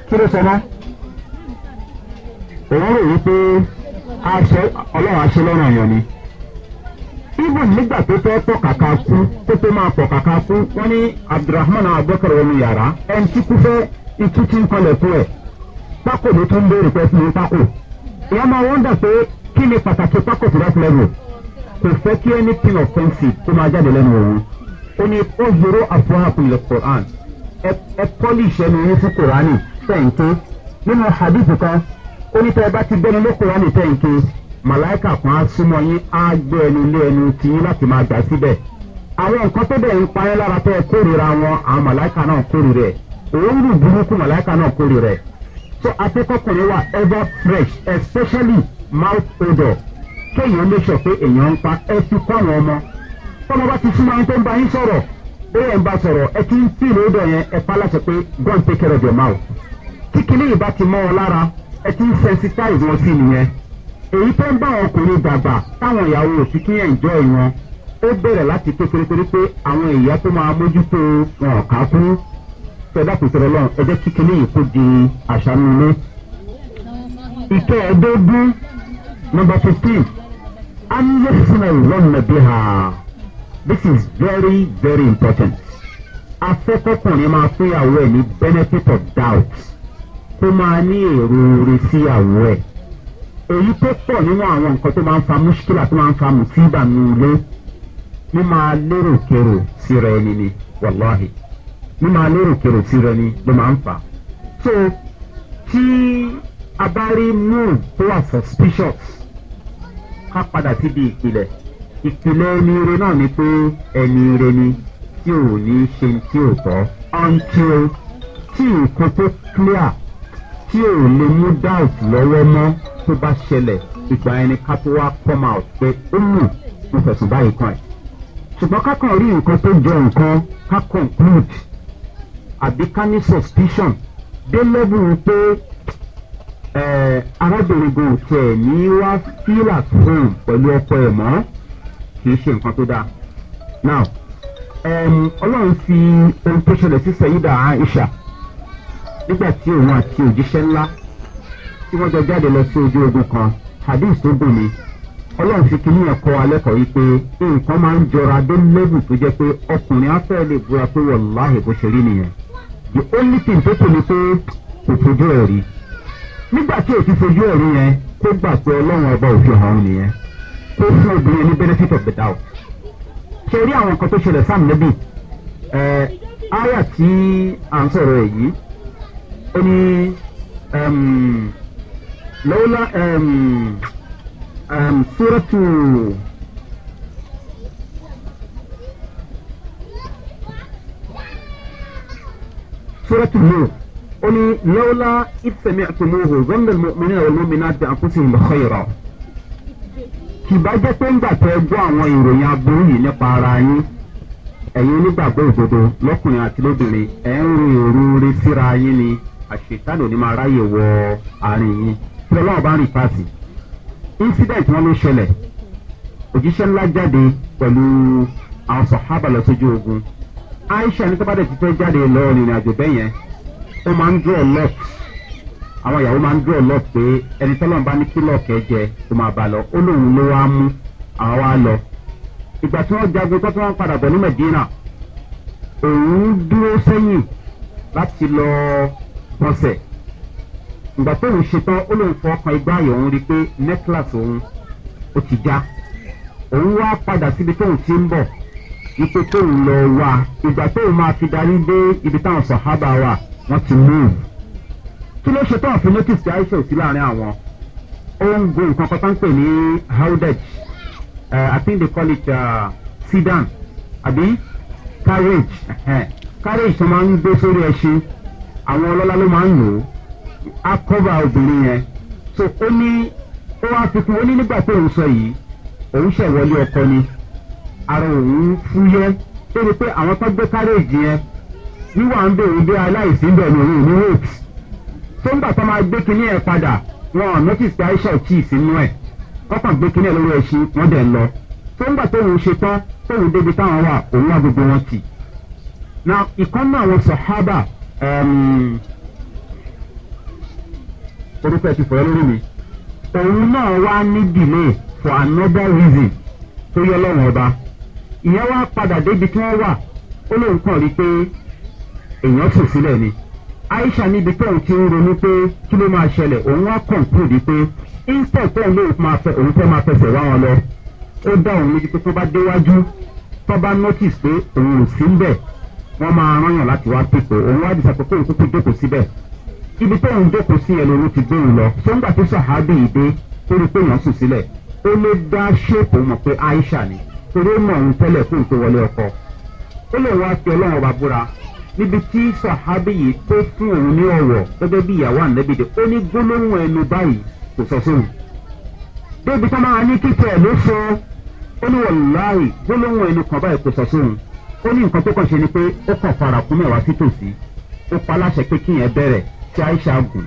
kí ló sọ náà òun rò wípé ọlọ́run aṣọ lọ́rùn ọ̀yàn ni even nígbà tó fẹ́ pọ̀ kàkà kú tó tó máa pọ̀ kàkà kú wọ́n ní abdulrahman abubakar wọnú yàrá ẹni tí kú fẹ́ ikú tí ń kọlẹ̀ fún ẹ̀ pákó ló tún béèrè pé fún un pákó ìyá máa wọ́ndà pé kí ni pàtàkì pákó tó dákú lẹ́nu kò fẹ́ kí anything offensive tó máa jáde lẹ́nu òun ó ní ó zoro àfọwọ́n àpilẹ̀ quran ẹ pọ́lì ìṣẹ́nu yín fún kòránì tẹ̀ǹké nínú hadith kan ó ní tẹ́ ẹ bá ti gbẹ́nu lóko rán ní tẹ̀ǹké màláìkà kan á súnmọ́ yín á gbé ẹnu lé ẹnu tiyín láti máa gbà síbẹ̀ àwọn nǹkan tó bẹ̀ ń parẹ́ lára tẹ́ ẹ kórìíra wọn àwọn màláìkà náà kórìíra ẹ̀ òórùn burúkú màláìkà náà kórìíra so akẹ́kọ̀ọ́kùnrin wa ever fresh especially mouth odour kéèyàn lè sọ pé èèyàn ń pa ẹ ti kọ́ àwọn ọmọ tọ́mọ bá ti súnmọ́ àwọn tó ń bá yín sọ̀rọ̀ bóyá ń bá sọ̀rọ̀ ẹ ti ń fìlè odò yẹn ẹ pa láti pé go take care of your mouth tí kinní ti mọ́ ọ lára ẹ ti ń sensitize wọn sí nìyẹn èyí tó ń bá ọkùnrin dàgbà táwọn ìyàwó òsì kí ẹ̀ǹjọ́ ìwọ̀n ó bẹ̀rẹ̀ láti kékeré pé àwọn ìyá tó máa mójútó wọn ọ̀ká kú tẹ̀dá kò sọ̀rọ̀ lọ́n ẹ jẹ́ yìí kó di àṣà nílé. ìkẹ́ẹ̀ẹ́dógún number fifteen anyasina lọ́nàbíhà this is very very important afẹ́kọ̀kùnrin máa fún ìyàwó ẹ̀ ní benefit of doubt tó máa ní èrò oore síyàwó ẹ̀ èyí tó pọ̀ nínú àwọn nǹkan tó máa ń fa múṣkìlà tó máa ń fa mùtíbà ní ilé mo máa lérò kérò síra ẹni ni wàláhì mo máa lérò kérò síra ẹni ló máa ń fà á so tí a bá rí move tó wà suspicious ká padà síbi ìpìlẹ̀ ìpìlẹ̀ ẹni ire náà ni pé ẹni ire ni tí ò ní ṣe tí ò tọ́ until tí nǹkan tó clear tí ò lè mú doubt lọ́wọ́ mọ́ tó bá ṣẹlẹ̀ ìgbà ẹni ká tó wá come out pé ó mú mo fẹ̀sùn báyìí kan ẹ̀. ṣùgbọ́n kákan rí nǹkan tó jẹ nǹkan ká conclude àbí ká ní suspicion dé lẹ́bù pé eh, arábìnrin gan òtún ẹ̀ ní wá feel at home pẹ̀lú ọkọ ẹ̀ mọ́ kì í ṣe nǹkan tó dáa. now ọlọ́run fi ohun tó ṣẹlẹ̀ sí sẹ́yìn dà á ìṣà nígbà tí òun àti òjíṣẹ́ ńlá tí wọ́n jọ jáde lọ sí ojú ogun kan hadith tó gùn ni ọlọ́run fi kíní ẹ̀kọ́ alẹ́kọ̀ọ́ yìí pé nǹkan máa ń jọra dé lẹ́bù tó jẹ́ pé ọkùnrin afẹ́ lè búra pé wọ̀láhì bó ṣe rí nìyẹn the only thing tó kù ni pé kò fojú ẹ̀ rí nígbà tí òfin fojú ẹ̀ rí yẹn kó gbà pé ọlọ́run ọba òfin ọ̀hún nìyẹn kó fún obìnrin ní benefit of the doubt ṣe rí àwọn nǹkan tó ṣẹlẹ̀ sáà níbi ẹ̀ áyà tí à ń sọ̀rọ̀ èyí ó ní lọ́wọ́lá súrọ́tù. سورة النور قل لولا إذ سمعتموه ظن المؤمنين والمؤمنات بأنفسهم خيرا kìbá jẹ́ pé ńgbà tó ẹ gbọ́ àwọn ìròyìn aburú yìí nípa ara yín ẹ̀yin onígbàgbọ́ òdodo lọ́kùnrin àti lóbìnrin ẹ̀ ń ro èrò orí síra yín ni àṣetánì ò ní máa ráyè wọ àárín yín tí ọlọ́run bá rìn pàṣẹ incident wọn ló ṣẹlẹ̀ òjíṣẹ́ ńlá jáde pẹ̀lú àwọn sọ̀hábà lọ sójú ogun aisha ní tábàdà ti fẹ́ jáde lọ ìrìn àjò bẹ́ẹ̀ yẹn ó máa ń draw lock àwọn ìyàwó máa ń draw lock pé ẹni tọ́lọ́run bá ní kí lock ẹ jẹ kó máa bá lọ ó lóun ló wá mú àwọn wá lọ ìgbà tí wọ́n jagun tó tí wọ́n padà bọ̀ ní medina òun dúró sẹ́yìn láti lọ tọ́sẹ̀ ìgbà tó ń ṣetán ó lóun fọ ọkàn igbá ayò òun rí i pé necklace òun ó ti já òun wá padà síbi tóun ti ń bọ̀ ipò tóun lọ wá ìgbà tóun máa fi darí dé ibi táwọn sọ̀hábà wà wọ́n ti move kí ló ṣe fún notice tí aisha sí láàrin àwọn ó ń gun nǹkan kan tó ń pè ní howdage eh, i think they call it uh, sedan àbí carriage carriage tó máa ń gbé sórí ẹṣin àwọn ọlọ́lá ló máa ń lò ó á kọ́ba obìnrin yẹn so ó ní ó wá fi kún ó ní nígbà tó ń sọ yìí òun ṣẹ̀wọlé ọkọ ni ara òun fúyẹ́ ó rí i pé àwọn tó gbé kárẹ́ẹ̀jì yẹn wíwà ń bèrè bí aláìsí ń bẹ̀ ní òun ní wait tó ń gbà tó máa gbé kinní ẹ̀ padà wọn ò notice pé aisha ò tíì sínú ẹ̀ wọ́n kàn gbé kinní ẹ̀ lórí ẹṣin wọ́n dẹ̀ lọ tó ń gbà tó òun ṣe tán tóun débi táwọn wà òun wá gbogbo wọn tì. na ìkànnì àwọn sọ̀hábà orúkọ ẹ ti fọyọ́ lórí mi òun náà wá ní delay for another reason tó yọ lọ́wọ́n ọba ìyẹn wá padà débi tí wọ́n wà ó lóun kàn rí pé èèyàn sùn sílẹ̀ ni aisha níbi pé òun ti ń ronú pé kí ló máa ṣẹlẹ̀ òun wá conclude pé instead pé òun máa fẹ́ òun fẹ́ máa fẹsẹ̀ wá wọn lọ ó dá òun lójú pé tó bá déwájú tó bá notice pé òun ò sí ń bẹ̀ wọ́n máa rányàn láti wá pípò òun wá dìsà pé kóun kúkú jókòó síbẹ̀ ibi tó ń jókòó sí ẹni olú ti gbóhùn lọ sọ́ńgbà tó sàhábì ìdé ó rí pé èèyàn sùn sílẹ̀ ó ló dá ṣéèpù mọ̀ pé aisha ni torí ó mọ̀ òun tẹ́lẹ̀ fún ìpè wọlé ọkọ ó lè wá fi ọlọ́run ọba búra níbi tí sàhábì yìí tó fún òun ní ọ̀wọ̀ gẹ́gẹ́ bí ìyàwó ànẹ́bìdẹ ó ní gbólóhùn ẹnu báyìí kò sọ sóhun débi tó máa ní kíkẹ́ ló sọ ó ní wọ̀láì gbólóhùn ẹnu kan báyìí kò sọ sóhun ó ní nǹkan tó kàn ṣe ni pé ó kàn fara kú mẹ́wàá sítòsí ó pa láṣẹ pé kí yẹn bẹ̀rẹ̀ tí aisha gùn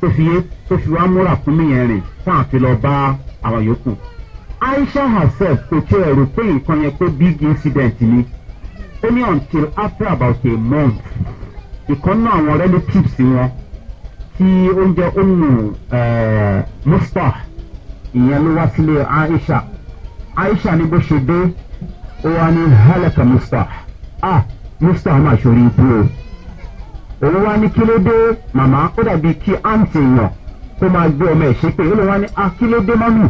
tó fi yé tó fi wá múra kú mí yẹn rìn fún àfi lọ bá àwọn yòókù. aisha herself kò tí ẹ rò pé nǹkan yẹn pé big incident ni ó ní until after about a month ìkan náà àwọn relatives wọn tí oúnjẹ ó nù eh, ìyẹn ló wá sílé aisha aisha ni bó ṣe dé ó wá ní hálàkà mustah ah mustah máa ṣòro ibú o òun wá ní kílódé màmá ó dàbí kí àǹtí èèyàn kó máa gbé ọmọ ẹ̀ ṣépè ó lè wá ní ah kílódé mọ́mù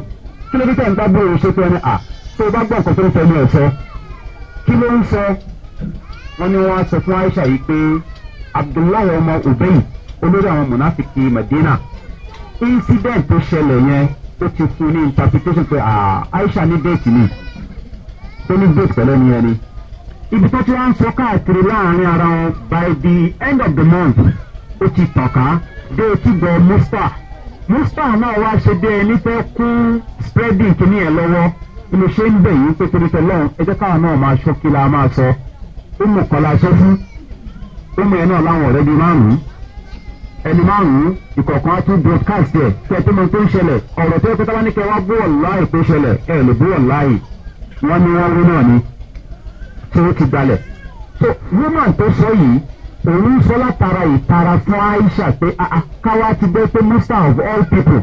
kílódé tẹ̀ ń gbá bóyá ṣépè ẹni ah tó o bá gbọ́ nǹkan tó ń tẹnu ẹ̀ sọ kí ló ń sọ wọn ni wọn sọ fún aisha yìí pé abdullahi ọmọ ubeyi olórí àwọn mùnàfíkì madina incident tó ṣẹlẹ̀ yẹn ó ti fún ní interpretation pé ah, aisha ní déètì ni ó ní date pẹ̀lú ẹni ẹni ibi tó ti wá ń sọ káàkiri láàrin ara wọn by the end of the month ó ti tọ̀ka dé etí gbọ́ musta musta náà wá ṣe dé ẹni fẹ́ kún spreading kìíní ẹ̀ lọ́wọ́ inú ṣe ń bẹ̀ yín pé torí tẹ̀lé ọ̀hún ẹjẹ́ káwọn náà máa ṣókí la máa sọ ó mú kọ́lá ṣe fún ó mú ẹ náà láwọn ọ̀rẹ́ bíi márùn-ún ẹni márùn-ún ìkọ̀ọ̀kan á broadcast ẹ̀ kí ẹ tó mọ tó ń ṣẹlẹ̀ ọ̀rọ̀ tó yẹ kó tábà wá bú ọ̀láì tó ṣẹlẹ̀ ẹ lè bú ọ̀láì wọ́n ní wọ́n rí náà ni tí ó ti gbalẹ̀ so woman tó sọ yìí òun sọ látara ìtara fún aisha pé ah, ah, káwá ti dé pé mr of all people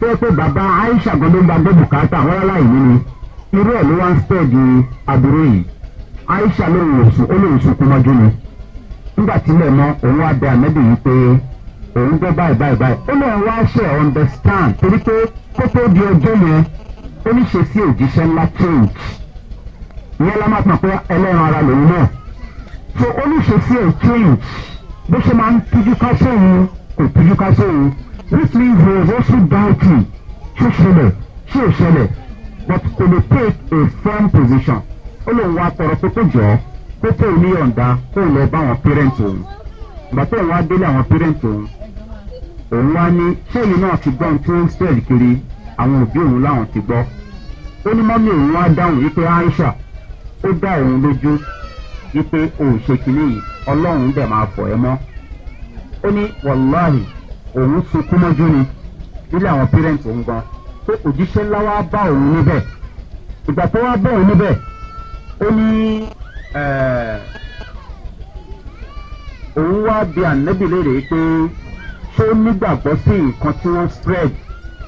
tó yẹ pé bàbá aisha gan ló ń gbàgbé bùkátà wọn láì ní ni irú ẹ̀ ló wá ń stẹ́ẹ̀dì àbúrò yìí aisha ló ń wòsùn ó lè sùn kún mọ́jú ni nígbà tí ilẹ̀ mọ́ òun wá bẹ àmẹ́bí yìí pé òun gbọ́ báyìí báyìí báyìí ó lọ́n wá ṣe understand torí pé kó tó di ọjọ́ yẹn ó ní ṣe sí òjíṣẹ́ ńlá change ìyẹn la máa tàn pé ẹlẹ́ran ara lòun náà so oníṣesí ẹ̀ change bó ṣe máa ń tijú ká sóhun kò tijú ká sóhun which means he is also doubting tó ṣẹlẹ̀ tí ṣẹlẹ̀ but kò lè take a firm position ó lè wá tọrọ pé kó jọ kó tó ní yọ̀ǹda kó lọ bá àwọn parent òun ìgbà tó òun wá délé àwọn parent òun òun wá ní ṣéèlì náà ti gbọ́ ohun tí ó ń sẹ́ẹ̀lì kiri àwọn òbí òun láwọn ti gbọ́ ó ní mọ́mí òun wá dáhùn yìí pé aisha ó dá òun lójú wípé o ò ṣe kinní yìí ọlọ́run dẹ̀ máa fọ̀ ẹ́ mọ́ ó ní wàláhì òun sunkún mọ́jú ni nílé àwọn pírẹ́ǹtì òun gan pé òjíṣẹ́ ńlá wá bá òun níbẹ̀ ìgbà tó wá bá òun níbẹ̀ ó ní òun wá bi ànábì pé ṣé ó nígbàgbọ́ sí nǹkan tí wọ́n spread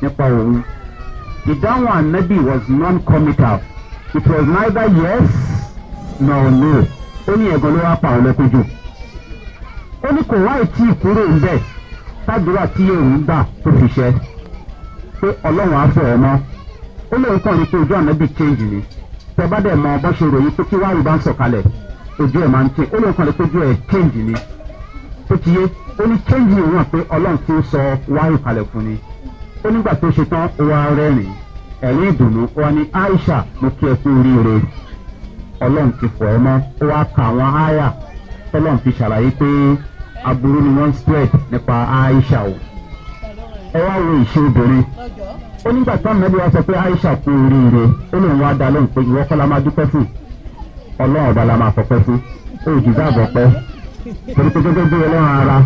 nípa òun ìdáhùn ànábì was non-committal it was neither yes nor no ó ní ẹ̀gàn ló wá pa àwọn ẹkún jù ó ní kò wá ìtì ìkúrò ńbẹ tàdúrà tí èrò ń gbà tó fi ṣẹ pé ọlọ́run á fọ̀ ọ́ mọ́ ó lóun kàn ní pé ojú ànábì change ni tẹ bá dẹ̀ mọ bọ́ ṣe ròyìn pé kí wáyé bá ń sọ̀kalẹ̀ ojú ẹ̀ máa ń change ó lóun kàn ní pé ojú ẹ̀ change ni tó ti yé ó ní change yìí wọ̀n pé ọlọ́run ti ń sọ wáyé kalẹ̀ fún ni ó nígbà tó ṣe tán ó wá rẹ́rìn-ín ẹ̀rí ìdùnnú wọn ni aisha mo kí ẹ kú oríire ọlọ́run ti fọ̀ ẹ́ mọ́ ó wá ka àwọn aya tọ́lọ́run ti ṣàlàyé pé aburú ni wọ́n spread nípa aisha o ẹ wá wo ìṣe obìnrin ó nígbà tí àmì ẹbí wa sọ pé aisha kú oríire ó lè wá dá lóhùn pé ìwọ́kọ́ la máa dúpẹ́ fún ọlọ́run ọba la máa fọpẹ́ fún ó jù dáàbọ̀ pẹ́ torí pé gẹ́gẹ́ bí ọlọ́run ara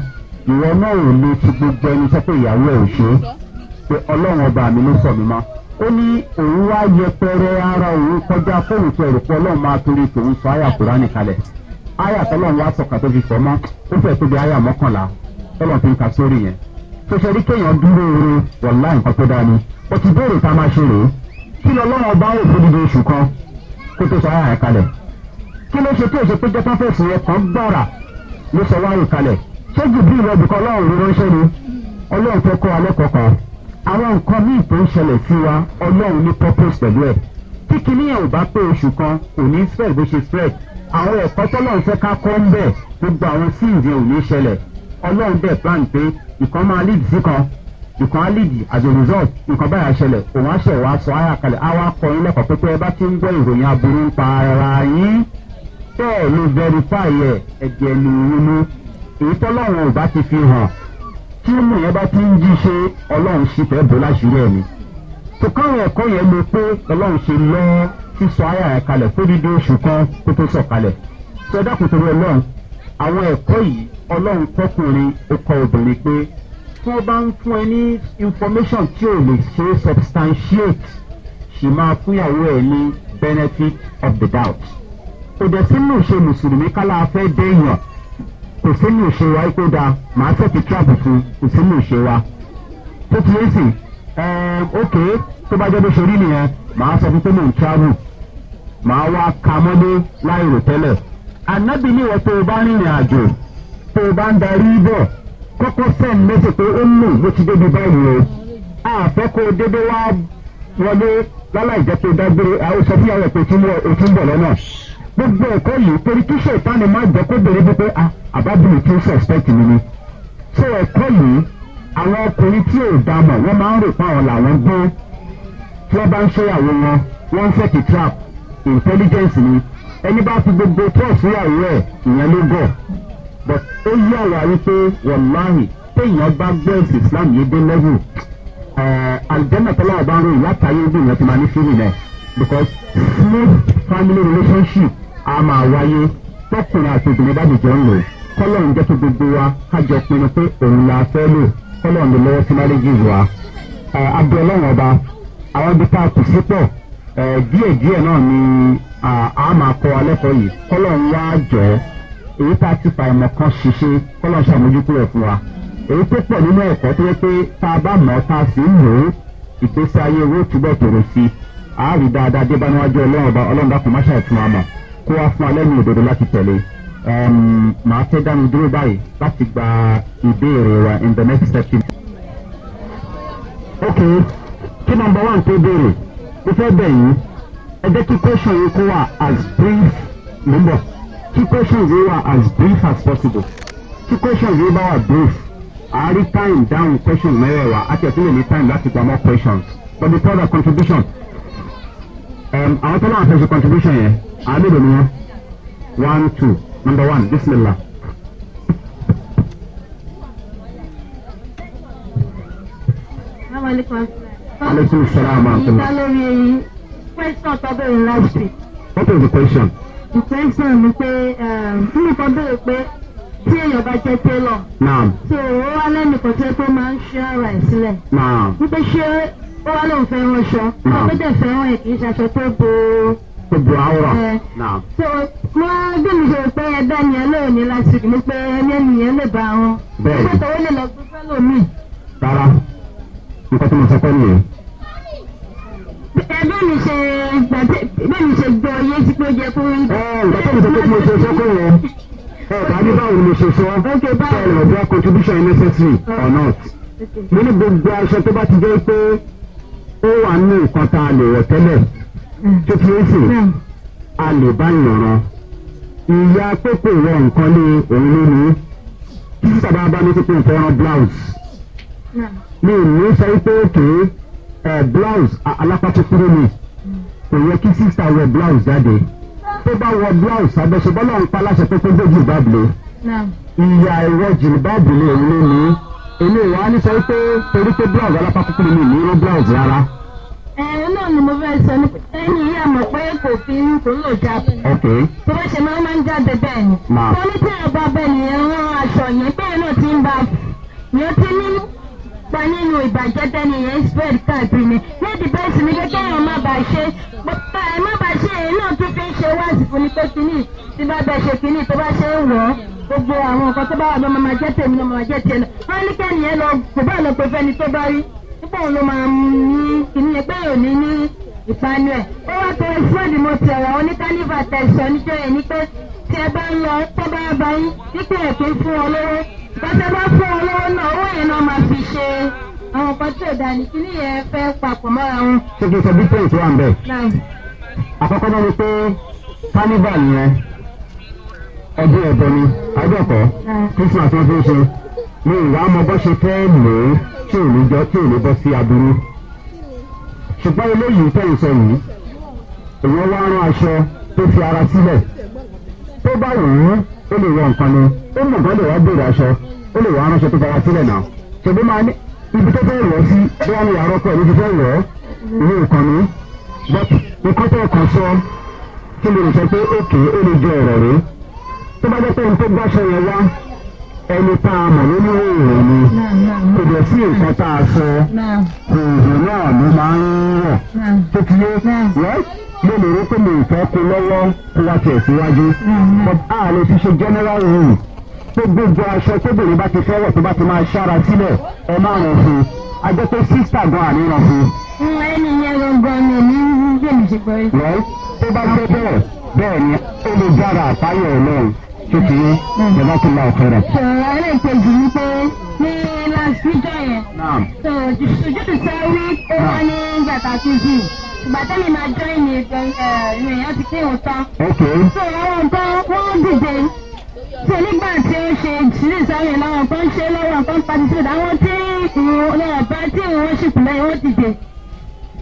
ìwọ náà ò lè ti gbogbo ẹni sọ pé ìyàwó ẹ̀ ò ṣe é pé ọlọ́run ọba mi ló sọ mi mọ́ ó ní òun wá yẹpẹrẹ ara òun kọjá fóun tí ẹrù pọ lọ́wọ́ máa torí tòun sọ àyà kúránì kalẹ̀ àyà tọ́lọ́run wá sọ̀kà tó fi sọ mọ́ ó fẹ́ tóbi àyà mọ́kànlá tọ́lọ́run fi ń ka sórí yẹn tó ṣe rí kéèyàn dúró oore wọ̀lá nǹkan tó dáa ni o ti béèrè ká máa ṣe rèé kí lọ́lọ́run ọba ó fún dídí oṣù kan kó tó sọ àyà rẹ̀ kalẹ̀ kí ló ṣe tó ṣe pé jẹ́pá fèsì yẹn kan gbàrà ló sọ wáyé kalẹ̀ ṣé jù bí ìwọ ibìkan àwọn nǹkan míì tó ń ṣẹlẹ̀ sí wa ọlọ́run ní purpose pẹ̀lú ẹ̀ tí kinní yẹn ò bá pé oṣù kan kò ní spread bó ṣe spread àwọn ẹ̀kọ́ tọ́lọ́run fẹ́ ká kọ́ ń bẹ̀ gbogbo àwọn sins yẹn ò ní ṣẹlẹ̀ ọlọ́run bẹ̀ plan pé ìkan máa lead sí kan ìkan á lead as a result nǹkan báyà ṣẹlẹ̀ òun á ṣẹ̀ wá sọ ayà kalẹ̀ á wá kọ lẹ́kọ̀ọ́ pé pé ẹ bá ti ń gbọ́ ìròyìn aburú ń pa ara yín bẹ́ẹ̀ ló verify ẹ̀ ẹ̀jẹ̀ nìyí mú èyí tọ́lọ́run ò bá ti fi hàn tí mo yẹn bá ti ń jí ọlọ́run sì fẹ́ bó láṣìírí ẹ̀ ni. ẹ̀kọ́ yẹn mo pé ọlọ́run ṣe lọ sísọ ayà rẹ̀ kalẹ̀ tó dídé oṣù kan kó tó sọ kalẹ̀. sọ dákun torí ọlọ́run àwọn ẹ̀kọ́ yìí ọlọ́run kọkùnrin ó obìnrin pé tí wọ́n bá ń fún ẹ ní information tí ò lè ṣe substantiate ṣì máa fúnyàwó ẹ ní benefit of the doubt. kò dẹ̀ sínú ìṣe mùsùlùmí kálá fẹ́ dé yàn kò sínú ìṣe wa pé dáa màá sẹ́kì trap fún kò sínú ìṣe wa tó ti ń sìn ókè tó bá jẹ́ bó ṣe rí nìyẹn màá sọ fún pé mò ń travel màá wá ka mọ́lé láì rò tẹ́lẹ̀ ànábì níwọ̀ tó o bá rìnrìn àjò tó o bá ń darí bọ̀ kọ́kọ́ sẹ́ǹ mẹ́sì pé ó mú mo ti débi báyìí o àfẹ́ kó o dédé wá wọlé láláì jẹ́ pé dágbére àwọn sọ fún yàrá ìpè tí ó tún bọ̀ lọ́nà gbogbo ẹ̀kọ́ yìí torí kí ṣètánì má jẹ́ kó bèrè wípé ah, àbábìlì tí ó suspect mi ni so ẹ̀kọ́ yìí àwọn ọkùnrin tí ò dá mọ̀ wọ́n máa ń rò pa ọ̀la wọn gbé tí wọ́n bá ń ṣèyàwó wọn wọ́n ń fẹ́kì trap intelligence ni ẹni bá fi gbogbo trust síyàwó ẹ̀ ìyẹn ló gọ̀ but ó yí àwa wípé wọ̀láhì téèyàn bá gbé ẹ̀sìn islam yìí dé level àlùjẹ́nà tọ́lá ọ̀bá ń ròyìn látàyè ìgbìyànjú máa ní fílì rẹ̀ because smooth family relationship a máa wáyé tọkùnrin àti obìnrin bá dìjọ ń lò kọ́lọ́run jẹ́ kí gbogbo wa ká jọ pinnu pé òun la fẹ́ lò kọ́lọ́run ló lọ́wọ́ sí márẹ́jì wa. ọba àwọn ibi tá a kù sí pọ̀ díẹ̀ díẹ̀ náà ni a máa kọ́ yìí wá kan ṣiṣẹ́ ṣàmójúkúrò fún wa èyí a bá mọ̀ tá a sì ń ìgbésí ayé owó túbọ̀ tòrò sí i àárí dáadáa ọba ọlọ́run kó wá fún alẹ́nu òdodo láti tẹ̀lé màá fẹ́ dánu dúró báyìí láti gba ìbéèrè wa in the next section. ok kí nọmba one tó béèrè mo fẹ́ bẹ̀ yín ẹ jẹ́ kí question yìí kó wà as brief ló ń kí question yìí wà as brief as possible kí question yìí bá wà brief àárí time down question mẹ́rẹ̀ẹ̀wá àti ẹ̀sìn lè ní time láti gba more questions but the further contribution àwọn tó náà fẹ́ ṣe contribution yẹn ale de nia one two number one Bismillah. aleykum salaam wa rahmatulah. question tó bẹ̀rẹ̀ last week. what was the question. the question ni pé nínú kan béèrè pé tí èèyàn bá jẹ́ tailor. naam. so ó wá lẹ́nu kan tó tó máa ń ṣe ara ẹ̀ sílẹ̀. naam. wípé ṣé ó wá lóun fẹ́ràn aṣọ. naam. ó gbẹ́dẹ̀ fẹ́ràn ẹ̀ kì í ṣe aṣọ tó bo gbogbo awura. Eh, so mo bí mi ṣe pé ẹgbẹ́ ni ẹlẹ́yìn ní láti rí pé ẹni ènìyàn lè bá wọn. bẹ́ẹ̀ni ṣé tòun lè lọ gbé fẹ́lò mi. rárá nǹkan tí mo sọ pé nìyẹn. ẹgbẹ́ mi ṣe gbàdé ẹgbẹ́ mi ṣe gbọ́ iye tí pé jẹ fún. ẹ tí mo sọ pé mo ṣe sọ pé yẹn ẹ eh, tàbí báwo mo ṣe sọ bẹ́ẹ̀ ni ọ̀dọ́ contribution necessary or not. mo ní gbogbo aṣọ tó bá ti jẹ́ pé ó wà ní nǹkan tá a lè wọ̀ tẹ́lẹ̀ tó fi ń sìn a lè bá yànrọ ìyá pépè wọ nǹkan ní òun ló ní kí sísà bá bá ní pípé nǹkan rán blouse hmm. mi ò ní sọ pé òkè ẹ blouse alápátíkúrú mi kò yẹ kí sísà wọ blouse jáde tó bá wọ blouse abẹ́sẹ̀bọ́lá ń pa láṣẹ pé kó gbé jìbáàbù hmm. ìyá ẹ̀rọ jìbáàbù ni òun ló ní èmi ò wá ní sọ pé torí pé blouse alápátíkúrú mi ò ní rán blouse rárá náà ni mo fẹ́ sọ ní ẹni yìí àmọ̀ pé kò fi kò ń lò jáde. ok. tó bá ṣe máa ń jáde bẹ́ẹ̀ ni. máa tó ní tí àbá bẹ́ẹ̀ ni ẹ̀rọ aṣọ yẹn bẹ́ẹ̀ náà ti ń bá yẹn ti ní pa nínú ìbàjẹ́ tẹ́ni yẹn spread káàkiri ni. lẹ́ẹ̀dì bẹ́ẹ̀ sì ni pé kéèyàn má bàa ṣe ẹ má bàa ṣe èyí náà tún fi ń ṣe wáàsì fún ni pé kínní tí bá bẹ ṣe kínní tó bá ṣe ń wọ̀ gbogbo àwọn nǹkan tó bá wà lọ́mọ máa jẹ́ tèmi lọ́mọ máa jẹ́ tèmi lọ́ pọ̀ ló máa mú ní kíní ẹgbẹ́ yóò ní ní ìpanu ẹ̀. ó wá tẹ̀lé fúrẹ́dì mo ti ọ̀rọ̀ ní kánífà tẹ̀sán níjọ́ yẹn ní pé tí ẹ bá ń lọ tó bá bá yín nípa ẹ̀kọ́ fún ọ lọ́wọ́ bàtẹ́ bá fún ọ lọ́wọ́ náà owó yẹn náà máa fi ṣe àwọn kan tí ò ní kíní yẹn fẹ́ papọ̀ mọ́ra wọn. ṣé kí n sọ bí pé ètò ń bẹ̀? àkọ́kọ́ náà ni pé kánífà nìyẹn ọdún ẹ̀bọ ni àádọ́kọ̀ọ́ christmas mi ìwà ọmọ bó ṣe fẹ́ lò ó tí ò ní jọ tí ò ní bọ́ sí aburú ṣùgbọ́n eléyìí tẹ̀yìn sọ yìí èèyàn wá rán aṣọ tó fi ara sílẹ̀ tó bá wù ú ó lè wọ nǹkan ni ó mú nǹkan lè wá béèrè aṣọ ó lè wá ránṣọ tó fara sílẹ̀ náà ṣèbí máa ní ibi tó fẹ́ lọ sí bóyá ní yàrá ọkọ ìlú ti fẹ́ lọ ìwé nǹkan ni but nǹkan tó kàn sọ kí lè sọ pé òkè ó lè jẹ ọ̀rọ̀ rèé tó bá jẹ́ pé n tó gbàṣọ yẹn wá ẹni tá a mọ̀ nínú òòrùn ni kò dẹ̀ sí nǹkan tá a sọ òòrùn náà ló máa ń rọ̀ tó ti yé wọ́n mo lè rí mi ò kó lọ́wọ́ kó wá tiẹ̀ síwájú a lè fi ṣe general rule pé gbogbo aṣọ tóbìnrin bá ti fẹ́ wọ̀ tó bá ti máa ṣára sílẹ̀ ẹ má rọ̀ fún un a jẹ́ pé sísà gan àní fún un. ẹni yẹn gangan ni mi ń gbèmí ṣe pé. wọ́n tó bá fẹ́ bẹ́ẹ̀ bẹ́ẹ̀ ni ó lè dára àpáyọ̀ náà tó ti yé ìjọba tó la ọ̀fẹ́rẹ́. sọ̀rọ̀ ẹlẹ́ẹ̀kejì ni pé ní last weekend yẹn. sọ̀rọ̀ ojú ti sọ wí ó wá ní bàtà kejì ìgbà tẹ́lẹ̀ máa jọ ìyẹn èèyàn ti kí òun tán. sọ̀rọ̀ àwọn nǹkan wọ́n dìde tí nígbà tí ó ṣe ìṣírí sáré láwọn kan ṣe lọ́wọ́ kan participate àwọn tí ìwọ̀n lọ́wọ́ bá tí ìwọ̀n ṣì kúlẹ̀ ìwọ̀n dìde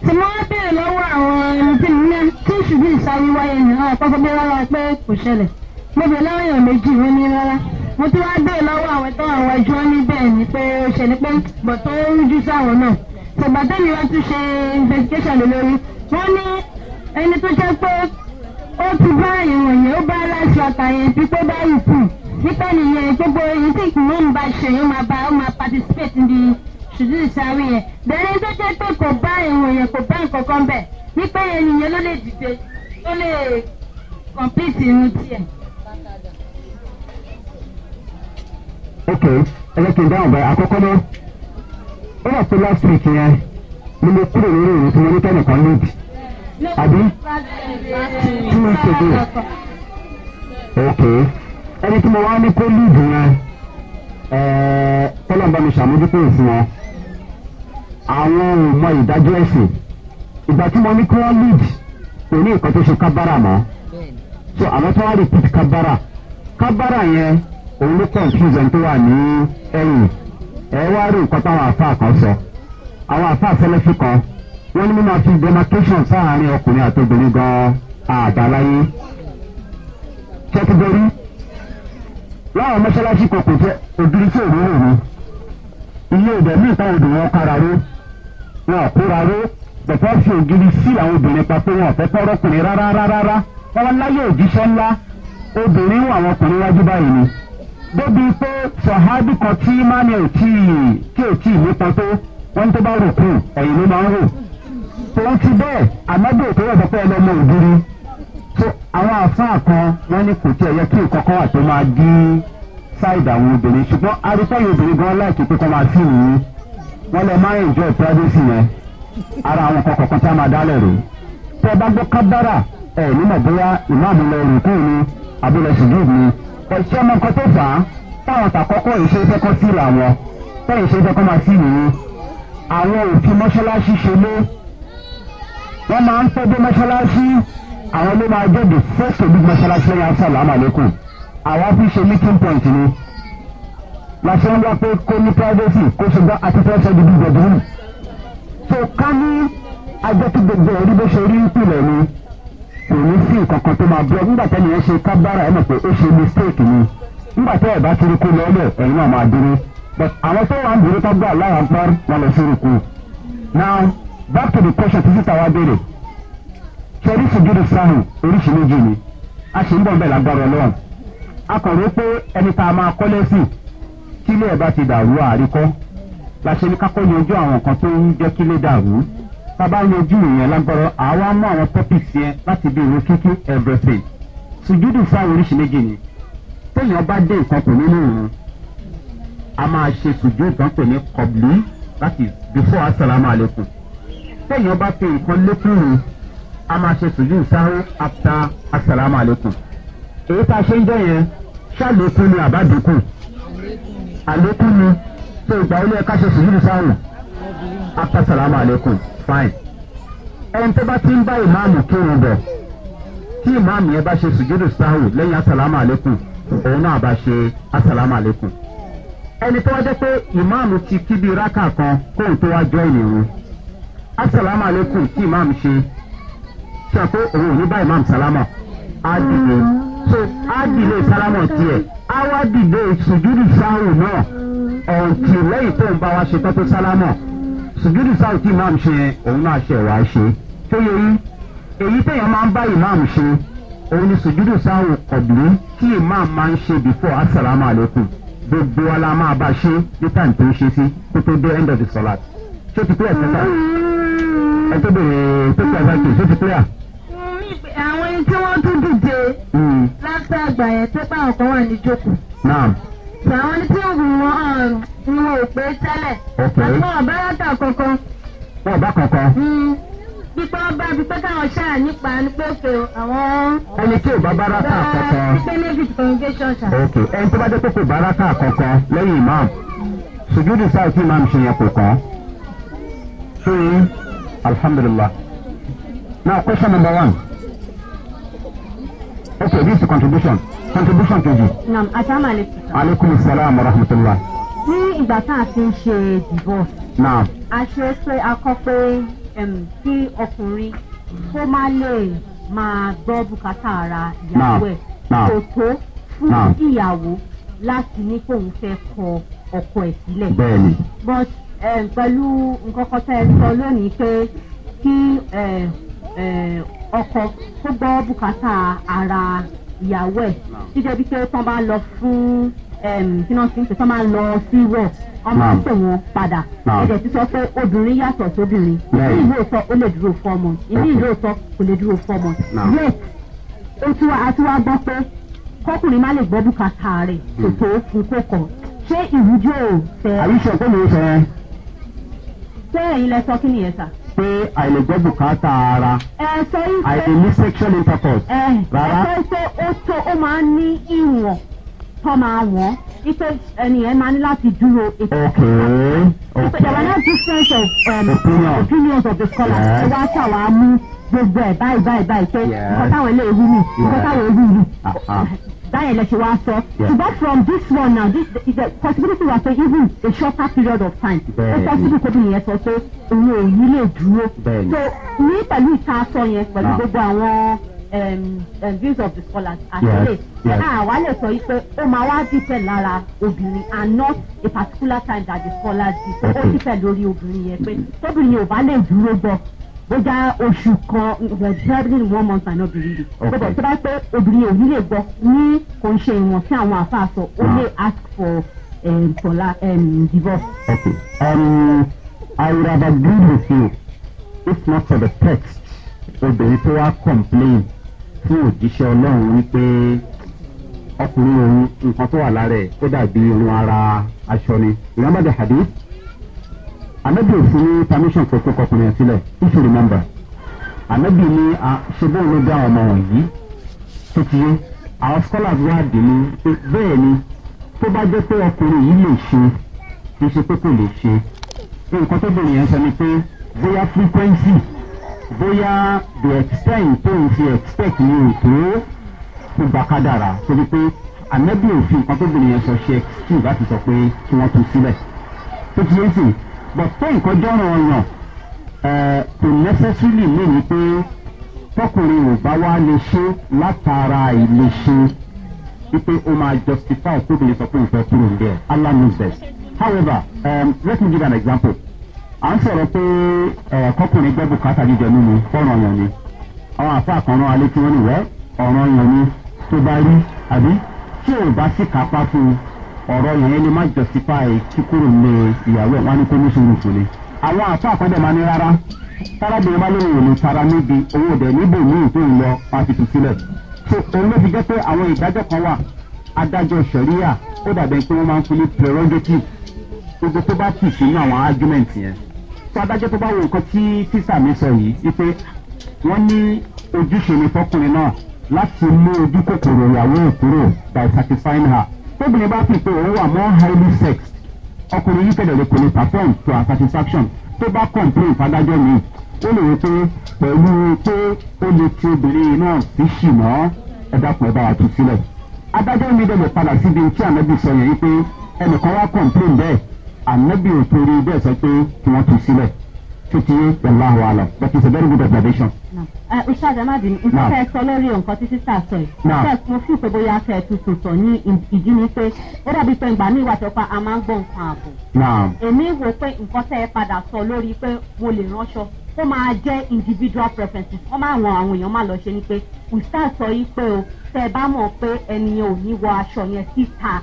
tí wọ́n béèrè lọ́wọ́ àwọn ẹni tí mo ní kí ṣùgbọ́n ìsáyé wáyé nìyẹn àkọ́kọ́ bí wọ́n wá pé kò ṣẹlẹ̀ mo bè lọ́rùn méjì wọn ní rárá mo tún wáá bèè lọ́wọ́ àwọn tó wà wájú wọn ni pé ó ṣẹlẹ̀ pé bọ̀ tó ń rújú sáwọn náà ṣùgbọ́n àtẹ́mi tún ṣe investigation lórí wọ́n ní ẹni tó jẹ́ pé ó ti bá ìròyìn ó bá láti ọ̀tà yẹn tí pé bá yìí nípa nìyẹn gbogbo èyí tí ìkùnú ń bá ṣe yóò máa bá ó máa participate ní ṣùdú ìsáré yẹn bẹ̀rẹ̀ tó jẹ́ pé kò bá ìròyìn kò bá nǹkan kan bẹ̀ nípa yẹn nìyẹn ló lè dìde ló lè complete irun tiẹ̀. ok ẹ jẹ́ kí n dáhùn báyìí àkọ́kọ́ náà ó wà pé last week yẹn ni mo kúrò lórí ìròyìn tí mo ní kẹ́nìkan níbi àbí tí mo ṣe dé ok ẹni tí mo wá ní kó líìdì yẹn kọ́lọ̀ ń bá mi ṣàmójútó ìsìn wọn àwọn ò mọ ìdájọ́ ẹ̀sìn ìgbà tí mo ní kí wọ́n líìdì kò ní nǹkan tó ṣe kábàrà mọ́ so àwọn tó wá repeat kábàrà kábàrà yẹn òun ló confuse ẹni tó wà ní ẹ̀yìn ẹ wá rí nǹkan táwọn àfáà kan sọ àwọn àfáà sẹlẹ́sì kan wọ́n ní mímọ́ fi demarcation sáàárín ọkùnrin àti obìnrin gan àdáláyé kẹ́tìgọ́rí láwọn mọ́ṣáláṣí kan kò jẹ́ ògiri tí òun rò ní ilé ìbẹ̀ mí ìtàn odò wọn kára ró wọn ò kóra ró bẹ̀tẹ́ fi ògiri sí àwọn obìnrin pa pé wọn ò fẹ́ tọ́rọ́kùnrin rárá rárá rárá wọn láyé òjíṣẹ́ ńlá obìnrin wọn àwọn ọkùnrin wájú báyìí ni débi pé sọ̀hábì kan tí mani ò tí ì tí ò tí ì nípa tó wọ́n tó bá rò kù ẹ̀yìn ló máa ń rò. tòun ti bẹ́ẹ̀ àmọ́dé òkè rẹ̀ pẹ́pẹ́ lọ́mọ ògiri tó àwọn àfáà kan wọ́n ní kò tí ẹ̀ yẹ kí ìkọ̀kọ́ wà tó máa dí ṣáìdì àwọn obìnrin ṣùgbọ́n arípẹ́yìn obìnrin gan láìpẹ́ pé kọ́ máa sí ìwú wọ́n lọ máa ń enjoy privacy yẹn ara àwọn kọ̀ọ̀kan tá a máa dálẹ̀ rè tẹ́ ẹ bá gbọ́ kábàrà ẹ̀ nímọ̀ bóyá ìmáàmù lọ rìn kúrò ní abúlé ṣùgbọ́n mi kò sí ọmọ nǹkan tó fà á táwọn tàkọ́kọ́ ìṣe fẹ́ kọ́ sí ìlà wọn tẹ́yìn ṣe fẹ́ kọ́ máa sí ìròyìn àwọn òfin mọ́ṣáláṣí ṣe lé wọ́n máa ń tọ́jú mọ́ṣáláṣí àwọn ló máa jẹ́bi fẹ́ẹ̀sì òbí mọ́ṣáláṣí lẹ́yìn asàlá àmàlẹ́kùn àwọn fi ṣe meeting point ni làṣẹ ń wá pé kó ní privacy kó ṣùgbọ́n àtúntò ṣe di bíbẹ̀ dùn. tó ká ní ajẹ́kí gbogbo ẹ̀rí bó ṣe rí ń ni kò ní sí ìkankan tó máa bọ́ nígbà tẹ́ni ẹ ṣe kábàárà ẹ mọ̀ pé ó ṣe mistake ni nígbà tẹ́ ẹ̀ bá ti rí kó lọ ọlẹ̀ ẹ̀yin náà máa dúró but àwọn tó wà ń dúró kábàárà lára ń wọn lọ sí rúkú. now back to the question tí sísá wa béèrè ṣẹ́rí sùgúrù sáhùn oríṣi méjì ni a ṣe ń bọ̀ bẹ́ẹ̀ lágbára ọlọ́run a kàn rò pé ẹni tá a máa kọ́lé sí kílé ẹ̀ bá ti dàrú àríkọ́ la ṣe ní kákọ́ ní ojú àwọn nǹkan tó ń jẹ́ kílé dàrú tábà yanjú ìyẹn lágbọ́rọ̀ àwa mú àwọn topics yẹn láti bí ìwé kíkí everything sùjúdù fáwọn oríṣi méjì ni téèyàn bá dé nǹkan pè nínú ìrún a máa ṣe sùjúdù kan pè ní kọ̀bìlì láti before asalaamu alaykum téèyàn bá fi nǹkan lékún ìrún a máa ṣe sùjúdù sáré after asalaamu alaykum èyí tá a ṣe ń jẹ́ yẹn ṣàlékún ni àbádùkù àlékún ni tó ìgbà ilé ẹ̀ka ṣe sùjúdù sáwọn after asalaamu alaykum fine ẹni tó bá ti ń bá ìmáàmù kírun bọ̀ tí ìmáàmù yẹn bá ṣe sùjúdù sáhù lẹ́yìn asàlámù àlékún òun náà bá ṣe asàlámù àlékún ẹni tó wá jẹ́ pé ìmáàmù ti kí bí rákà kan kóun tó wá jọ ìnìyàn asàlámù àlékún tí ìmáàmù ṣe sọ pé òun ò ní bá ìmáàmù sálámù á dìde so á dìde sálámù tiẹ̀ á wá dìde sùjúdù sáhù náà ọ̀nkì lẹ́yìn tóun bá wá ṣe tọ́tún sálámù sùjúdù sáà tí imam ṣe òun náà ṣe wàá ṣe tó yẹ yí èyí téèyàn máa ń bá imam ṣe òun ni sùjúdù sáà kọ̀dùnú tí imam máa ń ṣe before asalaamu alaykum gbogbo wa la máa bá ṣe ní time tó ń ṣe sí kó dé end of the solat ṣé ti pé ẹ̀sẹ̀ sáà ẹ tó bèrè tó pé ẹ̀sẹ̀ kìí ṣé ti pé à. àwọn ẹni tí wọ́n tún dìde hmm. látàgbà yẹn tó ọ̀kan wà ní jókòó tàwọn ní tí oògùn wọn hàn ni wọn ò pé tẹ́lẹ̀ àmọ́ ọ̀bá yàtọ̀ kankan. wọn ọba kankan. pípọ́ hmm. bá pípọ́ táwọn ṣáà nípa ni pé òkè àwọn. ẹni tí ò bá bá rákà kankan. pípé david congregation ṣá. ok ẹni tó bá jẹ́ pé kò bá rákà kankan lẹ́yìn imam sùjúdù sáà tí imam ṣe yẹn kò kàn. sóyún alhamdulilah. now question number one. okay this is the contribution contribution kejì. naam asalaamu aleykum. aleykum salaam wa rahmatulah. ní ìgbà tá a ti ń ṣe divorce. naam. a ṣe pé a kọ́ pé kí ọkùnrin kó má lè máa gbọ́ bùkátà ara ìyàwó ẹ̀ kò tó fún ìyàwó láti ní kóun fẹ́ kọ ọkọ ẹ̀ sílẹ̀. bẹ́ẹ̀ni. but pẹ̀lú nǹkan kan tẹ́ ẹ sọ lónìí pé kí ọkọ kó gbọ́ bùkátà ara ìyàwó ẹ̀ jíjẹ́ bí pé tán bá lọ fún kí wọ́n ti ń pè tán bá lọ sí rẹ̀ wọ́n máa ń pè wọ́n padà ẹ̀jẹ̀ ti sọ pé obìnrin yàtọ̀ sóbìnrin ilé ìlú òótọ́ ó lè dúró fọ́ọ̀mù ilé ìlú òótọ́ kò lè dúró fọ́ọ̀mù yẹ́ẹ̀ ó tún wá a tún wá gbọ́ pé kọkùnrin má lè gbọ́ bùkátà rẹ̀ kò hmm. tó fún kókò ṣé ìrújò fẹ́. àyíṣe ọ̀pọ̀ mi ò fẹ́. bẹ́ẹ̀ ilẹ̀ sọ nìyẹn sà pé àìlègbọ́ bùkátà ara àìlèmí sexual intercourse rárá. ẹ sọ pé ó tó ó máa ń ní ìwọ̀n tó máa wọ̀n ife ẹnìyẹn máa ní láti dúró ètò ìpàdé. ok ok there were no difference of um, opinion. opinions of the scholars. ẹ wá mú gbogbo ẹ̀ báyìí báyìí báyìí pé nǹkan táwọn eléyìí wí nì nǹkan táwọn eléyìí wí that election was so. Yeah. But from this one now, this is a possibility was so even a shorter period of time. Bẹ́ẹ̀ni. Ó possible kó bí yẹn sọ pé òun ò ní lè dúró. Bẹ́ẹ̀ni. So ní pẹ̀lú ìta sọ yẹn pẹ̀lú ah. gbogbo àwọn views of the scholars at yes. late. Yes. Àwa lè sọ pé ó máa wá dípẹ̀ lára obìnrin and not a particular time that the scholars did. Ó dípẹ̀ lórí obìnrin yẹn pé tóbìnrin ò bá lè dúró gbọ́ bóyá oṣù kan the travelling one month and not reading. bọ́dọ̀ tó bá pẹ́ obìnrin òbí lè gbọ́ ní kò ń ṣe ìwọ̀n tí àwọn àfáà sọ ó lè ah. ask for um, divorce. okay um, i would have agreed with you if not for the text obìnrin tó wá complain fún òjíṣẹ́ ọlọ́run wípé ọkùnrin òun nǹkan tó wà lára ẹ̀ kó dàbí irun ara aṣọ ni remember the hadith anabi òfin ní permission pé kókó ọkùnrin yẹn sílẹ̀ if you remember anabi ní ṣebóun ló dá ọmọ wọn yìí tó ti yé àwọn scholars wá dì ní pé bẹ́ẹ̀ ni tó bá jẹ́ pé ọkùnrin yìí lè ṣe kì í ṣe pé kò lè ṣe pé nǹkan tó bẹ̀rẹ̀ yẹn sọ ni pé bóyá frequency bóyá the extent tó ń fi expect ní ètò tó gbà kádàrà torí pé anabi òfin nǹkan tó bẹ̀rẹ̀ yẹn sọ ṣe excuse láti sọ pé kí wọ́n tún sílẹ̀ tó ti yé sìn but pé nǹkan jọ́ràn ọ̀yàn kò necessarily mean ní pé tọkùnrin ò bá wá lè ṣe látara ìlè wípé ó máa justify tóbìnrin sọ pé ìfẹ́ kúrò ń bẹ̀ allah knows best however um, let me give an example à ń sọ̀rọ̀ pé kọkùnrin gbẹ́ bùkátà jíjẹ mímu fọ́ràn ọ̀yàn ni àwọn àfa àkànrán alẹ́ tí wọ́n ní wẹ́ ọ̀ràn ọ̀yàn ni tó bá rí àbí tí ò bá sì kápá fún un ọ̀rọ̀ yẹn lè má justify kíkúrò lé ìyàwó ẹ̀ wọ́n á ní kó ní sùúrù fún ni. àwọn àfa àkọ́dẹ̀ máa ní rárá tárábìnrin bá lóun ò ní tara níbi owó ọ̀dẹ̀ níbò míì tó ń lọ fásitì sílẹ̀. tó òun ló fi jẹ́ pé àwọn ìdájọ́ kan wà adájọ́ sẹ̀ríyà ó dàbẹ̀ pé wọ́n máa ń fún ní prerogative gbogbo tó bá tì sínú àwọn argument yẹn. tó adájọ́ tó bá wo nǹkan tí tísà mi sọ yìí wípé wọ́n ní ojúṣe ni fọkùnrin náà láti mú ojú kòkòrò ìyàwó kúrò by satisfying her tóbìnrin bá fi pé òun wà more highly sexed ọkùnrin yìí kẹ̀dẹ̀ lè kò lè perform to her satisfaction tó bá complain fadájọ́ mi ó lè wò pé pẹ̀lú pé ó lè ti obìnrin náà sí ṣì mọ́ ẹ̀dàpọ̀ ẹ̀bá wa tún sílẹ̀ adájọ́ mi dẹ̀bẹ̀ padà síbi tí ànábì sọ yẹn wípé ẹnìkan wá complain bẹ́ẹ̀ ànábì ò torí bẹ́ẹ̀ sọ pé kí wọ́n tún sílẹ̀ tuntun wàláhù àlọ but it's a very good observation. Eh, Ustaz Amadi, nǹkan fẹ́ sọ lórí nǹkan tí sísá sọ yìí. Mo fi pé bóyá fẹ́ tuntun sọ ní ìdí ni pé ó dàbí pé ìgbà míì wà tó pa a máa ń gbọ́ nǹkan ààbò. Èmi wò pé nǹkan tẹ́ ẹ padà sọ lórí pé mo lè ránṣọ ó máa jẹ́ individual preferences wọ́n máa wọn àwọn èèyàn máa lọ ṣe ni pé ustaz sọ yìí pé o tẹ ẹ bá mọ̀ pé ẹnìyẹn ò ní wọ aṣọ yẹn síta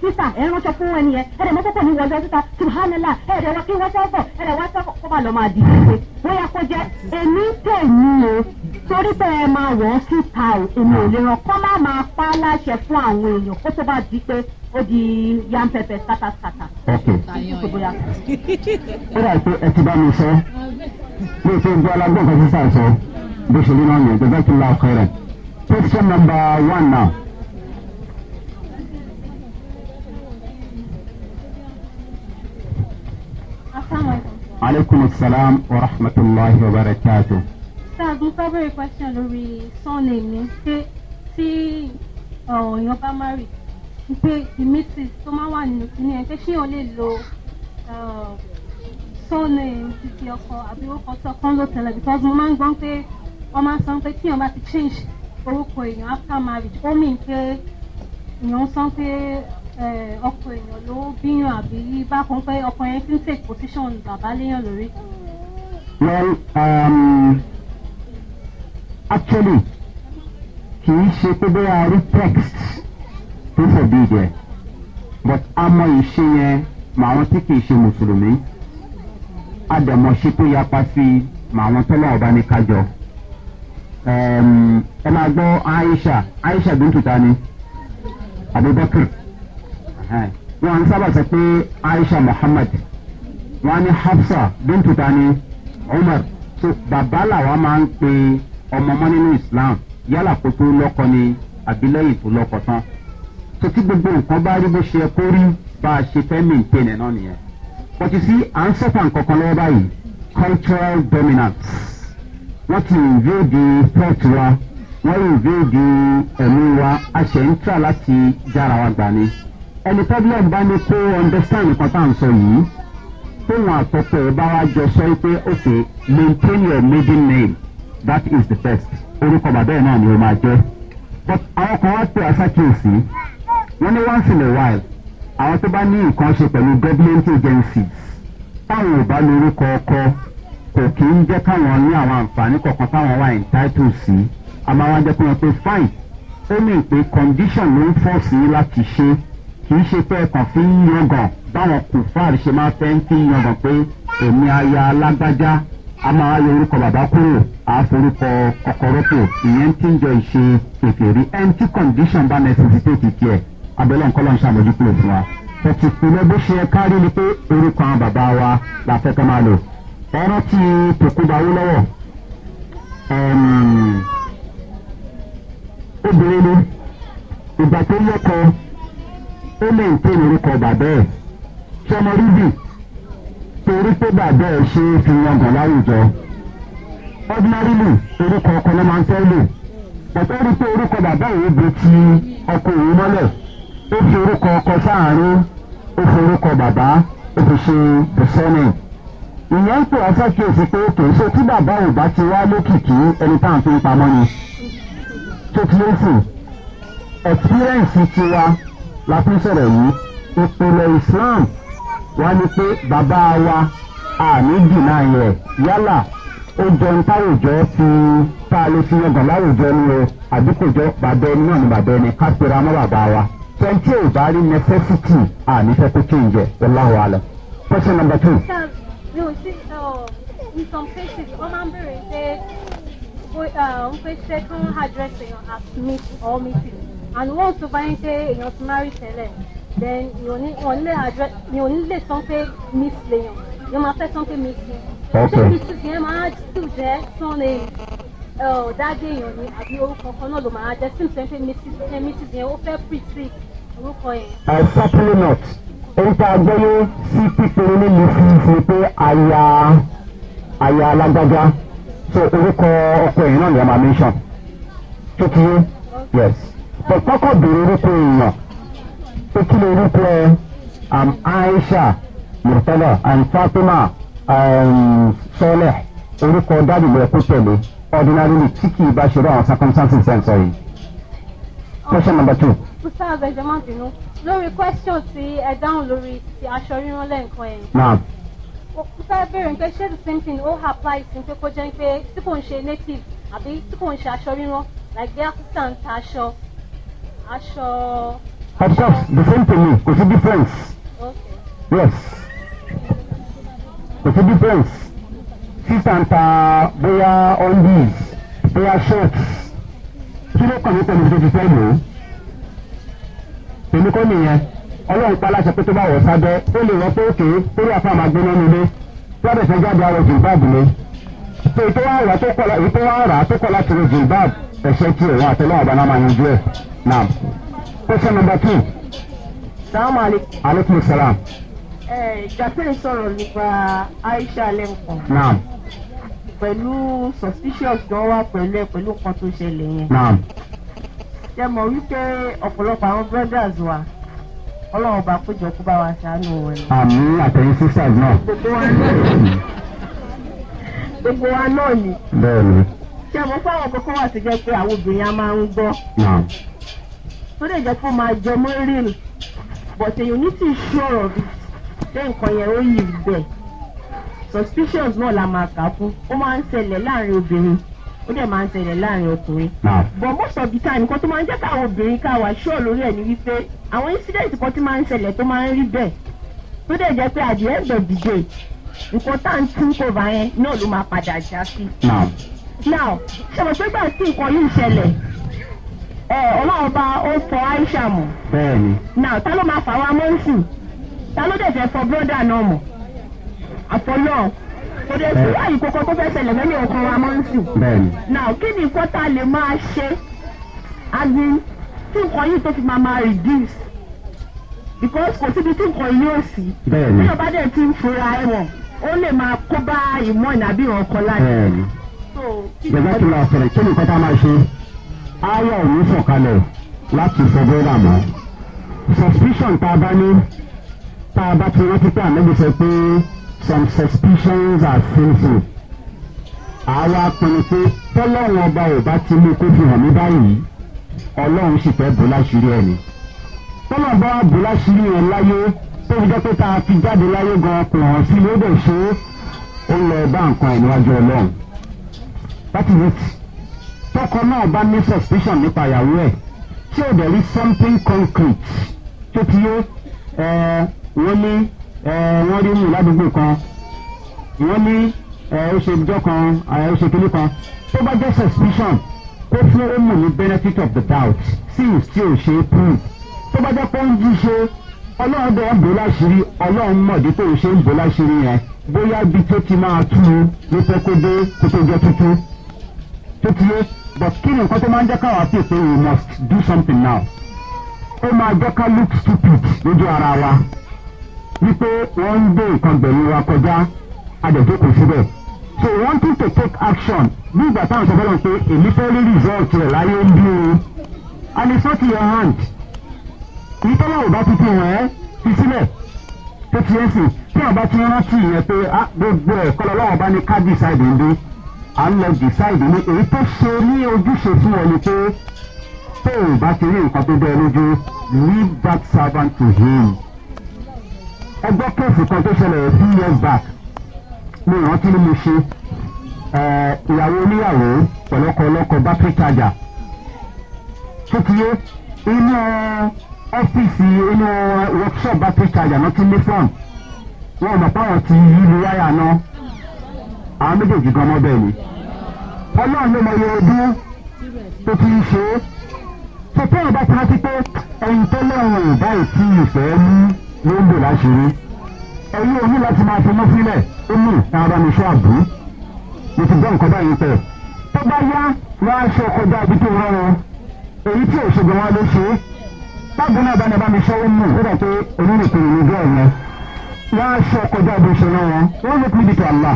síta ẹ ń ránṣọ fún ẹnìyẹn ẹ dẹ̀ mọ́ púpọ̀ ní wọjọ́ síta subhanallah ẹ dẹ̀ wá kí wọ́n sọ́kọ̀ ẹ dẹ̀ wá sọ́kọ̀ kó bá lọ máa dì í pé bóyá kó jẹ́ èmi tèmi o torí bẹ́ẹ̀ máa wọ̀ ọ́ o èmi ò lè ràn kọ́ má máa pa á láṣẹ fún àwọn èèyàn kó tó bá di pé ó di yam pẹpẹ sátásátá. ok ó dà pé ẹ ti bá mi sọ léèké ń gbọ́ alágbọ́n kan sísá sọ bó ṣe rí náà yẹn kí n lọ ọkọ rẹ̀ question number one now. aleykum salaam wa rahmatulahi wa barakatu. sáà mo fẹ́ bẹ̀rẹ̀ question lórí surname mi pé tí èèyàn bá má rí pé ìmísí tó máa wà nínú kíní ẹ̀ pé ṣé o lè lo sọ́ọ̀nù ìkìkì ọkọ àbí orúkọ tó kán ló tẹ̀lé because mo máa ń gbọ́n pé wọ́n máa ń pé tíyàn bá ti change orúkọ èèyàn after marriage ó mìn pé èèyàn ń pé ọkọ èèyàn ló bíyàn àbí bákan pé ọkọ yẹn ti ń take position bàbá léèyàn lórí. well um, actually kì í ṣe pé bóyá a rí text tó fòbí rẹ̀ but a mọ ìṣe yẹn màwọn tí kì í ṣe mùsùlùmí àdẹ̀mọ̀ṣe tó yapa sí màwọn tọ́lá ọba ní kájọ. ẹ máa gbọ́ aisha aisha bintu ta ni abubakar wọn sábà sọ pé aisha muhammad wọn ní hafsa bintu ta ni umar so bàbá làwọn máa ń pe ọmọ ọmọ nínú islam yálà kó tó lọ́kọ ni àbílẹ̀yìn tó lọ́kọ tán so tí gbogbo nǹkan bá rí bó ṣe kó rí bá a ṣe fẹ́ mìíràn náà nìyẹn but you see à ń sọ́fà nkankan lọ́wọ́ báyìí cultural dominance wọ́n ti invade thought wa wọ́n invade ẹ̀mí wa a ṣe ń tà láti jára wa gbà ni ẹni problem bá ní kó understand nǹkan tá à ń sọ yìí tóun àtọ́kọ̀ ẹ̀ bá wa jọ sọ pé ok maintain your maiden name that is the first orúkọ bàbá ẹ̀ náà ni o máa jẹ́ but àwọn kan wá pè àṣà kìí sí wọ́n ní once in a while àwọn tó bá ní nǹkan ṣe pẹ̀lú government agencies táwọn ò bá lórúkọ ọkọ kò kí ń jẹ́ káwọn ní àwọn àǹfààní kọ̀ọ̀kan táwọn wà entitled sí a máa wá jẹ́ pé fine ó mì pé condition ló ń fọ́ sí láti ṣe kì í ṣe pé ẹ̀kàn fi ń yangàn báwọn kò fáàrí ṣe máa fẹ́ ń fi ń yangàn pé èmi aya alágbájá a máa yọ orúkọ bàbá kúrò a forúkọ ọkọ rọpò ìyẹn ti ń jọ ìṣe kékeré ẹni condition bá necessitate tiẹ̀ abẹ́lẹ̀ nǹkan lọ́n ṣàmójútó fún wa tẹ̀sí ìpínlẹ̀ bó ṣe kárí ni pé orúkọ àwọn bàbá wa la fẹ́ ká máa lò ọ̀rọ̀ ti tòkúdáwó lọ́wọ́ obìnrin ni ìgbà tó yọkọ ó lè tó orúkọ bàbá ẹ̀ sọmọ rídì torí pé bàbá ẹ̀ ṣe é fi yangàn láwùjọ ordinarily orúkọ ọkọ ló máa ń tẹ́ lò ọ̀tọ́ rí pé orúkọ bàbá òun bo ti ọkọ òun mọ́lẹ̀ ó fi orúkọ ọkọ sáàárín ó fi orúkọ bàbá ó fi ṣe bùsẹ́nì ìyẹn ń pè ọ́ sẹ́kíyèsí pé kò ń ṣe tí bàbá ò bá ti wá lókìkí ẹni tá à ń fi pamọ́ ni tó ti ń sìn ẹ̀pírẹ́ǹsì tiwa la fi ń sọ̀rọ̀ yìí ìpìlẹ̀ islam wá ní pé bàbá wa àmì dìnnà yẹ yálà ó jẹun táwùjọ fi tá a lè fi yangàn láwùjọ ni o àbí kò jọ bàbá ẹni náà ni bàbá ẹni ká pera mọ́ bàbá wa twenty ò bá rí necessity àní fẹ́ kó change ẹ̀ wọ́láhù alẹ́. question number two. mi ò sí in some cases wọ́n máa ń bèrè pé ń pè ṣe kí wọ́n address èèyàn as or meeting and wọ́n tó bá ń pé èèyàn ti marry tẹ́lẹ̀ then mi ò ní lè sọ pé miss lèèyàn yóò máa fẹ́ sọ pé miss ni. ṣé mrs yẹn máa tù jẹ́ sọ́ọ̀nì dáadé èèyàn ni àbí orúkọ kan náà ló máa jẹ́ sí ìfẹ́ pé mrs yẹn ó fẹ́ pre-treat certainly not orúkọ agbẹ́yé sí pípéré nílùú fi fi pé aya aya alágbájá so orúkọ ọkọ yìí náà ni a máa mention tó ti yé yes but kọ́kọ́ béèrè orúkọ èèyàn pé kí ni orúkọ ẹ am aisha murtala and fatima um, sọlẹ orúkọ dábìlì ẹkú tẹ̀lé Ordinary. tí kì í bá ṣe rọ àwọn circumstances ẹ̀ ń sọ yìí question number two ustaz ẹjọmọ bínú lórí question tí ẹ lórí ti aṣọ rírán lẹ́ǹkan ẹ̀yìn. naam. mo pé ṣé the same thing ó apply sí pé kó jẹ́ pé tí kò ń ṣe native àbí tí kò ń ṣe aṣọ rírán like bí african ta aṣọ aṣọ. of course the same thing ni kò sí difference. okay. yes kò sí difference sísan ta bóyá undies bóyá shirts kí ló kàn ní pẹ̀lú ìdókítà ìlú èmi kọ́ nìyẹn ọlọ́run pa aláṣẹ pé tó bá wọ̀ sábẹ́ ó lè wọ́n pé òkè torí àfa máa gbóná nílé lọ́dọ̀ ṣe jáde àwọn zimbabwe ni pé tó wá rà tó kọ́lá èyí tó wá rà tó kọ́lá tiri zimbabwe ẹ̀ṣẹ́ tí òun àti ọlọ́run àbáná máa yanjú ẹ̀ náà. question number two. sàmú aleykum salaam. ẹ jàpẹ́rẹ́ sọ̀rọ̀ nípa aisha lẹ́kọ̀ọ́. náà. pẹ̀lú suspicious gan wá pẹ̀lú ẹ̀ pẹ̀lú nǹkan tó ṣẹlẹ̀ yẹn. náà ṣe mọ̀ wípé ọ̀pọ̀lọpọ̀ àwọn brothers wa ọlọ́run ọba péjọ kó bá wa ṣàánú wọn. àmì àtẹ̀yìn sisters náà. gbogbo wa náà gbogbo wa náà ni. bẹ́ẹ̀ni. ṣe mọ̀ fún àwọn kọ̀ọ̀kan wà tó jẹ́ pé àwọn obìnrin a máa ń gbọ́. tó lè jẹ́ kó máa jẹ mọ́ rìn but èyàn ní tí ì ṣòro bí ṣé nǹkan yẹn ó yí bẹ́ẹ̀ suspicions náà la máa kà fún ó máa ń ṣẹlẹ̀ láàrin obìnrin. ó dẹ̀ máa ń tẹ̀lé láàrin ọkùnrin. but most of the time nǹkan tó máa ń jẹ́ káwọn obìnrin ká wà ṣọ́ọ̀ lórí ẹ̀ ni wípé àwọn incident kan tó máa ń ṣẹlẹ̀ tó máa ń rí bẹ́ẹ̀ tó dẹ̀ jẹ́ pé at the end of the day nǹkan tá à ń tún kọ̀ọ̀bà yẹn náà ló máa padà já sí. now ṣe mọ̀ pé gbà tí nǹkan yìí ṣẹlẹ̀ ọlọ́run bá ó fọ Aisha mọ̀. bẹ́ẹ̀ni. now ta ló máa fà wá mọ́ńsì ta ló dẹ̀ fẹ́ fọ bírọ́dà náà mọ̀ àfọlọ́ọ̀ kò dé sí àyíkókò tó fẹ́ ṣẹlẹ̀ lẹ́yìn wa mọ́ ń sìn. bẹ́ẹ̀ni. now kí ni nǹkan tá a lè máa ṣe àbí tí nǹkan yìí tó fi máa máa reduce because kò síbi tí nǹkan yìí ò sí. bẹ́ẹ̀ni. bí ọba dẹ̀ ti ń fura ẹ̀wọ̀n ó lè máa kó bá ìmọ̀ ìnàbí ọkọ láyé. bẹ́ẹ̀ni. bẹ́ẹ̀ kí ló ṣẹlẹ̀ kí ni nǹkan tá a máa ṣe ayọ̀ òní sọ̀kalẹ̀ láti sọ bẹ́ẹ̀rẹ̀ àmọ́ suspicion tá a bá ní tá a bá ti rántí pé àmọ́ some suspicions are sinful. àwa pinnu pé tọ́lọ́run ọba ò bá ti mú kó fi hàn mí báyìí ọlọ́run sì fẹ́ bò láṣìírí ẹ̀ ni. tọ́lọ́run bá wà bò láṣìírí ẹ̀ láyé tó fi jẹ́ pé tá a ti jáde láyé gan kò hàn sí ló dẹ̀ ṣe é ó lọ bá nǹkan ẹ̀ níwájú ọlọ́run. that is it. tọkọ náà bá ní suspicion nípa ìyàwó ẹ̀ tí ò dẹ̀ rí something concrete tó ti yé wọ́n ní wọ́n rí yìn ládùúgbò kan wọ́n ní oṣù ìjọ kan oṣù kìíní kan tó bá jẹ́ suspicion kó fún ọmọ ní benefit of the doubt sí ìsí òṣè prove tó bá jẹ́ pé ó ń jí ṣe ọlọ́run bẹ́ẹ̀ ń bò láṣìírí ọlọ́run mọ̀dé tó ṣe ń bò láṣìírí yẹn bóyá bí tó ti máa tú u ló fẹ́ kó dé kó tó jẹ́ tuntun tó ti yé but kí ni nǹkan tó máa ń jẹ́ káwa pè pé we must do something now ó máa jẹ́ ká look stupid lójú ara wa wípé wọ́n ń gbé nǹkan gbẹ̀yìn wa kọjá àdẹ̀jókòó síbẹ̀ so we wanted to take action bí ìgbà táwọn sọ fọlọ́n pé èmi fẹ́ rí result rẹ̀ láyé ń bí o and it's not your hand ìtọ́lá ò bá ti fi hàn ẹ́ fi sílẹ̀ tó ti ẹ́ sì tí ọba ti rántí yẹn pé ah, gbogbo ẹ̀kọ́ lọ́wọ́ bá ní ká decide ń dé à ń lọ decide ní èyí tó ṣe ní ojúṣe fún ọ ni pé tó o bá ti rí nǹkan tó bẹ́ẹ̀ lójú leave that servant to him ẹgbẹ́ kẹ́ẹ̀sì kan tó ṣẹlẹ̀ a few years back mi rántí ni mo ṣe ìyàwó oníyàwó pẹ̀lọ́kọ ọlọ́kọ battery charger tó ti yé inú ọ́fíìsì inú workshop battery charger náà ti lé fọ́ọ̀n wọn mọ̀ pé àwọn ti yí lu wáyà náà àwọn méjèèjì gan mọ́ bẹ́ẹ̀ ni ọlọ́run ló mọ iye ọdún tó ti ń ṣe é tó tẹ́wọ̀n bá ti rántí pé ẹ̀yìn tó lọ́rùn ìbá ìtì ìfẹ́ mú ló ń bò láṣìírí ẹ̀yin òní láti máa fi mọ́ sílẹ̀ ó mú ìtàn abániṣẹ́ àbú mo ti gbọ́ nǹkan báyìí pẹ̀ tó bá yá wọ́n á ṣe ọkọjá ibi tó rọrùn èyí tí òṣèlú wọn ló ṣe táàbù náà báni abániṣẹ́ ó mú ó dà pé onírìnkùnrin ní bẹ́ẹ̀ yẹn wọ́n á ṣe ọkọjá ibi ìṣẹ̀lẹ̀ wọn wọ́n lè pín ìdìtò àlà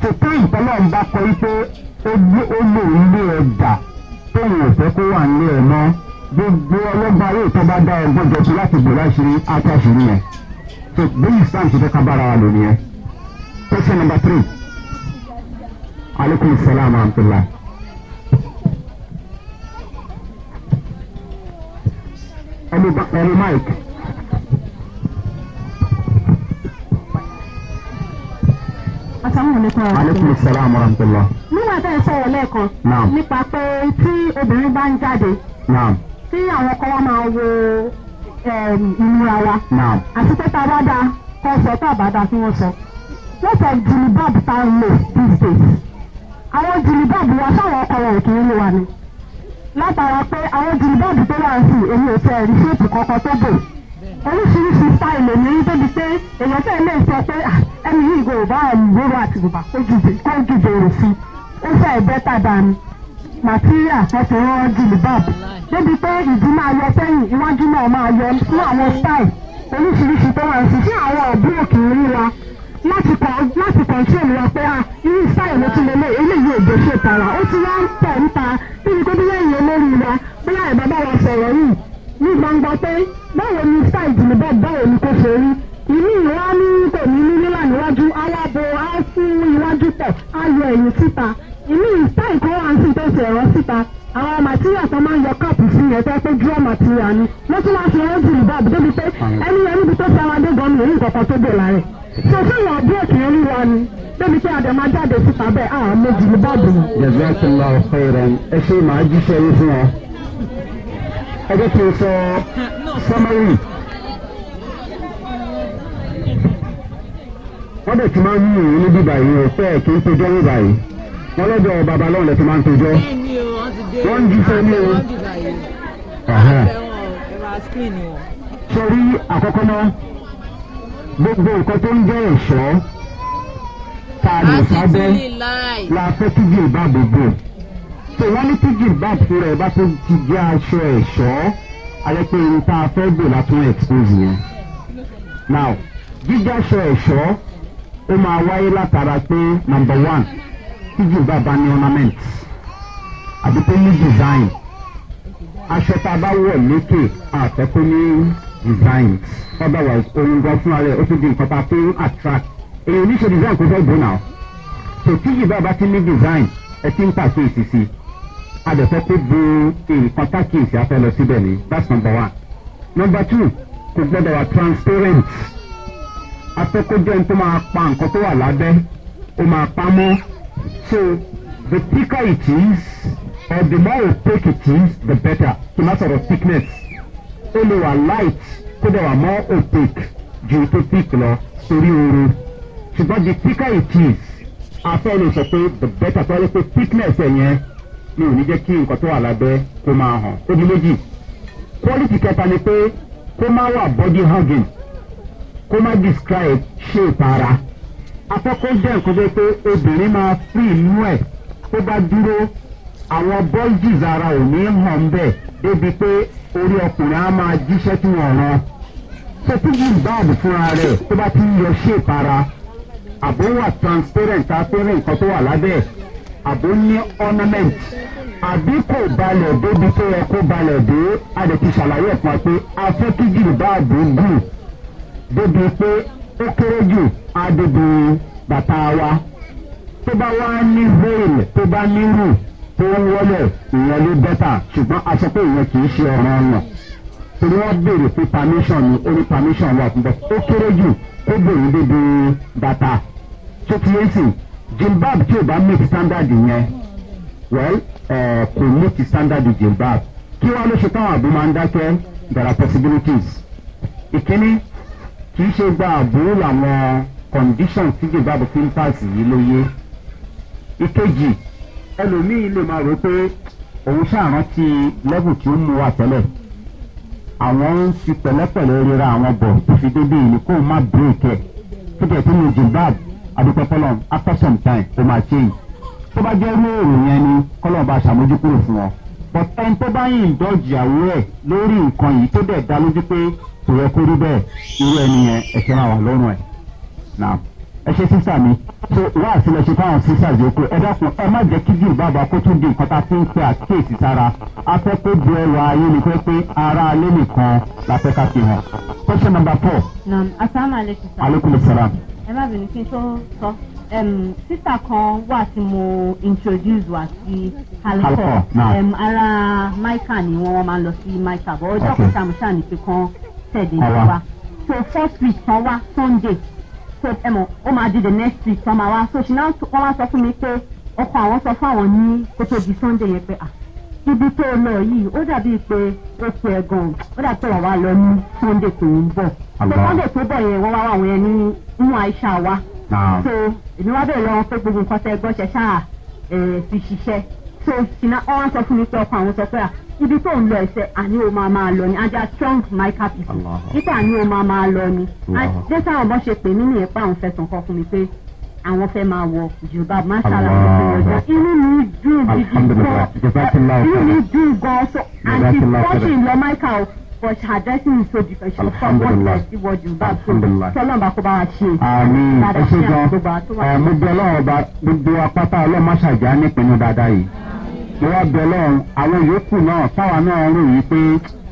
tètè ìtọ́lọ́ ń bá kọ wípé ó lò ilé ẹ̀dà tóun ò fẹ́ kó wà nílé ẹ̀ náà gbogbo ọlọ́gbà ayé ìtọ́ba dá ẹgbẹ́ jọ̀tún láti bẹ̀rẹ̀ àṣírí àtàṣírí yẹn tó bí islam ṣe fẹ́ ká bára wa lò nìyẹn. question number three aleykum salaam wa rahmatulah. ẹnu ẹnu mike. asalaamualeykum salam salaam wa rahmatulah. nígbà tá ẹ sọ̀rọ̀ lẹ́ẹ̀kan nípa pé tí obìnrin bá ń jáde tí àwọn kan wá máa wo ìmúra wa àti pé tá a sọ tá a kí wọ́n sọ most of jilibab tá a lò these days àwọn jilibab wa sáwọn ọkọ wọn ò kì í lò wá ni látara pé àwọn jilibab tó wà ń èmi ò tẹ ẹ̀rí ṣéèpù kankan tó bò oríṣiríṣi style èmi ń débi pé èèyàn fẹ́ẹ́ lè sọ pé ah, ẹni yìí gò bá ẹ̀ lóru àti bùbá kó jùbẹ́ kó jùbẹ́ rò sí ó fẹ́ẹ́ bẹ́tà dání màtíríà fẹsẹ̀rọ̀ jìlìbàb débi pé ìdí máa yọ sẹ́yìn iwájú náà máa yọ fún àwọn style oríṣiríṣi tó wà sí sí àwọn ọ̀bí òkè orí wa láti kọ láti kọ̀ńtíròlù wa pé ah, irú style ló ti lè lé eléyìí òde ṣe tààrà ó ti wá ń tẹ̀ ń ta bíbi pé bíyà ìyẹn lórí wa bóyá ẹ̀ bàbá wa sọ̀rọ̀ yìí ní gbangba pé báwo ni style jìlìbàb báwo ni kò ṣe rí ìní ìwá ní kò ní ní nílà níwájú alábo á fún iwájú pọ̀ á yọ ẹ̀yìn síta inú ìsáì kan wà sí tó ṣe ẹ̀rọ síta àwọn màtíríà tó máa ń yọ káàpù sí yẹn tó pé dúró màtíríà ni wọ́n tún máa fi ẹ́ jù bá àbújá bíi pé ẹni yẹn níbi tó fi àwọn adégan mi èyí kọ̀ọ̀kan tó bò lára ṣe fún ìwà bírèkì orí wa ni débi pé àdèmá jáde síta bẹ́ẹ̀ àwọn méjì ní báàbù ni. jazakila ọ̀fẹ́ràn ẹ ṣe máa jíṣẹ́ yín fún ọ ẹ jẹ́ kí n sọ sọmọ́rì wọ́n dẹ̀ ti máa ń mú ìrìn níbí báyìí ọ̀pẹ́ kì í ṣe jẹ́ níbàyìí wọn lọ́dọ̀ babaláwo lẹ́sìn máa ń tójọ́ wọ́n ń jí sẹ́ni o sọrí àkọ́kọ́ náà gbogbo nǹkan tó ń jẹ́ ẹ̀ṣọ́ ta lè sábẹ́ la fẹ́ kí jìlbáàbò bò tó wọ́n ní kí jìlbáàbò fúnra ẹ̀ bá tó ti jẹ́ aṣọ ẹ̀ṣọ́ alẹ́pẹ́ irun tá a fẹ́ bò látún expose yẹn now jíjẹ́ aṣọ ẹ̀ṣọ́ ó máa wáyé látara pé number one even bá a bá ní ornament àbí tó ní design aṣọ tá a bá wọ̀ lékè àfẹ́ tó ní design otherwise ohun gan fúnra rẹ̀ ó tún di nǹkan tá a fi ń attract èyí oníṣe design kò fẹ́ gbóná so tí yìí bá a bá ti ní design ẹ ti ń pàṣẹ ìsìsì adẹ̀fẹ́ kó bu nǹkan tákìsì afẹ́ lọ síbẹ̀ ni that's number one number two kò gbọ́dọ̀ wà transparent afẹ́kọ́jọ́ ní tó máa pa nǹkan tó wà lábẹ́ ó máa pa mọ́. So the thicker it is or the more opaque it is the better in matter of thickness. Ó lè wà light kó they wà more opaque ju tó thick lọ torí So, but the thicker it is afẹ́ lè sọ the better so the thickness eh, yeah. ni ò ní jẹ́ kí nǹkan tó wà lábẹ́ kó máa hàn. Ó méjì. Quality kẹta ni pé kó má wà body hugging kó má describe shape ara akọ́kọ́ jẹ́ nǹkan tó pé obìnrin máa fi inú ẹ̀ tó bá dúró àwọn bọ́ìjìs ara ò ní hàn bẹ́ẹ̀ débi pé orí ọkùnrin á máa jíṣẹ́ tí wọ́n rán so tíjú báàbù fúnra rẹ̀ tó bá ti ń yọ ṣèpà ara àbó wà transparent apẹ́rẹ́ nǹkan tó wà lábẹ́ àbó ní ornament àbí kò balẹ̀ débi tó yẹ kó balẹ̀ dé a lè ti ṣàlàyé ẹ̀fọn pé afẹ́kíjì báàbù gùn débi pé ó kéré jù àdìbò bàtà wa tó bá wá ní veil tó bá ní rù tó ń wọlé ìyẹn ló bẹ́tà ṣùgbọ́n a pé ìyẹn kì í ṣe ọ̀ràn ọ̀nà torí wọ́n béèrè fún permission ni ó permission wà fún bẹ́ẹ̀ ó kéré jù ó béèrè dédé bàtà tó ti yé sìn jimbab tí ò bá meet standard yẹn well kò meet standard jimbab kí wàá ló ṣe táwọn àbí máa ń dákẹ́ there are possibilities ìkíní. E kì í ṣe gba àbúrò làwọn condition tí zimbabwe fi ń pàṣẹ yìí ló yé ìkejì ẹlòmíín lè máa rò pé òun ṣàrántí lẹ́bù tí ó mú wa tẹ́lẹ̀ àwọn ń fi pẹ̀lẹ́pẹ̀lẹ́ ríra àwọn bọ̀ tó fi débi ìní kó o má break ẹ̀ tó jẹ́ tó ní zimbabwe adúpẹ́pẹ́lọ́m after some time ó máa change tó bá jẹ́ irú èrò yẹn ni kọ́lọ́ bá ṣàmójúkúrò fún ọ but ẹni tó bá yìn dọ́jì àwúrẹ̀ lórí nǹkan yìí tó dẹ̀ dá lójú pé kò yẹ kó rí bẹ́ẹ̀ irú ẹni yẹn ẹ̀ṣẹ̀ máa wà lọ́rùn ẹ̀ náà ẹ ṣe sísà mi tó wá àtìlẹ ṣe fáwọn sísà yòókù ẹ dákun ẹ má jẹ kí jù bàbá kó tún di nǹkan tá a ń pe àkíyèsí sára afẹ́ pé bu ẹwà ayé ni pé pé ara alẹ́ nìkan la fẹ́ ká fi hàn. question number four. naam asalaamualeykum aleykum salaam. ẹ má bínú kí n tó sọ sísà kan wà tí mo introduce wá sí alcohol ara mica ni wọ́n máa ń lọ sí mica bọ́ ọjọ́ kan sàmùsà nìkan third ní wa so first week kan wá sunday so ẹ mọ̀ ó máa di the next week kan máa wá so she now wọ́n wá sọ fún mi pé ọkọ àwọn sọ fún àwọn ní kó tó di sunday yẹn pé à ah, ibi tó lọ yìí ó dàbí pé ó ti ẹ̀ gan ó dàbí pé wàá lọ ní sunday tó ń bọ̀ so sunday tó bọ̀ yẹn wọ́n wá àwọn yẹn ní inú àìsà wa so èmi wá bẹ̀rẹ̀ lọ́wọ́ pé gbogbo nǹkan tẹ́ gbọ́ ṣẹ̀ ṣáà fi ṣiṣẹ́ so ṣì náà wọ́n wá sọ fún mi pé ọkọ àwọn sọ pé à ah, ibi tó ń lọ ẹsẹ̀ àní o máa máa lọ ni ajá strong mica people nípa àní o máa máa lọ ni dẹ́sẹ̀ àwọn bọ́n ṣe pè mí nìyẹn pé àwọn fẹ́ kan fún mi pé àwọn fẹ́ máa wọ yorùbá masala tuntun yọjọ inú mi dùn gidi gan inú mi dùn gan so àti bọ́ọ̀ṣì lọ mica o but her dressing is so different she was from one place to one yorùbá so tọ́lọ́n bá kó bá wa ṣe dáadáa ṣe àgbègbè àtúwà. mo bẹ ọlọ́run ọba gbogbo apáta ọlọ́mọṣàjà nípinnu dáadáa yìí ni wọ́n bẹ lọ́run àwọn yòókù náà táwa náà rò yìí pé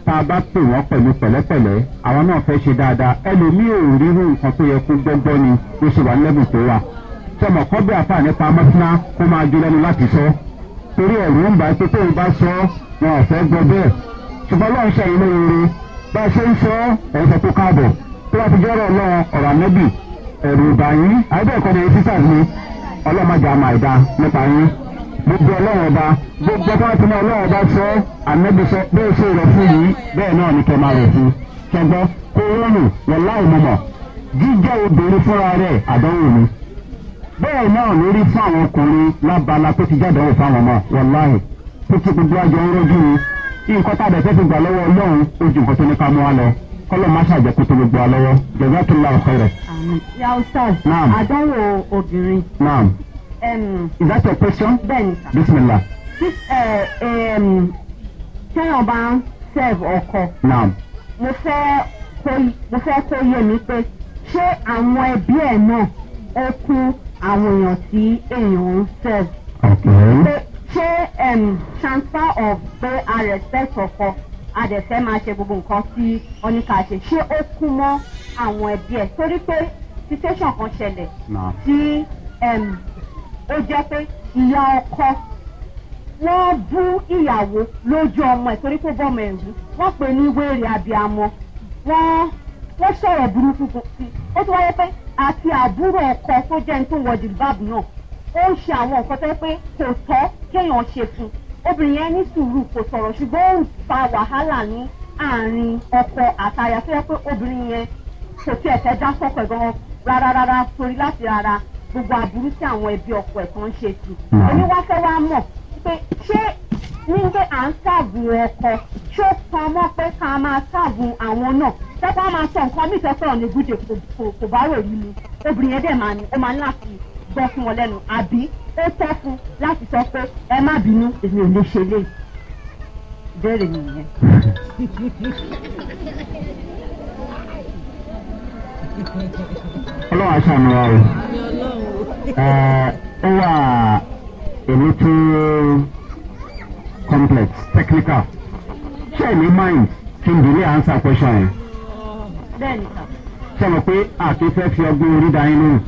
tá a bá pè wọ́n pẹ̀lú pẹ̀lẹ́pẹ̀lẹ́ àwọn náà fẹ́ ṣe dáadáa ẹlòmíì ò rírú nǹkan tó yẹ kó gbọ́gbọ́ ni ló ṣe wà lẹ́bùn tó wà tọmọ kọ́ bí àfa nípa mọ́tíná kó máa jó lẹ́nu láti sọ torí ẹ̀rù ń bá pé tóun bá sọ wọn ò fẹ́ gbọ́ bẹ́ẹ̀ ṣùgbọ́n lọ́run ṣe ìlú rere bá a ṣe ń sọ ẹ̀ ń sọ tó káàbọ̀ tó bá ti jọ́rọ̀ ọlọ́run ọ̀rọ̀ àmẹ́bì ẹ̀rù ìbà yín àbẹ́ẹ̀kọ́ ni sísà mi ọlọ́mọdé nípa yín gbogbo ọlọ́run ọba gbogbo ọba tí mo ọlọ́run ọba sọ ànábi sọ bẹ́ẹ̀ ṣe rẹ̀ fún yìí bẹ́ẹ̀ náà ni kẹ́ máa rẹ̀ fún kẹgbọ́ kó rọrùn wọ láì mọ̀mọ̀ jíjẹ́ obìnrin fúnra rẹ̀ àdánwò ni bẹ́ẹ̀ náà ló rí fún àwọn ọkùnrin lábala tó ti jáde ọ̀hún fáwọn ọmọ wọláì tó ti gbogbo àjọ ń rọ́jú ni nǹkan tá a bẹ̀ fẹ́ fi gbà lọ́wọ́ ọlọ́run ó ju nǹkan tó ní ká mú wa lọ kọ́lọ́ má ṣàjẹ́ kó tó gbogbo wa lọ́wọ́ jẹ̀dá tó la ọ̀fẹ́ rẹ̀. yàtọ̀ àdánwò obìnrin. Um, Is that your question? Bẹ́ẹ̀ni sir. Bísímìlá. Téèyàn eh, bá ń serve ọkọ. Naam. Mo fẹ́ mo fẹ́ kó yé mi pé ṣé àwọn ẹbí ẹ̀ náà ó kún àwọn èèyàn tí èèyàn ń serve. Okay. Ṣé um, transfer of pé a respect ọkọ a dẹ̀ fẹ́ máa ṣe gbogbo nǹkan tí wọ́n ní ká ṣe ṣé ó kún mọ́ àwọn ẹbí ẹ̀ torí pé situation kan ṣẹlẹ̀ tí ó jẹ́ pé ìyá ọkọ wọ́n bú ìyàwó lójú ọmọ ẹ̀ torí pé bọ́mọ ẹ̀ wú wọ́n pè ní wéèrè abiyamọ wọ́n wọ́n sọ̀rọ̀ burúkú sí ó ti wáyé pé àti àbúrò ọkọ tó jẹ́ ní tó wọ jìlbáàbù náà ó ń ṣe àwọn nǹkan tó yẹ pé kò tọ́ kéèyàn ṣe fún obìnrin yẹn ní sùúrù kò sọ̀rọ̀ ṣùgbọ́n ó ń fa wàhálà ní àárín ọkọ àtàyà tó yẹ pé obìnrin yẹn kò tiẹ̀ fẹ́ dá sọ́kọ̀ ẹ̀ gan rárá rárá torí láti rárá gbogbo aburú tí àwọn ẹbí ọkọ ẹ̀ kan ṣe sí hmm. èmi wá fẹ́ wá mọ̀ pé ṣé nígbà à ń ṣàbù ọkọ ṣó kan mọ́ pé ká máa ṣàbù àwọn náà tẹ́pá máa sọ nǹkan mí ìfẹ́fẹ́ ọ̀nà ìgúdè kò bá rò yìí ni obìnrin yẹn dẹ̀ máa ní ó máa ń láti gbọ́ fún wọn lẹ́nu àbí ó tọ́ fún láti sọ pé ẹ má bínú èmi ò lè ṣe léyìí bẹ́ẹ̀ ni nìyẹn. ọlọ́run aṣàánú wa o ó wà èmi tó complex technical ṣé èmi mind kí n dìrí answer question yẹn ṣé mo pé àti fẹ́ fi ọgbọ́n orí dání lóhùn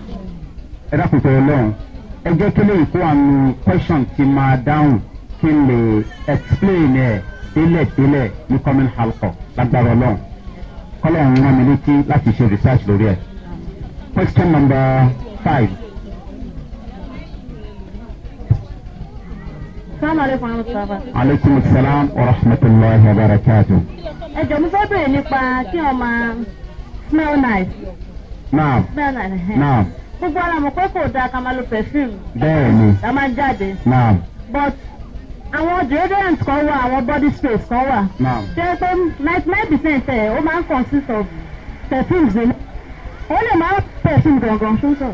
ẹ dákùtọ̀ ọlọ́run ẹ jẹ́ kí lóyún kó àmì question ti máa dáhùn kí n lè explain ẹ̀ délẹ̀délẹ̀ ní coming halkọ̀ lágbára ọlọ́run ọlọ́run rán mi létí láti ṣe research lórí ẹ̀. question number five. aleykum salaam wa rahmatulahi wa barakatu. ẹ jọ mo fẹ́ bèrè nípa kí wọ́n máa smell nice. naam naam. gbogbo ara mọ̀ pé kò dáa ká máa lo perfume. bẹ́ẹ̀ ni. ká máa jáde. naam. but àwọn deodorant kan wà àwọn body spray kan wà. ṣé pé ninety nine percent ẹ̀ ó máa ń consist of perfumes ni ó lè máa perfume gangan fún sọ.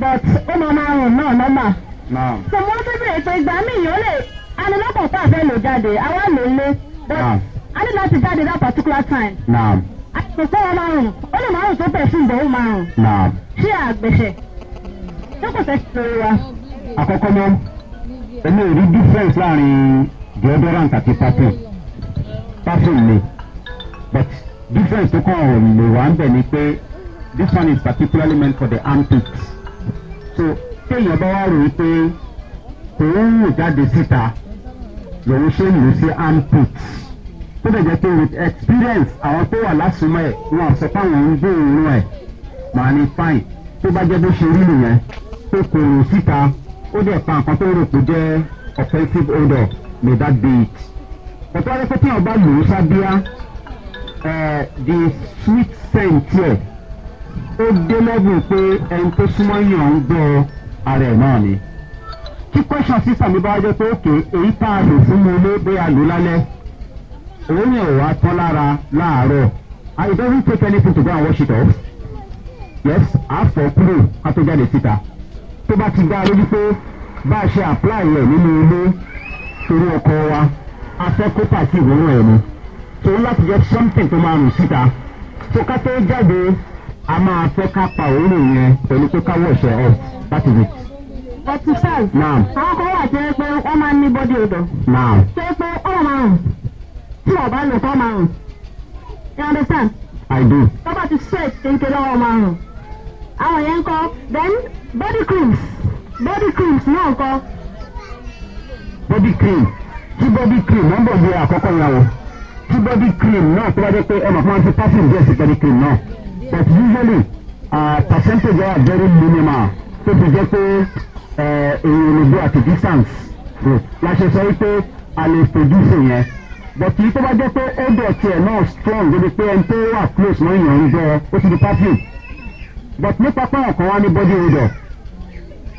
but ó máa máa rùn náà normal. so wọ́n tún bèrè pé ìgbà míì yóò lè anilọ́pọ̀ tá a fẹ́ lò jáde àwa lò lé but a ní láti jáde that particular time. àtìpó wọn máa rùn ó lè máa rùn tó perfume bọ̀ ó máa rùn. ṣé àgbẹ̀ṣẹ̀ tó kò sẹ́sẹ̀ lórí wa. àkọ́kọ́ náà èmi ò rí difference láàrin deodorant àti perfume perfume ni but difference tó kàn ọ̀ lè wà ń bẹ̀ ni pé this one is particularly meant for the armpits. so téèyàn bá wá rò ó pé kò ń rò jáde síta lòun ṣe ń lò sí armpit tó dẹ̀ jẹ́ pé with experience àwọn tó wà lásùnmọ́ ẹ̀ wọn sọ pé àwọn ń gbé ẹ̀ màá ní fine tó bá jẹ́ bó ṣe rí nìyẹn tó kò rò síta ó dẹ̀ pa nǹkan jẹ́ operative odor may that be it ọ̀tọ́ ẹ̀rẹ́fẹ́ tí wọ́n bá lò ó sábíà the sweet scent yẹ ó dé lẹ́bù pé ẹni tó súnmọ́ yàn ń gbọ́ ara ẹ̀ náà ni kí question sísà mi bá jẹ́ pé òkè èyí tá a lò fún mi lé bóyá lò lálẹ́ òun yẹn wà á tán lára láàárọ̀ i don't take anything to go and wash it off yes àfọ̀ kúrò ká tó jáde síta tó bá ti dá lójú pé bá a ṣe apply rẹ̀ nínú ilé torí ọkọ wa afẹ́kópa sí ìwúrọ̀ ẹ̀ ni torí láti jẹ́ something tó máa rùn síta tó ká tó jáde a máa fẹ́ ká pa òórùn yẹn pẹ̀lú pé ká wọ̀ṣẹ̀ ẹ̀ láti rí. forty five. naam. àwọn kan wà jẹ́ pé wọ́n máa ń ní body odor. naam. ṣé pé ọ̀rọ̀ máa rùn tí ọ̀bá lò kọ́ máa rùn. you understand. i do. tọ́ba ti sweat kékeré ọ̀rọ̀ máa rùn àwọn yẹn kọ then body creams body creams náà kọ. body cream tí body cream wọ́n bọ̀ bí àkọ́kọ́ yẹn o tí body cream náà tó bá dé pé ẹ mọ̀ fún ti perfume díẹ̀ body cream náà but usually uh, percentage are very minimal tó fi jẹ́ pé èèyàn lè gbé àti distance la ṣe sọ wípé a lè produce e yẹn bọ̀tí tó bá jẹ́ pé ó dẹ̀ tiẹ̀ náà strong débi pé ẹni tó wà close mọ́ èèyàn ń gbọ́ ó ti di perfume but nípa pé ọ̀kan wá ní bọ́dí odò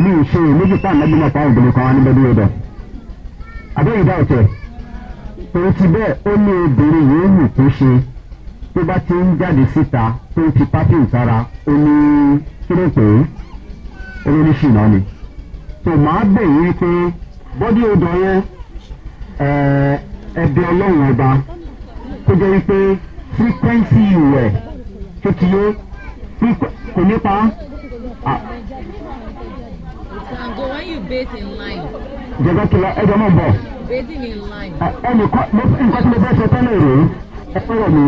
mi ò ṣe méjì pa ànábi náà táwọn obìnrin kan wá ní bọ́dí odò àbẹ́yìn dá ọ̀tẹ̀ òun ti bẹ́ẹ̀ ó ní obìnrin yìí hù tó ṣe tó bá ti ń jáde síta tó ń ti pátí ìtara ó ní kírèpé olóríṣìí náà ni tó máa bẹ̀yìn pé bọ́dí odò yẹn ẹ̀ẹ́dẹ̀ ọlọ́run ọba tó jẹ́ wípé frequency ìwẹ̀ tó ti yé frequency kò ní pa á. jẹjẹ kìlọ ẹjọ mọ bọ ẹnì kọ nǹkan tí mo fẹ́ sọ tẹ́lẹ̀ rèé ẹ fẹ́rẹ̀ mi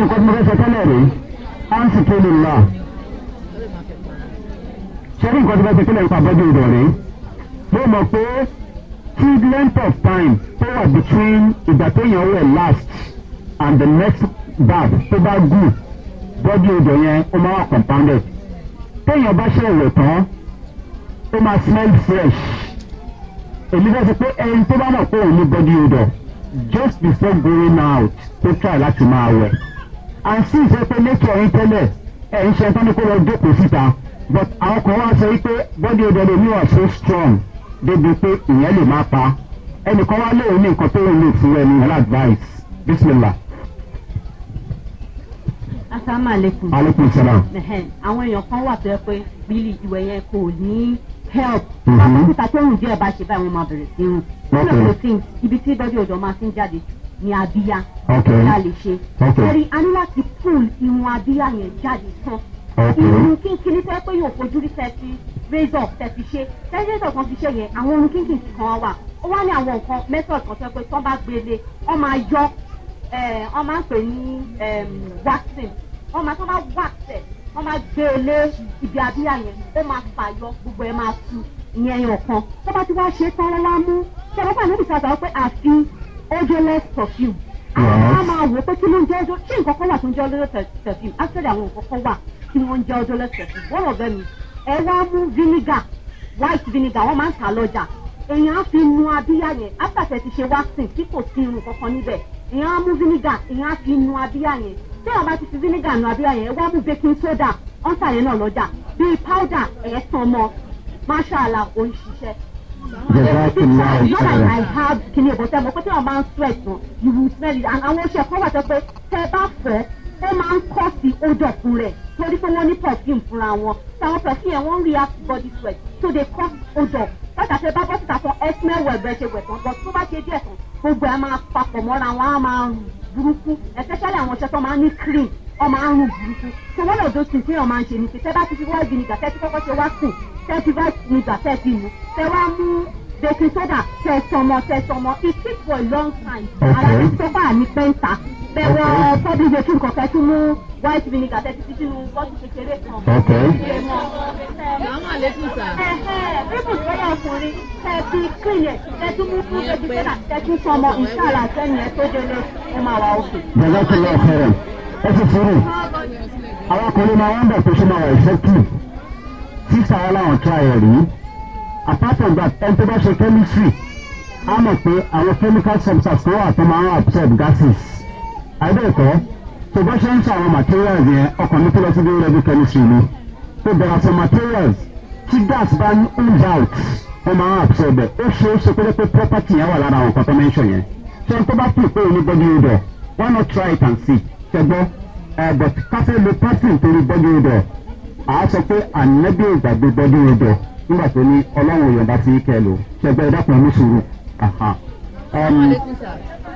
nǹkan tí mo fẹ́ sọ tẹ́lẹ̀ rèé áǹtì tó lè là ṣé ní nǹkan tí mo fẹ́ sọ tẹ́lẹ̀ nípa bọ́dún ìrọ̀rẹ́ mo mọ̀ pé tí length of time tó wà between ìgbà tó yàn wẹ̀ last and the next bag tó bá gùn bọ́dí odò yẹn ó máa wà compounded téèyàn bá ṣe èrò tán ó máa smell fresh èmi fẹ́ sọ pé ẹni tó bá mọ̀ pé òun ní bọ́dí odò just before going out to try láti máa wẹ̀ and since ẹ pé nature yín tẹ́lẹ̀ ẹ̀ ń ṣe tán ní kó lọ jókòó síta but àwọn kan wá sọ wípé bọ́dí odò lè mí wà so strong débi pé ìyẹn lè má pa ẹnìkan wá lóun ní nǹkan tó lè fún ẹni aláàdváìs bísí mi là asalaamualeykum. aleykum salaam. àwọn èèyàn kan wà tó yẹ pé bílí ìwẹ̀ yẹn kò ní help. kàkúta mhm. tó ń díẹ̀ bá ṣe báyìí wọ́n máa bẹ̀rẹ̀ sí rùn. nínú kò sí ibi tí bẹ́bí òjò máa ti ń jáde ní abíyá. ok ní a lè ṣe. ok kẹrin a ní láti pull irun abíyá yẹn jáde tán. ok irun kínkínní tẹ́ pé yóò fojú rí sẹ́ẹ̀tì razor tẹ̀sí ṣe tẹ́sí razor kan fi ṣe yẹn àwọn irun kínkínní kan wà ó wá ní àwọn nǹkan method kan tẹ́ pé tọ́ bá gbélé ọ máa yọ Eh, wọ́n máa ń pè ní waxing wọ́n máa tó máa wax ẹ̀ wọ́n máa gbé e lé ibi abíyá yẹn ó máa fàyọ gbogbo ẹ̀ máa tu ìyẹn ẹyọ kan tó bá ti wá ṣe tán wọ́n wá mú ṣé wọ́n pàdé ìsàtà pé àfi odorless perfume àwọn máa máa wò pé kí ló ń jẹ́ ọjọ́ ṣé nǹkan kan wà tó ń jẹ́ odorless perfume actually àwọn nǹkan kan wà tí wọ́n ń jẹ́ odorless perfume wọ́n ọ̀bẹ mi ẹ wá mú vinegar white vinegar wọ́n máa ń tà lọ́jà èèyàn á fi mu abíyá yẹn after tẹ̀ ti ṣe waxing tí kò sí irun kankan níbẹ̀ ìyẹn á mú vinegar ìyẹn fi nu abíyá yẹn tí ọba ti fi vinegar nu abíyá yẹn wá mú baking soda ọ̀tà yẹn náà lọ́jà bíi powder ẹ̀ tán mọ́ mashala ò ń ṣiṣẹ́. I have kini ìbọn tẹ́ mo pé tí wọ́n máa ń sweat you will smell it and àwọn oṣù ẹ̀kọ́ wà tẹ́ pé tẹ́ bá fẹ́ ó máa ń kọ́ sí odò fún rẹ̀ torí pé wọ́n ní perfume fúnra wọn táwọn perfume yẹn wọ́n react body sweat so they cause odour bàtà ṣe bá bọ́sítà sọ ẹ smell well bẹ́ẹ̀ ṣe wẹ̀ tán but tó bá ṣe díẹ̀ tán gbogbo ẹ máa papọ̀ mọ́ra wọn á máa rùn burúkú especially àwọn ṣẹ́tọ́ máa ní cream ọmọ àrùn burúkú so wọ́n lọ́dọ̀ tún fún ọmọ àǹṣe nìṣe tẹ́ bá ti fi wá ìgbìnìgà tẹ́ ti kọ́kọ́ ṣe wá sùn tẹ́ ti wá ìgbìnìgà tẹ́ ti mú tẹ́ wá mú baking soda tẹ́ sọmọ tẹ́ sọmọ it keep for a long time ara ti tó bá pẹ́ńtà bẹ̀wọ̀ public baking kan fẹ́ tún mú white vinegar tẹ́tí sí sínú bọ́ọ̀sì kékeré kan. ok. màmá lẹ́kùn sá. ribbon lórí ọkùnrin tẹ́tí clean ẹ̀ mú fún vegetable tẹ́tí sọmọ ìṣàlà sẹ́yìn ẹ̀ tó délé ẹ̀ máa wà òkè. jẹ́jẹ́ tó lọ fẹ́rẹ̀ ẹ ti fúru àwọn ọkùnrin máa wọ́n bẹ̀ pé ṣé máa wà effective six hour làwọn try ẹ̀ rí apart ẹni tó bá ṣe chemistry á mọ̀ pé àwọn chemical substance kan wà tó máa ń absorb gases àìbẹ́ẹ̀kọ́ tó bá ṣe ń ṣe àwọn materials yẹn ọkàn mi tó lọ sí bí rẹ́bí chemistry ni so there are some materials tí gas bá ń old out wọ́n máa ń absorb ẹ̀ ó ṣe é ṣe pé pé property yẹn wà lára àwọn nǹkan mention yẹn so n tó bá pè pé òní body odor why not try it and see ṣẹgbọ́ ẹ but káfẹ́ lo person torí body odor àá sọ pé ànábì ìgbàgbé body odor nígbà tó ní ọlọ́run òyìnbá ti ń kẹ lò ṣẹgbẹ́ ẹ̀dá kan ní sùúrù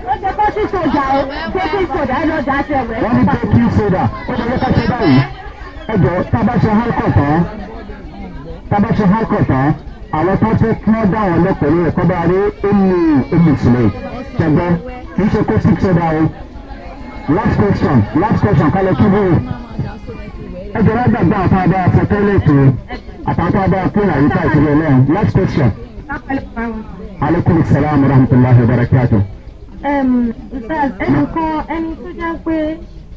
wọ́n ní baking soda ó ṣe lọ́kọ́ ṣe báyìí ẹ̀jọ̀ tábà ṣe halkọ̀ tán tábà ṣe halkọ̀ tán àwọn tó tẹ́ kí wọ́n dá àwọn lọ́kùnrin ẹ̀kọ́ bá rí ẹ̀mí ẹ̀mí sílẹ̀ kì í ṣe kó six soda o last question last question kálẹ̀ kí wọ́n ẹ̀jọ̀ wọ́n gbàgbọ́ àwọn àbá ọ̀fọ̀ tẹ́lẹ̀tì àtàwọn àbá ọ̀fọ̀ àyíká ìṣẹ̀lẹ̀ last question. aleykum salaam rahmatulahi wa barakatuh ẹnìkan ẹni tó jẹ́ pé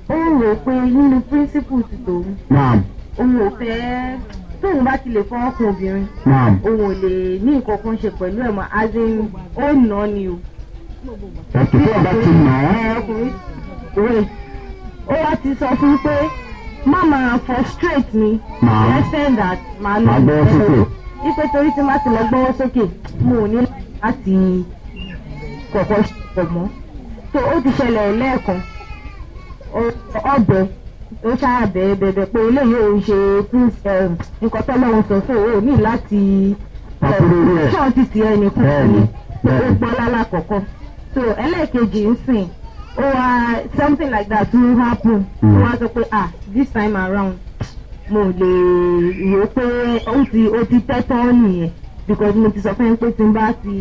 ó rò pé nínú píríncípù ti tòun òun ò fẹ́ tóun bá ti lè fọwọ́ kan obìnrin òun ò lè ní nǹkan kan ṣe pẹ̀lú ẹ̀ mọ́ azin ó nà ni o. ẹ̀tọ́ tó ọba ti nà ọ́. ó wá ti sọ fún pé má máa frustrate mi lẹ́sẹ̀n that màá lọ gbọ́wọ́ sókè. ipe torí tí má ti lọ gbọ́wọ́ sókè mo ò ní láti kọ̀ọ̀kan ṣe mọ́ tó ó ti ṣẹlẹ̀ lẹ́ẹ̀kan ọbẹ̀ ó ṣáàbẹ̀ bẹ̀bẹ̀ pé eléyìí ò ń ṣe um, nǹkan tọ́lọ́run sọ fún òun ní láti um, ṣáà ti ti ẹni kú ni ó gbọ́ lálá so ẹlẹ́ẹ̀kejì ń sìn ó wá something like that tún happen ó wá sọ pé ah this time around mo lè rò pé ó ti tẹ́tọ́ nìyẹn because mo ti sọ fún yín pé tí n bá ti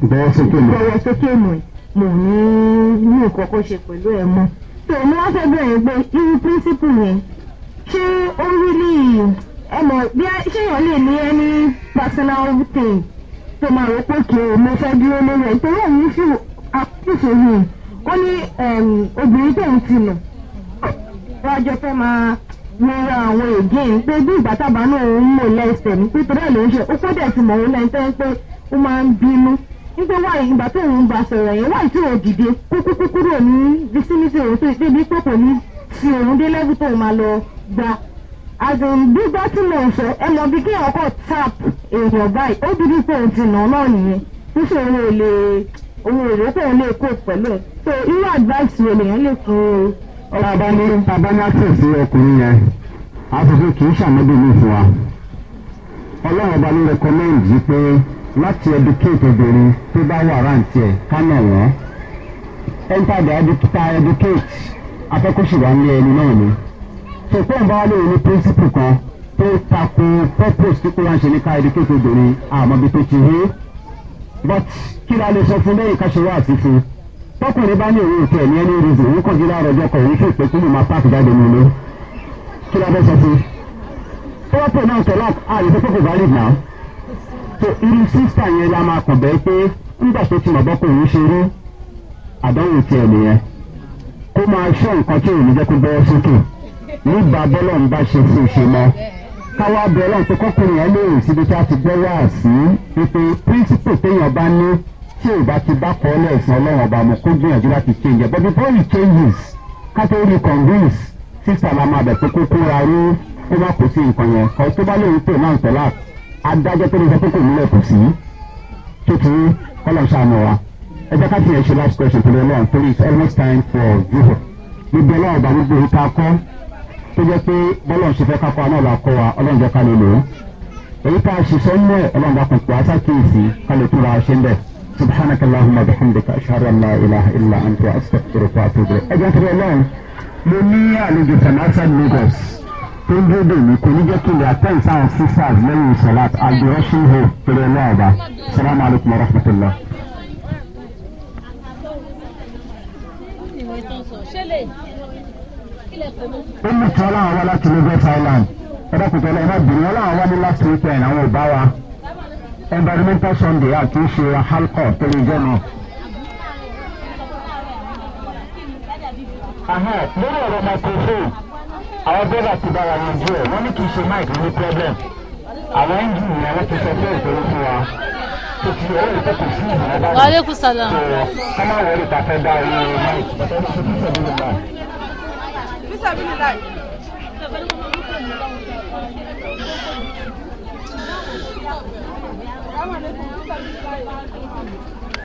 bọ̀wọ̀ sókè mọ̀ mo ní ní nǹkan kó ṣe pẹ̀lú ẹ̀ mọ́ tó ní wọ́n fẹ́ bẹ̀rẹ̀ pé irú píríncípù yẹn ṣé ó rí ní ẹ mọ̀ bí ṣé èèyàn lè ní ẹni personal thing tó máa rò pé kí o mo fẹ́ dúró lórí ẹ̀ nítorí òun fi àkóso yìí ó ní obìnrin tó ń ti nù wọ́n á jọ fẹ́ máa nira àwọn èdè ń pé bí ìgbà tábà náà ń mò lẹ́sẹ̀ ní pété ló ń ṣe ó kó dẹ̀ ti mọ̀ òun lẹ́yìn tó ń pé ó máa ń bínú nígbà wáyé ìgbà tó ń bá sọ̀rọ̀ yẹn wáyé tí òun dìde kúkúkú kúrò ní vicinity òun tó débi pé kò ní fi òun dé lẹ́bù tó máa lọ gba àgùn gbígbá tí mò ń sọ ẹ mọ bí kí ọkọ tap èèyàn báyìí ó dúdú pé òun ti nà náà nìyẹn níṣẹ́ òun ò lè òun ò rò pé òun lè kó pẹ̀lú ẹ̀ so irú advice wo lèèyàn lè fún un bàbá ní bàbá ní access sí ọkùnrin yẹn a sọ pé kì í ṣàmọ́bí mi fún wa ọlọ́run ọba ló recommend yìí pé láti educate obìnrin tó bá wà rántí ẹ̀ kánà wọ́n enter the educata educate afẹ́kọ̀ṣùwà ní ẹni náà ni tó pé ń bá wálé ní principle kan tó takò purpose tí kò wá ń ṣe ní ká educate obìnrin àmọ́bí tó ti hí but kí la lè sọ fún lẹ́yìn ká àti fún un tọkùnrin bá ní òun ìtẹ ní ẹni rìzì òun kàn jí láàárọ ọjọ kan òun kí ìpè kúlù máa páàkì jáde ní ilé kí ló fẹ́ sọ sí i tó wọ́n pè náà tọ́lá àyè tó kókò valid náà tó irú sísà yẹn la máa kàn bẹ́ẹ̀ pé nígbà tó ti mọ̀ bọ́ pé òun ṣe rí àdánwò tiẹ̀ nìyẹn kó máa ṣọ́ nǹkan tí òun jẹ́ kó bọ́ sókè nígbà bọ́lọ̀ ń bá ṣe fún ìṣe mọ́ káwá bẹ ọlọ́run pé kọ́kùnrin a ti gbọ́ wá sí wípé píríncípù tí ò bá ti bá kọ́ ọ́ lẹ́sìn ọlọ́run ọba mo kó gbìyànjú láti change ẹ̀ but before he changes kátólì convince sísà la máa bẹ̀ pé kó kóra ró kó má kó sí nǹkan yẹn kọ́ tó bá lóun pè náà tọ́lá adájọ́ tó lè sọ pé kò nílẹ̀ kò sí tó ti kọ́lọ̀ sànù wa ẹ jẹ́ ká fi ẹ̀ ṣe last question to the lord torí it's almost time for you gbogbo ọlọ́run ọba gbogbo ìta kọ́ tó jẹ́ pé bọ́lọ̀ ṣe fẹ́ kápá náà la kọ́ wa ọlọ́run jẹ́ ká lè lò ó èyí tá a ṣiṣẹ́ ń lẹ̀ ọlọ́run bá kàn subhanaka allahumma bihamdika ashhadu an la ilaha illa anta astaghfiruka wa atubu ilayk. ẹgbẹ́ tẹ̀lé ọlọ́run mo ní àlejò from outside lagos tó ń dúró dè mí kò ní jẹ́ kí n lè attend sáwọn sisters lẹ́yìn salat i'll be rushing home tẹ̀lé ọlọ́run ọba salamu alaykum wa rahmatulah. ó ní kí ọlọ́run wá láti lagos island ẹ̀dá kòtò ọlọ́run náà bìrì ọlọ́run wá ní last weekend àwọn ò bá wa environmental sunday àti ṣe halkọ torí ìjọ náà. lórí ọ̀rọ̀ microphone àwọn bẹ́ẹ̀ ti bára wọn jù ẹ̀ wọ́n ní kì í ṣe mic ní problem àwọn engine yẹn wọ́n ti sọ pé ìṣòro fún wa tó ti ọ̀rọ̀ ìfẹ́ kò sí ọba rẹ̀. wàhálà kùsàlà. ẹ má wọlé dá orí mic bàtà ní ṣe láì. Vámonos.